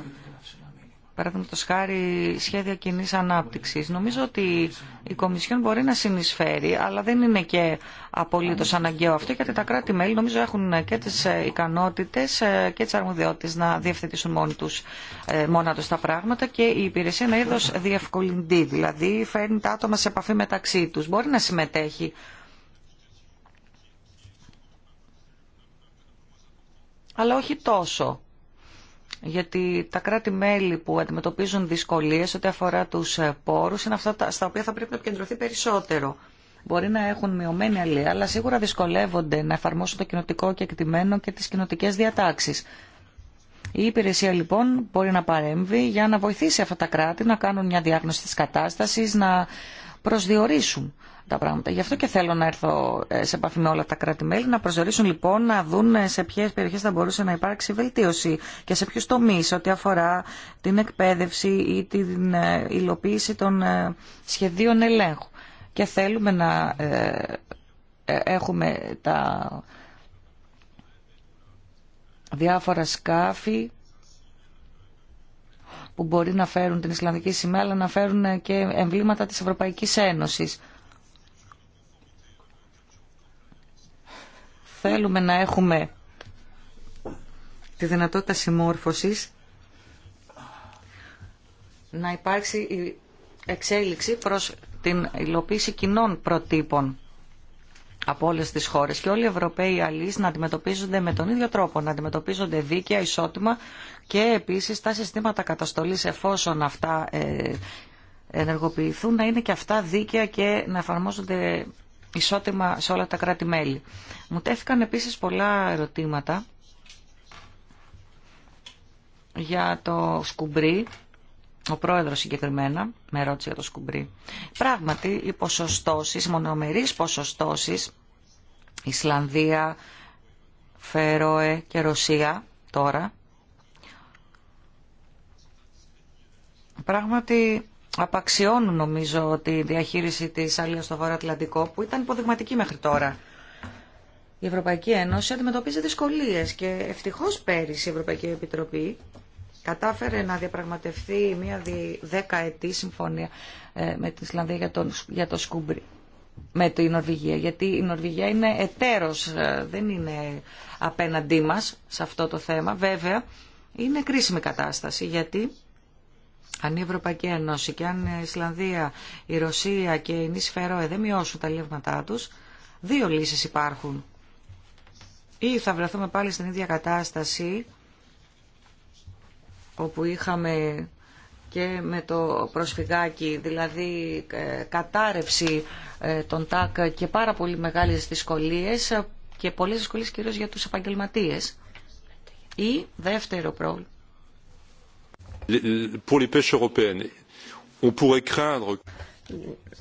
παραδείγματο χάρη σχέδια κοινή ανάπτυξη. Νομίζω ότι η Κομισιόν μπορεί να συνεισφέρει, αλλά δεν είναι και απολύτω αναγκαίο αυτό, γιατί τα κράτη-μέλη νομίζω έχουν και τι ικανότητε ε, και τι αρμοδιότητε να διευθετήσουν μόνοι τους, ε, μόνα του τα πράγματα και η υπηρεσία είναι είδο διευκολυντή, δηλαδή φέρνει τα άτομα σε επαφή μεταξύ του. Μπορεί να συμμετέχει. Αλλά όχι τόσο γιατί τα κράτη-μέλη που αντιμετωπίζουν δυσκολίες ό,τι αφορά τους ε, πόρους είναι αυτά στα οποία θα πρέπει να επικεντρωθεί περισσότερο. Μπορεί να έχουν μειωμένη αλληλεία, αλλά σίγουρα δυσκολεύονται να εφαρμόσουν το κοινοτικό και εκτιμένο και τις κοινοτικέ διατάξεις. Η υπηρεσία λοιπόν μπορεί να παρέμβει για να βοηθήσει αυτά τα κράτη να κάνουν μια διάγνωση της κατάστασης, να προσδιορίσουν τα πράγματα. Γι' αυτό και θέλω να έρθω ε, σε επαφή με όλα τα κράτη-μέλη, να προσδιορίσουν λοιπόν, να δουν σε ποιε περιοχέ θα μπορούσε να υπάρξει βελτίωση και σε ποιου τομεί, ό,τι αφορά την εκπαίδευση ή την ε, υλοποίηση των ε, σχεδίων ελέγχου. Και θέλουμε να έχουμε τα διάφορα σκάφη που μπορεί να φέρουν την Ισλανδική σημαία, αλλά να φέρουν και εμβλήματα της Ευρωπαϊκής Ένωσης. θέλουμε να έχουμε τη δυνατότητα συμμόρφωσης, να υπάρξει η εξέλιξη προς την υλοποίηση κοινών προτύπων από όλες τις χώρες και όλοι οι Ευρωπαίοι αλλοί να αντιμετωπίζονται με τον ίδιο τρόπο, να αντιμετωπίζονται δίκαια, ισότιμα και επίσης τα συστήματα καταστολής εφόσον αυτά ε, ενεργοποιηθούν να είναι και αυτά δίκαια και να εφαρμόζονται ισότιμα σε όλα τα κράτη-μέλη. Μου τέθηκαν επίσης πολλά ερωτήματα για το σκουμπρί, ο πρόεδρος συγκεκριμένα, με ερώτηση για το σκουμπρί. Πράγματι, οι ποσοστώσεις, οι μονομερείς ποσοστώσεις, Ισλανδία, Φέροε και Ρωσία τώρα, πράγματι απαξιώνουν νομίζω τη διαχείριση της Αλίας στο Βόρειο Ατλαντικό που ήταν υποδειγματική μέχρι τώρα. Η Ευρωπαϊκή Ένωση αντιμετωπίζει δυσκολίες και ευτυχώς πέρυσι η Ευρωπαϊκή Επιτροπή κατάφερε να διαπραγματευτεί μια δεκαετή συμφωνία ε, με την Ισλανδία για, το σκούμπρι με τη Νορβηγία, γιατί η Νορβηγία είναι εταίρος, ε, δεν είναι απέναντί μας σε αυτό το θέμα. Βέβαια, είναι κρίσιμη κατάσταση, γιατί αν η Ευρωπαϊκή Ένωση και αν η Ισλανδία, η Ρωσία και η Φερόε δεν μειώσουν τα λεύματά τους, δύο λύσεις υπάρχουν. Ή θα βρεθούμε πάλι στην ίδια κατάσταση όπου είχαμε και με το προσφυγάκι, δηλαδή ε, κατάρρευση ε, των ΤΑΚ και πάρα πολύ μεγάλες δυσκολίες ε, και πολλές δυσκολίες κυρίως για τους επαγγελματίες. Ή δεύτερο πρόβλημα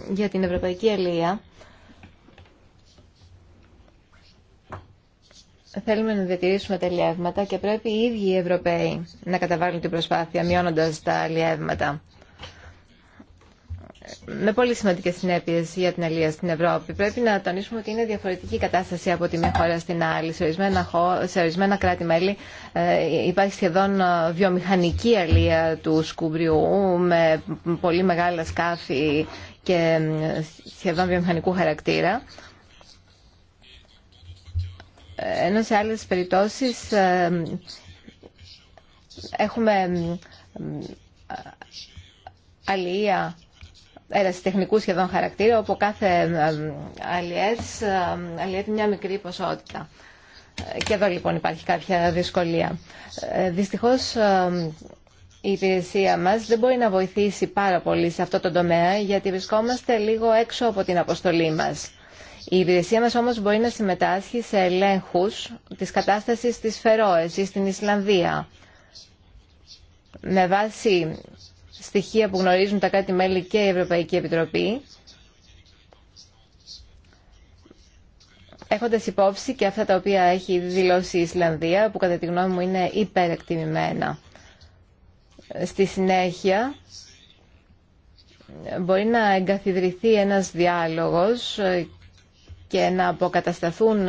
για την Ευρωπαϊκή Αλία θέλουμε να διατηρήσουμε τα λιεύματα και πρέπει οι ίδιοι οι Ευρωπαίοι να καταβάλουν την προσπάθεια μειώνοντας τα λιεύματα με πολύ σημαντικές συνέπειε για την αλληλεία στην Ευρώπη. Πρέπει να τονίσουμε ότι είναι διαφορετική η κατάσταση από τη μία χώρα στην άλλη. Σε ορισμένα, ορισμένα κράτη-μέλη ε, υπάρχει σχεδόν ε, βιομηχανική αλία του σκουμπριού με πολύ μεγάλα σκάφη και ε, σχεδόν βιομηχανικού χαρακτήρα. Ενώ σε άλλες περιπτώσεις έχουμε αλληλεία τεχνικού σχεδόν χαρακτήρα, όπου κάθε αλλιές αλλιέται μια μικρή ποσότητα. Και εδώ λοιπόν υπάρχει κάποια δυσκολία. Ε, δυστυχώς η υπηρεσία μας δεν μπορεί να βοηθήσει πάρα πολύ σε αυτό το τομέα γιατί βρισκόμαστε λίγο έξω από την αποστολή μας. Η υπηρεσία μας όμως μπορεί να συμμετάσχει σε ελέγχους της κατάστασης στις Φερόες ή στην Ισλανδία με βάση στοιχεία που γνωρίζουν τα κράτη-μέλη και η Ευρωπαϊκή Επιτροπή, έχοντας υπόψη και αυτά τα οποία έχει δηλώσει η Ισλανδία, που κατά τη γνώμη μου είναι υπερεκτιμημένα. Στη συνέχεια, μπορεί να εγκαθιδρυθεί ένας διάλογος και να αποκατασταθούν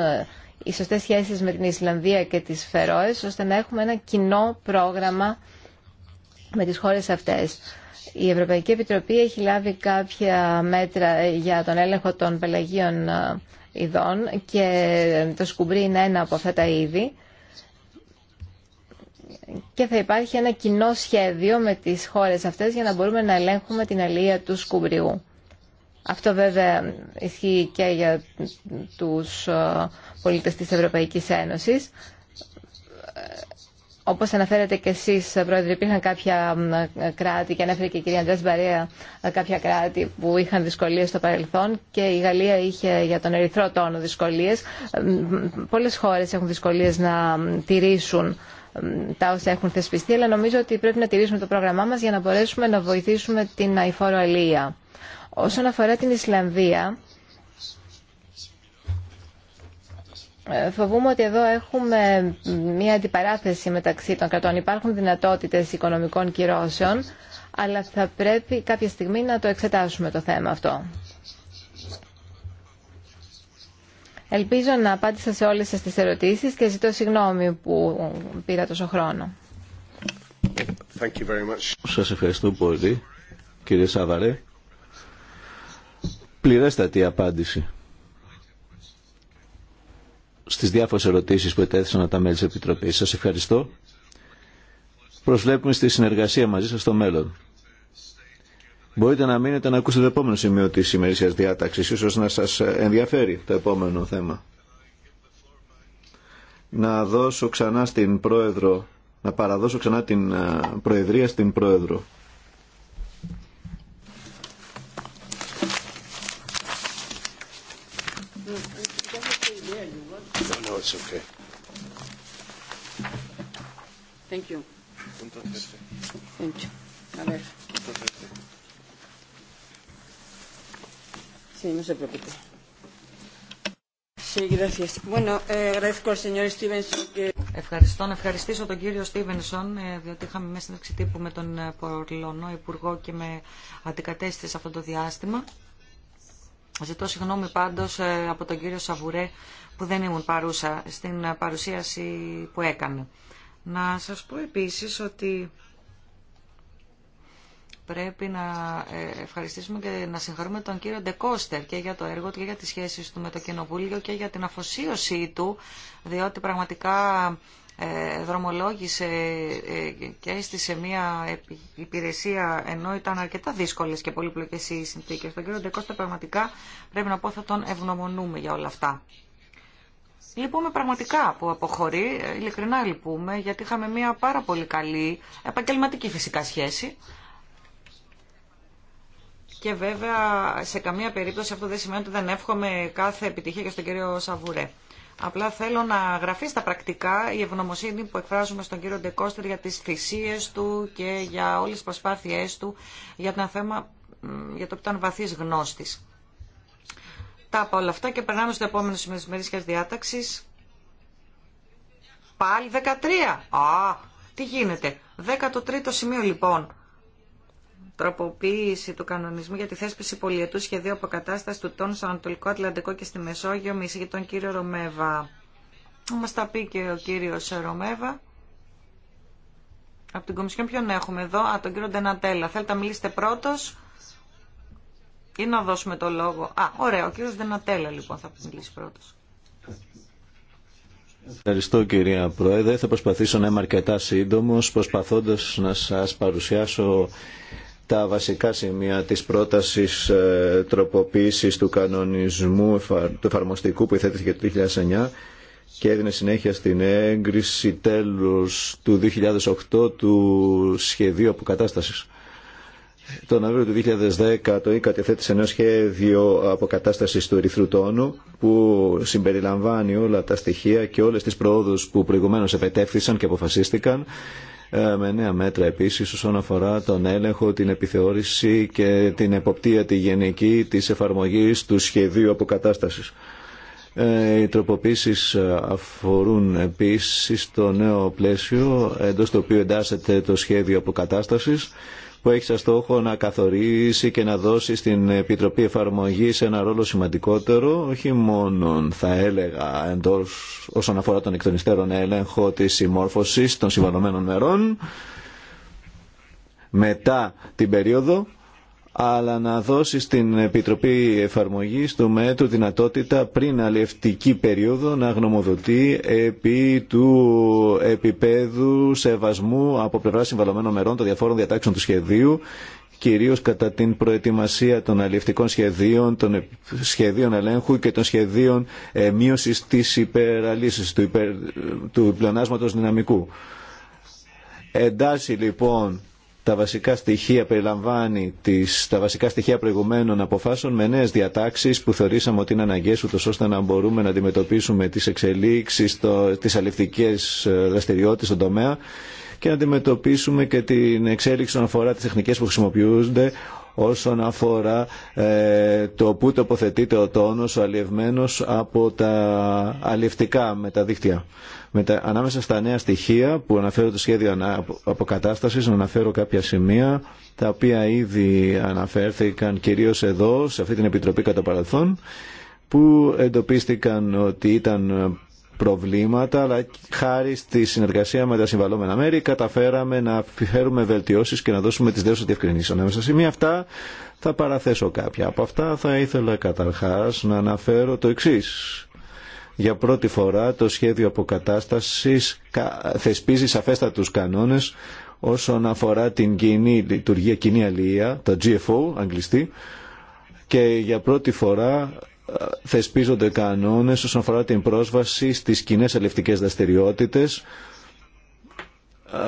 οι σωστές σχέσεις με την Ισλανδία και τις Φερόες, ώστε να έχουμε ένα κοινό πρόγραμμα με τις χώρες αυτές. Η Ευρωπαϊκή Επιτροπή έχει λάβει κάποια μέτρα για τον έλεγχο των πελαγίων ε, ειδών και το σκουμπρί είναι ένα από αυτά τα είδη και θα υπάρχει ένα κοινό σχέδιο με τις χώρες αυτές για να μπορούμε να ελέγχουμε την αλία του σκουμπριού. Αυτό βέβαια ισχύει και για τους ε, πολίτες της Ευρωπαϊκής Ένωσης Όπω αναφέρατε και εσεί, Πρόεδρε, υπήρχαν κάποια κράτη, και ανέφερε και η κυρία Αντρέα Μπαρέα, ε, κάποια κράτη που είχαν δυσκολίε στο παρελθόν και η Γαλλία είχε για τον ερυθρό τόνο δυσκολίε. Ε, Πολλέ χώρε έχουν δυσκολίε να τηρήσουν τα όσα έχουν θεσπιστεί, αλλά νομίζω ότι πρέπει να τηρήσουμε το πρόγραμμά μα για να μπορέσουμε να βοηθήσουμε την αηφόρο αλία. Όσον αφορά την Ισλανδία, Ε, φοβούμαι ότι εδώ έχουμε μία αντιπαράθεση μεταξύ των κρατών. Υπάρχουν δυνατότητες οικονομικών κυρώσεων, αλλά θα πρέπει κάποια στιγμή να το εξετάσουμε το θέμα αυτό. Ελπίζω να απάντησα σε όλες σας τις ερωτήσεις και ζητώ συγγνώμη που πήρα τόσο χρόνο. Thank you very much. Σας ευχαριστώ πολύ, κύριε Σαβαρέ. Πληρέστατη απάντηση στις διάφορες ερωτήσεις που ετέθησαν από τα μέλη της Επιτροπής. Σας ευχαριστώ. Προσβλέπουμε στη συνεργασία μαζί σας στο μέλλον. Μπορείτε να μείνετε να ακούσετε το επόμενο σημείο της ημερήσιας διάταξης, ίσως να σας ενδιαφέρει το επόμενο θέμα. Να δώσω ξανά στην Πρόεδρο, να παραδώσω ξανά την ε, Προεδρία στην Πρόεδρο. it's okay. Thank you. Ευχαριστώ. ευχαριστήσω τον κύριο Στίβενσον, διότι είχαμε μια συνέντευξη τύπου με τον ε, Πολωνό Υπουργό και με αντικατέστησε αυτό το διάστημα. Ζητώ συγγνώμη πάντως ε, από τον κύριο Σαβουρέ που δεν ήμουν παρούσα στην παρουσίαση που έκανε. Να σας πω επίσης ότι πρέπει να ε, ευχαριστήσουμε και να συγχαρούμε τον κύριο Ντεκόστερ και για το έργο του και για τις σχέσεις του με το Κοινοβούλιο και για την αφοσίωσή του, διότι πραγματικά ε, δρομολόγησε ε, και έστησε μια υπηρεσία ενώ ήταν αρκετά δύσκολες και πολύπλοκες οι συνθήκες. Τον κύριο Ντεκόστερ πραγματικά πρέπει να πω θα τον ευγνωμονούμε για όλα αυτά. Λυπούμε πραγματικά που αποχωρεί, ειλικρινά λυπούμε, γιατί είχαμε μια πάρα πολύ καλή επαγγελματική φυσικά σχέση. Και βέβαια σε καμία περίπτωση αυτό δεν σημαίνει ότι δεν εύχομαι κάθε επιτυχία και στον κύριο Σαβουρέ. Απλά θέλω να γραφεί στα πρακτικά η ευγνωμοσύνη που εκφράζουμε στον κύριο Ντεκόστερ για τις θυσίες του και για όλες τις προσπάθειές του για, ένα θέμα, για το οποίο ήταν βαθύς γνώστης. Μετά από όλα αυτά και περνάμε στο επόμενο σημείο της διάταξης. Πάλι 13. Α, τι γίνεται. 13ο σημείο λοιπόν. Τροποποίηση του κανονισμού για τη θέσπιση πολιετού σχεδίου αποκατάσταση του τόνου στο Ανατολικό Ατλαντικό και στη Μεσόγειο με τον κύριο Ρωμέβα. Μα τα πει και ο κύριο Ρωμέβα. Από την Κομισιόν ποιον έχουμε εδώ, α, τον κύριο Ντενατέλα. Θέλετε να μιλήσετε πρώτος. Ή να δώσουμε το λόγο. Α, ωραία, ο κύριος Δενατέλα λοιπόν θα μιλήσει πρώτος. Ευχαριστώ κυρία Πρόεδρε. Θα προσπαθήσω να είμαι αρκετά σύντομο, προσπαθώντας να σας παρουσιάσω τα βασικά σημεία της πρότασης ε, τροποποίησης του κανονισμού του εφαρμοστικού που υθέτηκε το 2009 και έδινε συνέχεια στην έγκριση τέλους του 2008 του σχεδίου αποκατάστασης. Το Νοέμβριο του 2010 το ΙΚΑ τεθέτησε ένα σχέδιο αποκατάστασης του ερυθρού τόνου που συμπεριλαμβάνει όλα τα στοιχεία και όλες τις προόδους που προηγουμένως επετέφθησαν και αποφασίστηκαν ε, με νέα μέτρα επίσης όσον αφορά τον έλεγχο, την επιθεώρηση και την εποπτεία τη γενική της εφαρμογής του σχεδίου αποκατάστασης. Ε, οι τροποποίησεις αφορούν επίσης το νέο πλαίσιο εντός του οποίου εντάσσεται το σχέδιο αποκατάστασης που έχει σαν στόχο να καθορίσει και να δώσει στην Επιτροπή Εφαρμογή ένα ρόλο σημαντικότερο, όχι μόνο θα έλεγα εντό όσον αφορά τον εκτονιστέρων των έλεγχο τη συμμόρφωση των συμβαλωμένων μερών μετά την περίοδο αλλά να δώσει στην Επιτροπή Εφαρμογής του ΜΕΤΟ δυνατότητα πριν αλλιευτική περίοδο να γνωμοδοτεί επί του επίπεδου σεβασμού από πλευρά συμβαλωμένων μερών των διαφόρων διατάξεων του σχεδίου κυρίως κατά την προετοιμασία των αλληλευτικών σχεδίων, των σχεδίων ελέγχου και των σχεδίων ε, μείωσης της υπεραλύσης, του, υπερ, του δυναμικού. Εντάσσει λοιπόν τα βασικά στοιχεία περιλαμβάνει τις, τα βασικά στοιχεία προηγουμένων αποφάσεων με νέες διατάξεις που θεωρήσαμε ότι είναι αναγκαίες ούτως ώστε να μπορούμε να αντιμετωπίσουμε τις εξελίξεις, το, τις δραστηριότητε δραστηριότητες στον τομέα και να αντιμετωπίσουμε και την εξέλιξη όσον αφορά τις τεχνικές που χρησιμοποιούνται όσον αφορά ε, το που τοποθετείται ο τόνος ο αλλιευμένος από τα αλλιευτικά με Ανάμεσα στα νέα στοιχεία που αναφέρω το σχέδιο αποκατάστασης, να αναφέρω κάποια σημεία τα οποία ήδη αναφέρθηκαν κυρίως εδώ, σε αυτή την Επιτροπή κατά παρελθόν, που εντοπίστηκαν ότι ήταν προβλήματα, αλλά χάρη στη συνεργασία με τα συμβαλόμενα μέρη καταφέραμε να φέρουμε βελτιώσεις και να δώσουμε τις δέσεις διευκρινήσεις. Ανάμεσα στα σημεία αυτά θα παραθέσω κάποια. Από αυτά θα ήθελα καταρχάς να αναφέρω το εξής για πρώτη φορά το σχέδιο αποκατάστασης θεσπίζει σαφέστατους κανόνες όσον αφορά την κοινή λειτουργία, κοινή αλληλεία, τα GFO αγγλιστή, και για πρώτη φορά ε, θεσπίζονται κανόνες όσον αφορά την πρόσβαση στις κοινέ ελευτικές δραστηριότητε. Ε,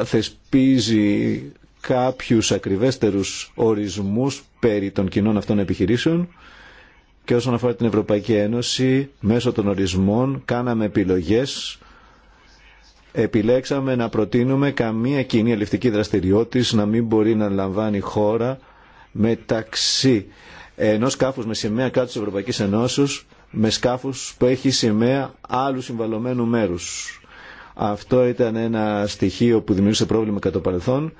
θεσπίζει κάποιους ακριβέστερους ορισμούς περί των κοινών αυτών επιχειρήσεων και όσον αφορά την Ευρωπαϊκή Ένωση, μέσω των ορισμών κάναμε επιλογές επιλέξαμε να προτείνουμε καμία κοινή αλληλευτική δραστηριότητα να μην μπορεί να λαμβάνει χώρα μεταξύ ενό σκάφου με σημαία κάτω τη Ευρωπαϊκή Ενώσεω με σκάφου που έχει σημαία άλλου συμβαλωμένου μέρους Αυτό ήταν ένα στοιχείο που δημιούργησε πρόβλημα κατά το παρελθόν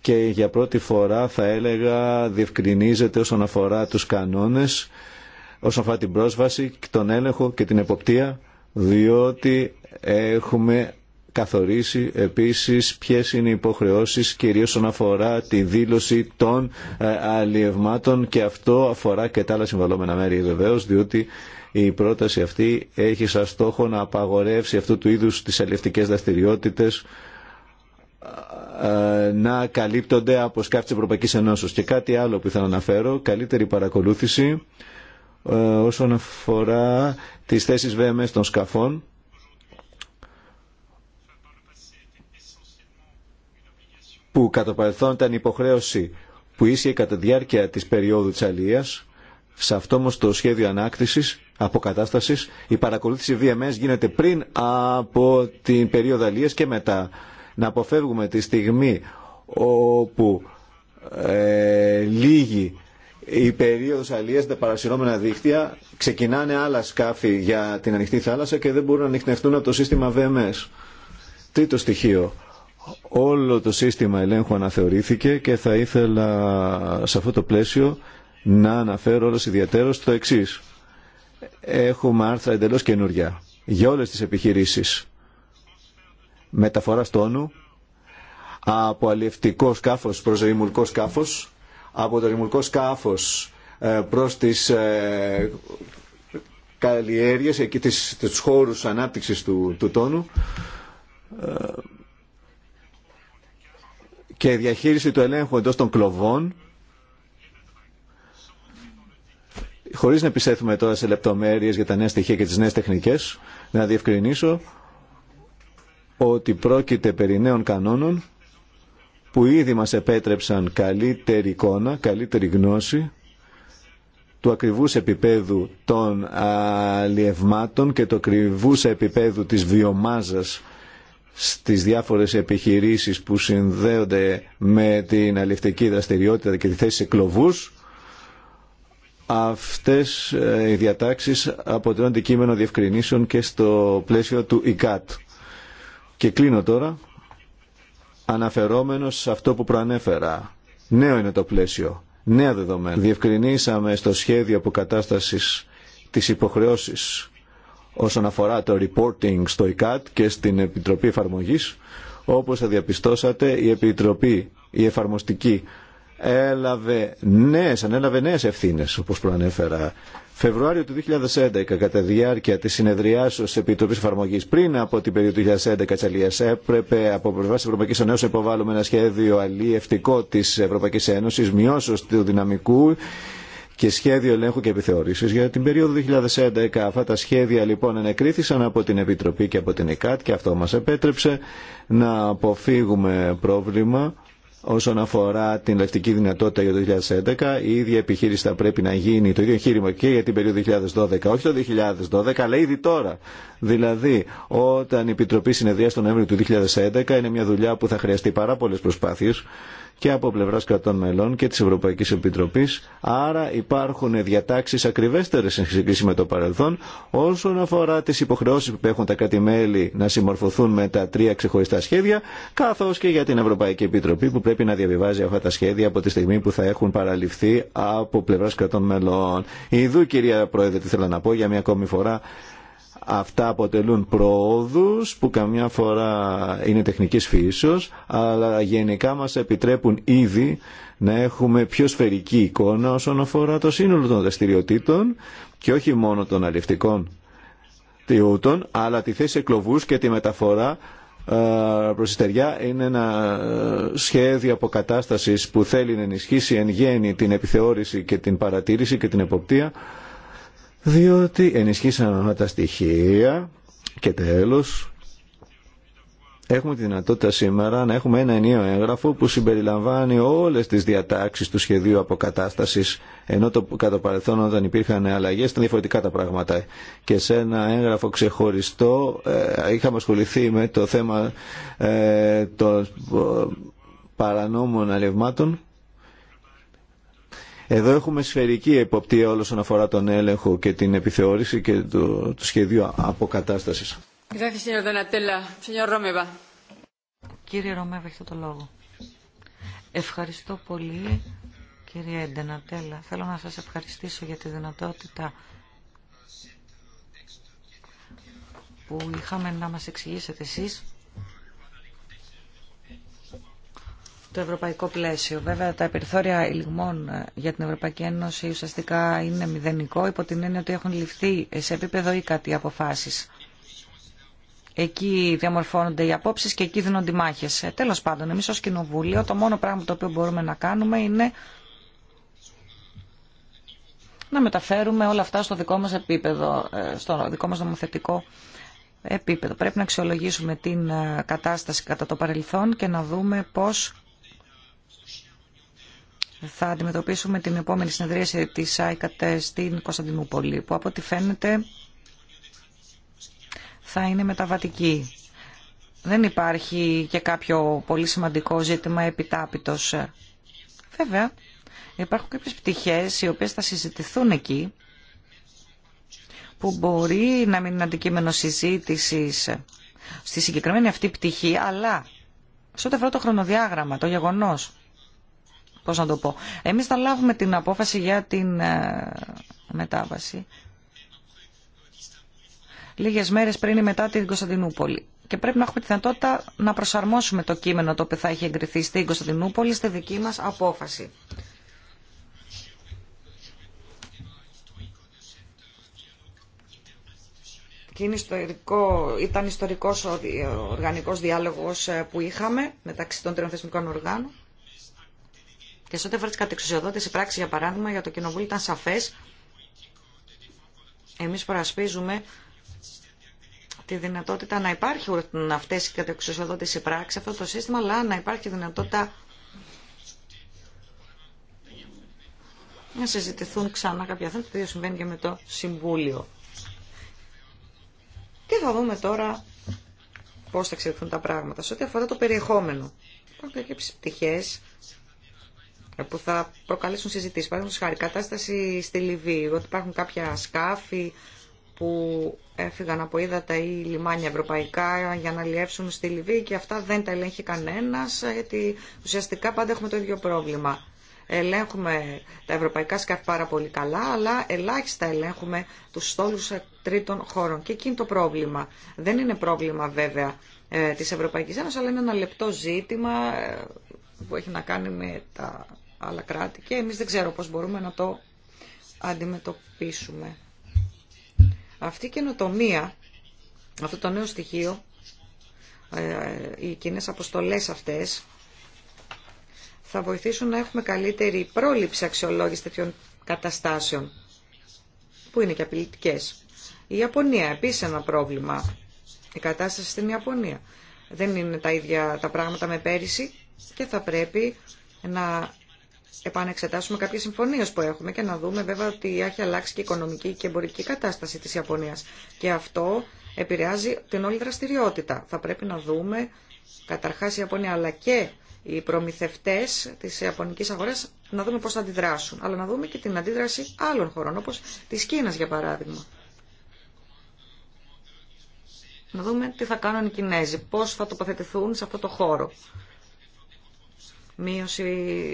και για πρώτη φορά θα έλεγα διευκρινίζεται όσον αφορά τους κανόνες όσον αφορά την πρόσβαση, τον έλεγχο και την εποπτεία, διότι έχουμε καθορίσει επίσης ποιες είναι οι υποχρεώσεις κυρίως όσον αφορά τη δήλωση των ε, αλλιευμάτων και αυτό αφορά και τα άλλα συμβαλόμενα μέρη βεβαίω, διότι η πρόταση αυτή έχει σαν στόχο να απαγορεύσει αυτού του είδους τις αλλιευτικές δραστηριότητε ε, να καλύπτονται από σκάφη της Ευρωπαϊκής Και κάτι άλλο που θα αναφέρω, καλύτερη παρακολούθηση ε, όσον αφορά τις θέσεις ΒΜΕ των σκαφών. που κατά παρελθόν ήταν υποχρέωση που ίσχυε κατά τη διάρκεια της περίοδου της αλίας. Σε αυτό όμως το σχέδιο ανάκτησης, αποκατάστασης, η παρακολούθηση VMS γίνεται πριν από την περίοδο αλίας και μετά. Να αποφεύγουμε τη στιγμή όπου ε, η περίοδος αλίας, τα παρασυρώμενα δίχτυα, ξεκινάνε άλλα σκάφη για την ανοιχτή θάλασσα και δεν μπορούν να ανοιχνευτούν από το σύστημα VMS. Τρίτο στοιχείο. Όλο το σύστημα ελέγχου αναθεωρήθηκε και θα ήθελα σε αυτό το πλαίσιο να αναφέρω όλος ιδιαίτερο το εξή. Έχουμε άρθρα εντελώς καινούρια για όλες τις επιχειρήσεις. Μεταφορά τόνου από αλλιευτικό σκάφος προς ρημουλικό σκάφος από το ρημουλικό σκάφος ε, προς τις ε, καλλιέργειες, εκεί τις, τους χώρους ανάπτυξης του, τόνου ε, και διαχείριση του ελέγχου εντός των κλοβών χωρίς να επισέθουμε τώρα σε λεπτομέρειες για τα νέα στοιχεία και τις νέες τεχνικές να διευκρινίσω ότι πρόκειται περί νέων κανόνων που ήδη μας επέτρεψαν καλύτερη εικόνα, καλύτερη γνώση του ακριβούς επίπεδου των αλλιευμάτων και του ακριβούς επίπεδου της βιομάζας στις διάφορες επιχειρήσεις που συνδέονται με την αλληλευτική δραστηριότητα και τη θέση κλωβούς. αυτές ε, οι διατάξεις αποτελούν αντικείμενο διευκρινήσεων και στο πλαίσιο του ΙΚΑΤ. Και κλείνω τώρα αναφερόμενος σε αυτό που προανέφερα. Νέο είναι το πλαίσιο, νέα δεδομένα. Διευκρινίσαμε στο σχέδιο αποκατάστασης της υποχρεώσης όσον αφορά το reporting στο ΕΚΑΤ και στην Επιτροπή Εφαρμογής. Όπως θα διαπιστώσατε, η Επιτροπή, η εφαρμοστική, έλαβε νέες, ανέλαβε νέες ευθύνες, όπως προανέφερα. Φεβρουάριο του 2011, κατά διάρκεια τη συνεδριάσεω τη Επιτροπή Εφαρμογή, πριν από την περίοδο του 2011 τη Αλία, έπρεπε από πλευρά τη Ευρωπαϊκή Ένωση να υποβάλουμε ένα σχέδιο αλλιευτικό τη Ευρωπαϊκή Ένωση, μειώσεω του δυναμικού και σχέδιο ελέγχου και επιθεώρηση. Για την περίοδο 2011, αυτά τα σχέδια λοιπόν ενεκρίθησαν από την Επιτροπή και από την ΕΚΑΤ και αυτό μα επέτρεψε να αποφύγουμε πρόβλημα Όσον αφορά την λευτική δυνατότητα για το 2011, η ίδια επιχείρηση θα πρέπει να γίνει το ίδιο εγχείρημα και για την περίοδο 2012. Όχι το 2012, αλλά ήδη τώρα. Δηλαδή, όταν η Επιτροπή Συνεδρία τον Νοέμβριο του 2011, είναι μια δουλειά που θα χρειαστεί πάρα πολλέ προσπάθειε και από πλευρά κρατών μελών και τη Ευρωπαϊκή Επιτροπή. Άρα υπάρχουν διατάξει ακριβέστερε σε συγκρίση με το παρελθόν όσον αφορά τι υποχρεώσει που έχουν τα κράτη-μέλη να συμμορφωθούν με τα τρία ξεχωριστά σχέδια, καθώ και για την Ευρωπαϊκή Επιτροπή που πρέπει να διαβιβάζει αυτά τα σχέδια από τη στιγμή που θα έχουν παραληφθεί από πλευρά κρατών μελών. Ιδού, κυρία Πρόεδρε, τι θέλω να πω για μια ακόμη φορά Αυτά αποτελούν προόδους που καμιά φορά είναι τεχνικής φύσεως, αλλά γενικά μας επιτρέπουν ήδη να έχουμε πιο σφαιρική εικόνα όσον αφορά το σύνολο των δραστηριοτήτων και όχι μόνο των αληφτικών τιούτων, αλλά τη θέση εκλοβούς και τη μεταφορά ε, προς τη στεριά είναι ένα ε, σχέδιο αποκατάστασης που θέλει να ενισχύσει εν γέννη την επιθεώρηση και την παρατήρηση και την εποπτεία διότι ενισχύσαμε τα στοιχεία και τέλος έχουμε τη δυνατότητα σήμερα να έχουμε ένα ενίο έγγραφο που συμπεριλαμβάνει όλες τις διατάξεις του σχεδίου αποκατάστασης ενώ το κατά παρελθόν όταν υπήρχαν αλλαγές ήταν διαφορετικά τα πράγματα και σε ένα έγγραφο ξεχωριστό ε, είχαμε ασχοληθεί με το θέμα ε, των ε, παρανόμων αλευμάτων εδώ έχουμε σφαιρική εποπτεία όσον αφορά τον έλεγχο και την επιθεώρηση και το, το σχέδιο αποκατάστασης. Κύριε Ρωμέβα, έχετε το λόγο. Ευχαριστώ πολύ, κύριε Ντενατέλα. Θέλω να σας ευχαριστήσω για τη δυνατότητα που είχαμε να μας εξηγήσετε εσείς το ευρωπαϊκό πλαίσιο. Βέβαια τα περιθώρια ελιγμών ε, για την Ευρωπαϊκή Ένωση ουσιαστικά είναι μηδενικό υπό την έννοια ότι έχουν ληφθεί σε επίπεδο ή κάτι αποφάσει. Εκεί διαμορφώνονται οι απόψει και εκεί δίνονται οι μάχες. Ε, τέλος πάντων, Εμεί ω Κοινοβούλιο το μόνο πράγμα το οποίο μπορούμε να κάνουμε είναι να μεταφέρουμε όλα αυτά στο δικό μας επίπεδο, ε, στο δικό μας νομοθετικό επίπεδο. Πρέπει να αξιολογήσουμε την κατάσταση κατά το παρελθόν και να δούμε πώς θα αντιμετωπίσουμε την επόμενη συνεδρίαση της ΆΙΚΑΤ στην Κωνσταντινούπολη, που από ό,τι φαίνεται θα είναι μεταβατική. Δεν υπάρχει και κάποιο πολύ σημαντικό ζήτημα επιτάπητος. Βέβαια, υπάρχουν κάποιε πτυχές οι οποίες θα συζητηθούν εκεί, που μπορεί να μην είναι αντικείμενο συζήτηση στη συγκεκριμένη αυτή πτυχή, αλλά στο τευρό το χρονοδιάγραμμα, το γεγονός πώς να το πω. Εμείς θα λάβουμε την απόφαση για την ε, μετάβαση λίγες μέρες πριν ή μετά την Κωνσταντινούπολη. Και πρέπει να έχουμε τη δυνατότητα να προσαρμόσουμε το κείμενο το οποίο θα έχει εγκριθεί στην Κωνσταντινούπολη στη δική μας απόφαση. Και ιστορικό, ήταν ιστορικός ο οργανικός διάλογος ε, που είχαμε μεταξύ των τριών θεσμικών οργάνων και σε ό,τι αφορά τι πράξη, για παράδειγμα, για το Κοινοβούλιο ήταν σαφέ. Εμεί προασπίζουμε τη δυνατότητα να υπάρχουν αυτέ οι σε πράξη, αυτό το σύστημα, αλλά να υπάρχει δυνατότητα να συζητηθούν ξανά κάποια θέματα, το ίδιο συμβαίνει και με το Συμβούλιο. Και θα δούμε τώρα πώς θα εξελιχθούν τα πράγματα. Σε ό,τι αφορά το περιεχόμενο, υπάρχουν και πτυχές που θα προκαλέσουν συζητήσει. Παραδείγματο χάρη, κατάσταση στη Λιβύη, ότι υπάρχουν κάποια σκάφη που έφυγαν από ύδατα ή λιμάνια ευρωπαϊκά για να λιεύσουν στη Λιβύη και αυτά δεν τα ελέγχει κανένα γιατί ουσιαστικά πάντα έχουμε το ίδιο πρόβλημα. Ελέγχουμε τα ευρωπαϊκά σκάφη πάρα πολύ καλά, αλλά ελάχιστα ελέγχουμε του στόλου τρίτων χώρων. Και εκεί είναι το πρόβλημα. Δεν είναι πρόβλημα βέβαια ε, της Ευρωπαϊκή Ένωση, αλλά είναι ένα λεπτό ζήτημα ε, που έχει να κάνει με τα άλλα και εμείς δεν ξέρω πώς μπορούμε να το αντιμετωπίσουμε. Αυτή η καινοτομία, αυτό το νέο στοιχείο, ε, ε, οι κοινέ αποστολές αυτές, θα βοηθήσουν να έχουμε καλύτερη πρόληψη αξιολόγηση τέτοιων καταστάσεων, που είναι και απειλητικέ. Η Ιαπωνία, επίσης ένα πρόβλημα, η κατάσταση στην Ιαπωνία. Δεν είναι τα ίδια τα πράγματα με πέρυσι και θα πρέπει να επανεξετάσουμε κάποιες συμφωνίες που έχουμε και να δούμε βέβαια ότι έχει αλλάξει και η οικονομική και εμπορική κατάσταση της Ιαπωνίας. Και αυτό επηρεάζει την όλη δραστηριότητα. Θα πρέπει να δούμε καταρχάς η Ιαπωνία αλλά και οι προμηθευτές της Ιαπωνικής αγοράς να δούμε πώ θα αντιδράσουν. Αλλά να δούμε και την αντίδραση άλλων χωρών όπω τη Κίνα, για παράδειγμα. Να δούμε τι θα κάνουν οι Κινέζοι, πώς θα τοποθετηθούν σε αυτό το χώρο μείωση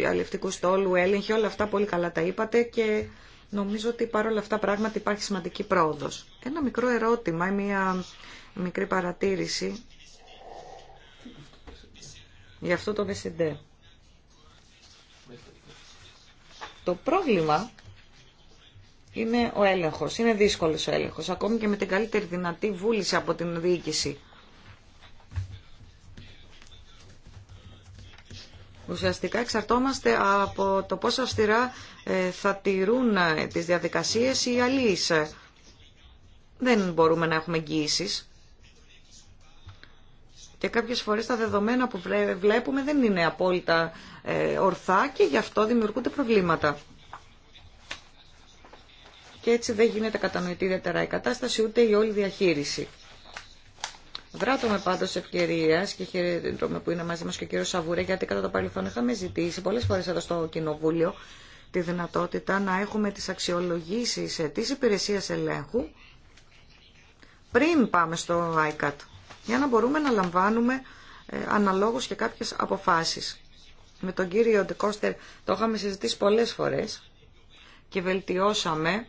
αλληλευτικού στόλου, έλεγχη, όλα αυτά πολύ καλά τα είπατε και νομίζω ότι παρόλα αυτά πράγματι υπάρχει σημαντική πρόοδος. Ένα μικρό ερώτημα ή μια μικρή παρατήρηση για αυτό το VCD. Το πρόβλημα είναι ο έλεγχος. Είναι δύσκολος ο έλεγχος, ακόμη και με την καλύτερη δυνατή βούληση από την διοίκηση. Ουσιαστικά εξαρτόμαστε από το πόσο αυστηρά ε, θα τηρούν ε, τις διαδικασίες οι αλλοίς. Δεν μπορούμε να έχουμε εγγύησεις Και κάποιες φορές τα δεδομένα που βλέπουμε δεν είναι απόλυτα ε, ορθά και γι' αυτό δημιουργούνται προβλήματα. Και έτσι δεν γίνεται κατανοητή ιδιαίτερα η κατάσταση ούτε η όλη διαχείριση με πάντω ευκαιρία και χαιρετούμε που είναι μαζί μα και ο κύριο Σαβουρέ, γιατί κατά το παρελθόν είχαμε ζητήσει πολλέ φορέ εδώ στο Κοινοβούλιο τη δυνατότητα να έχουμε τι αξιολογήσει ε, τη υπηρεσία ελέγχου πριν πάμε στο ICAT, για να μπορούμε να λαμβάνουμε ε, αναλόγως και κάποιες αποφάσεις. Με τον κύριο Ντεκόστερ το είχαμε συζητήσει πολλές φορές και βελτιώσαμε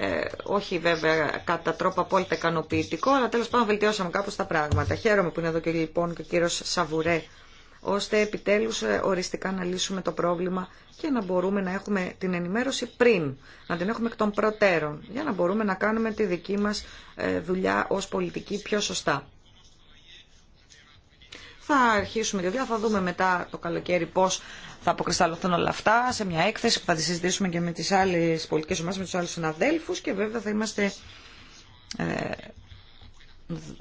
Ε, όχι βέβαια κατά τρόπο απόλυτα ικανοποιητικό, αλλά τέλος πάντων βελτιώσαμε κάπως τα πράγματα. Χαίρομαι που είναι εδώ και λοιπόν και ο κύριος Σαβουρέ, ώστε επιτέλους ε, οριστικά να λύσουμε το πρόβλημα και να μπορούμε να έχουμε την ενημέρωση πριν, να την έχουμε εκ των προτέρων, για να μπορούμε να κάνουμε τη δική μας ε, δουλειά ως πολιτική πιο σωστά. Θα αρχίσουμε τη δουλειά, θα δούμε μετά το καλοκαίρι πώ θα αποκρισταλωθούν όλα αυτά σε μια έκθεση που θα τη συζητήσουμε και με τι άλλε πολιτικέ ομάδε, με του άλλου συναδέλφου και βέβαια θα είμαστε ε,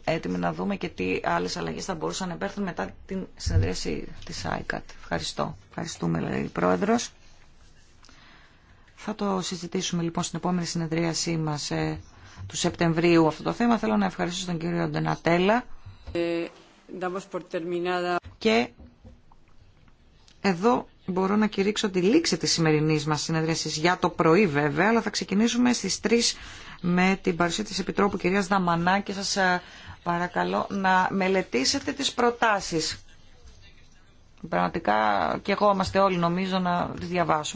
έτοιμοι να δούμε και τι άλλε αλλαγέ θα μπορούσαν να υπέρθουν μετά την συνεδρίαση τη ΆΙΚΑΤ. Ευχαριστώ. Ευχαριστούμε, λέει πρόεδρο. Θα το συζητήσουμε λοιπόν στην επόμενη συνεδρίασή μα ε, του Σεπτεμβρίου αυτό το θέμα. Θέλω να ευχαριστήσω τον κύριο Ντενατέλα. Ε, και εδώ μπορώ να κηρύξω τη λήξη της σημερινής μας συνεδρίασης για το πρωί βέβαια, αλλά θα ξεκινήσουμε στις 3 με την παρουσία της Επιτρόπου κυρίας Δαμανά και σας ε, παρακαλώ να μελετήσετε τις προτάσεις. Πραγματικά και εγώ είμαστε όλοι νομίζω να τις διαβάσουμε.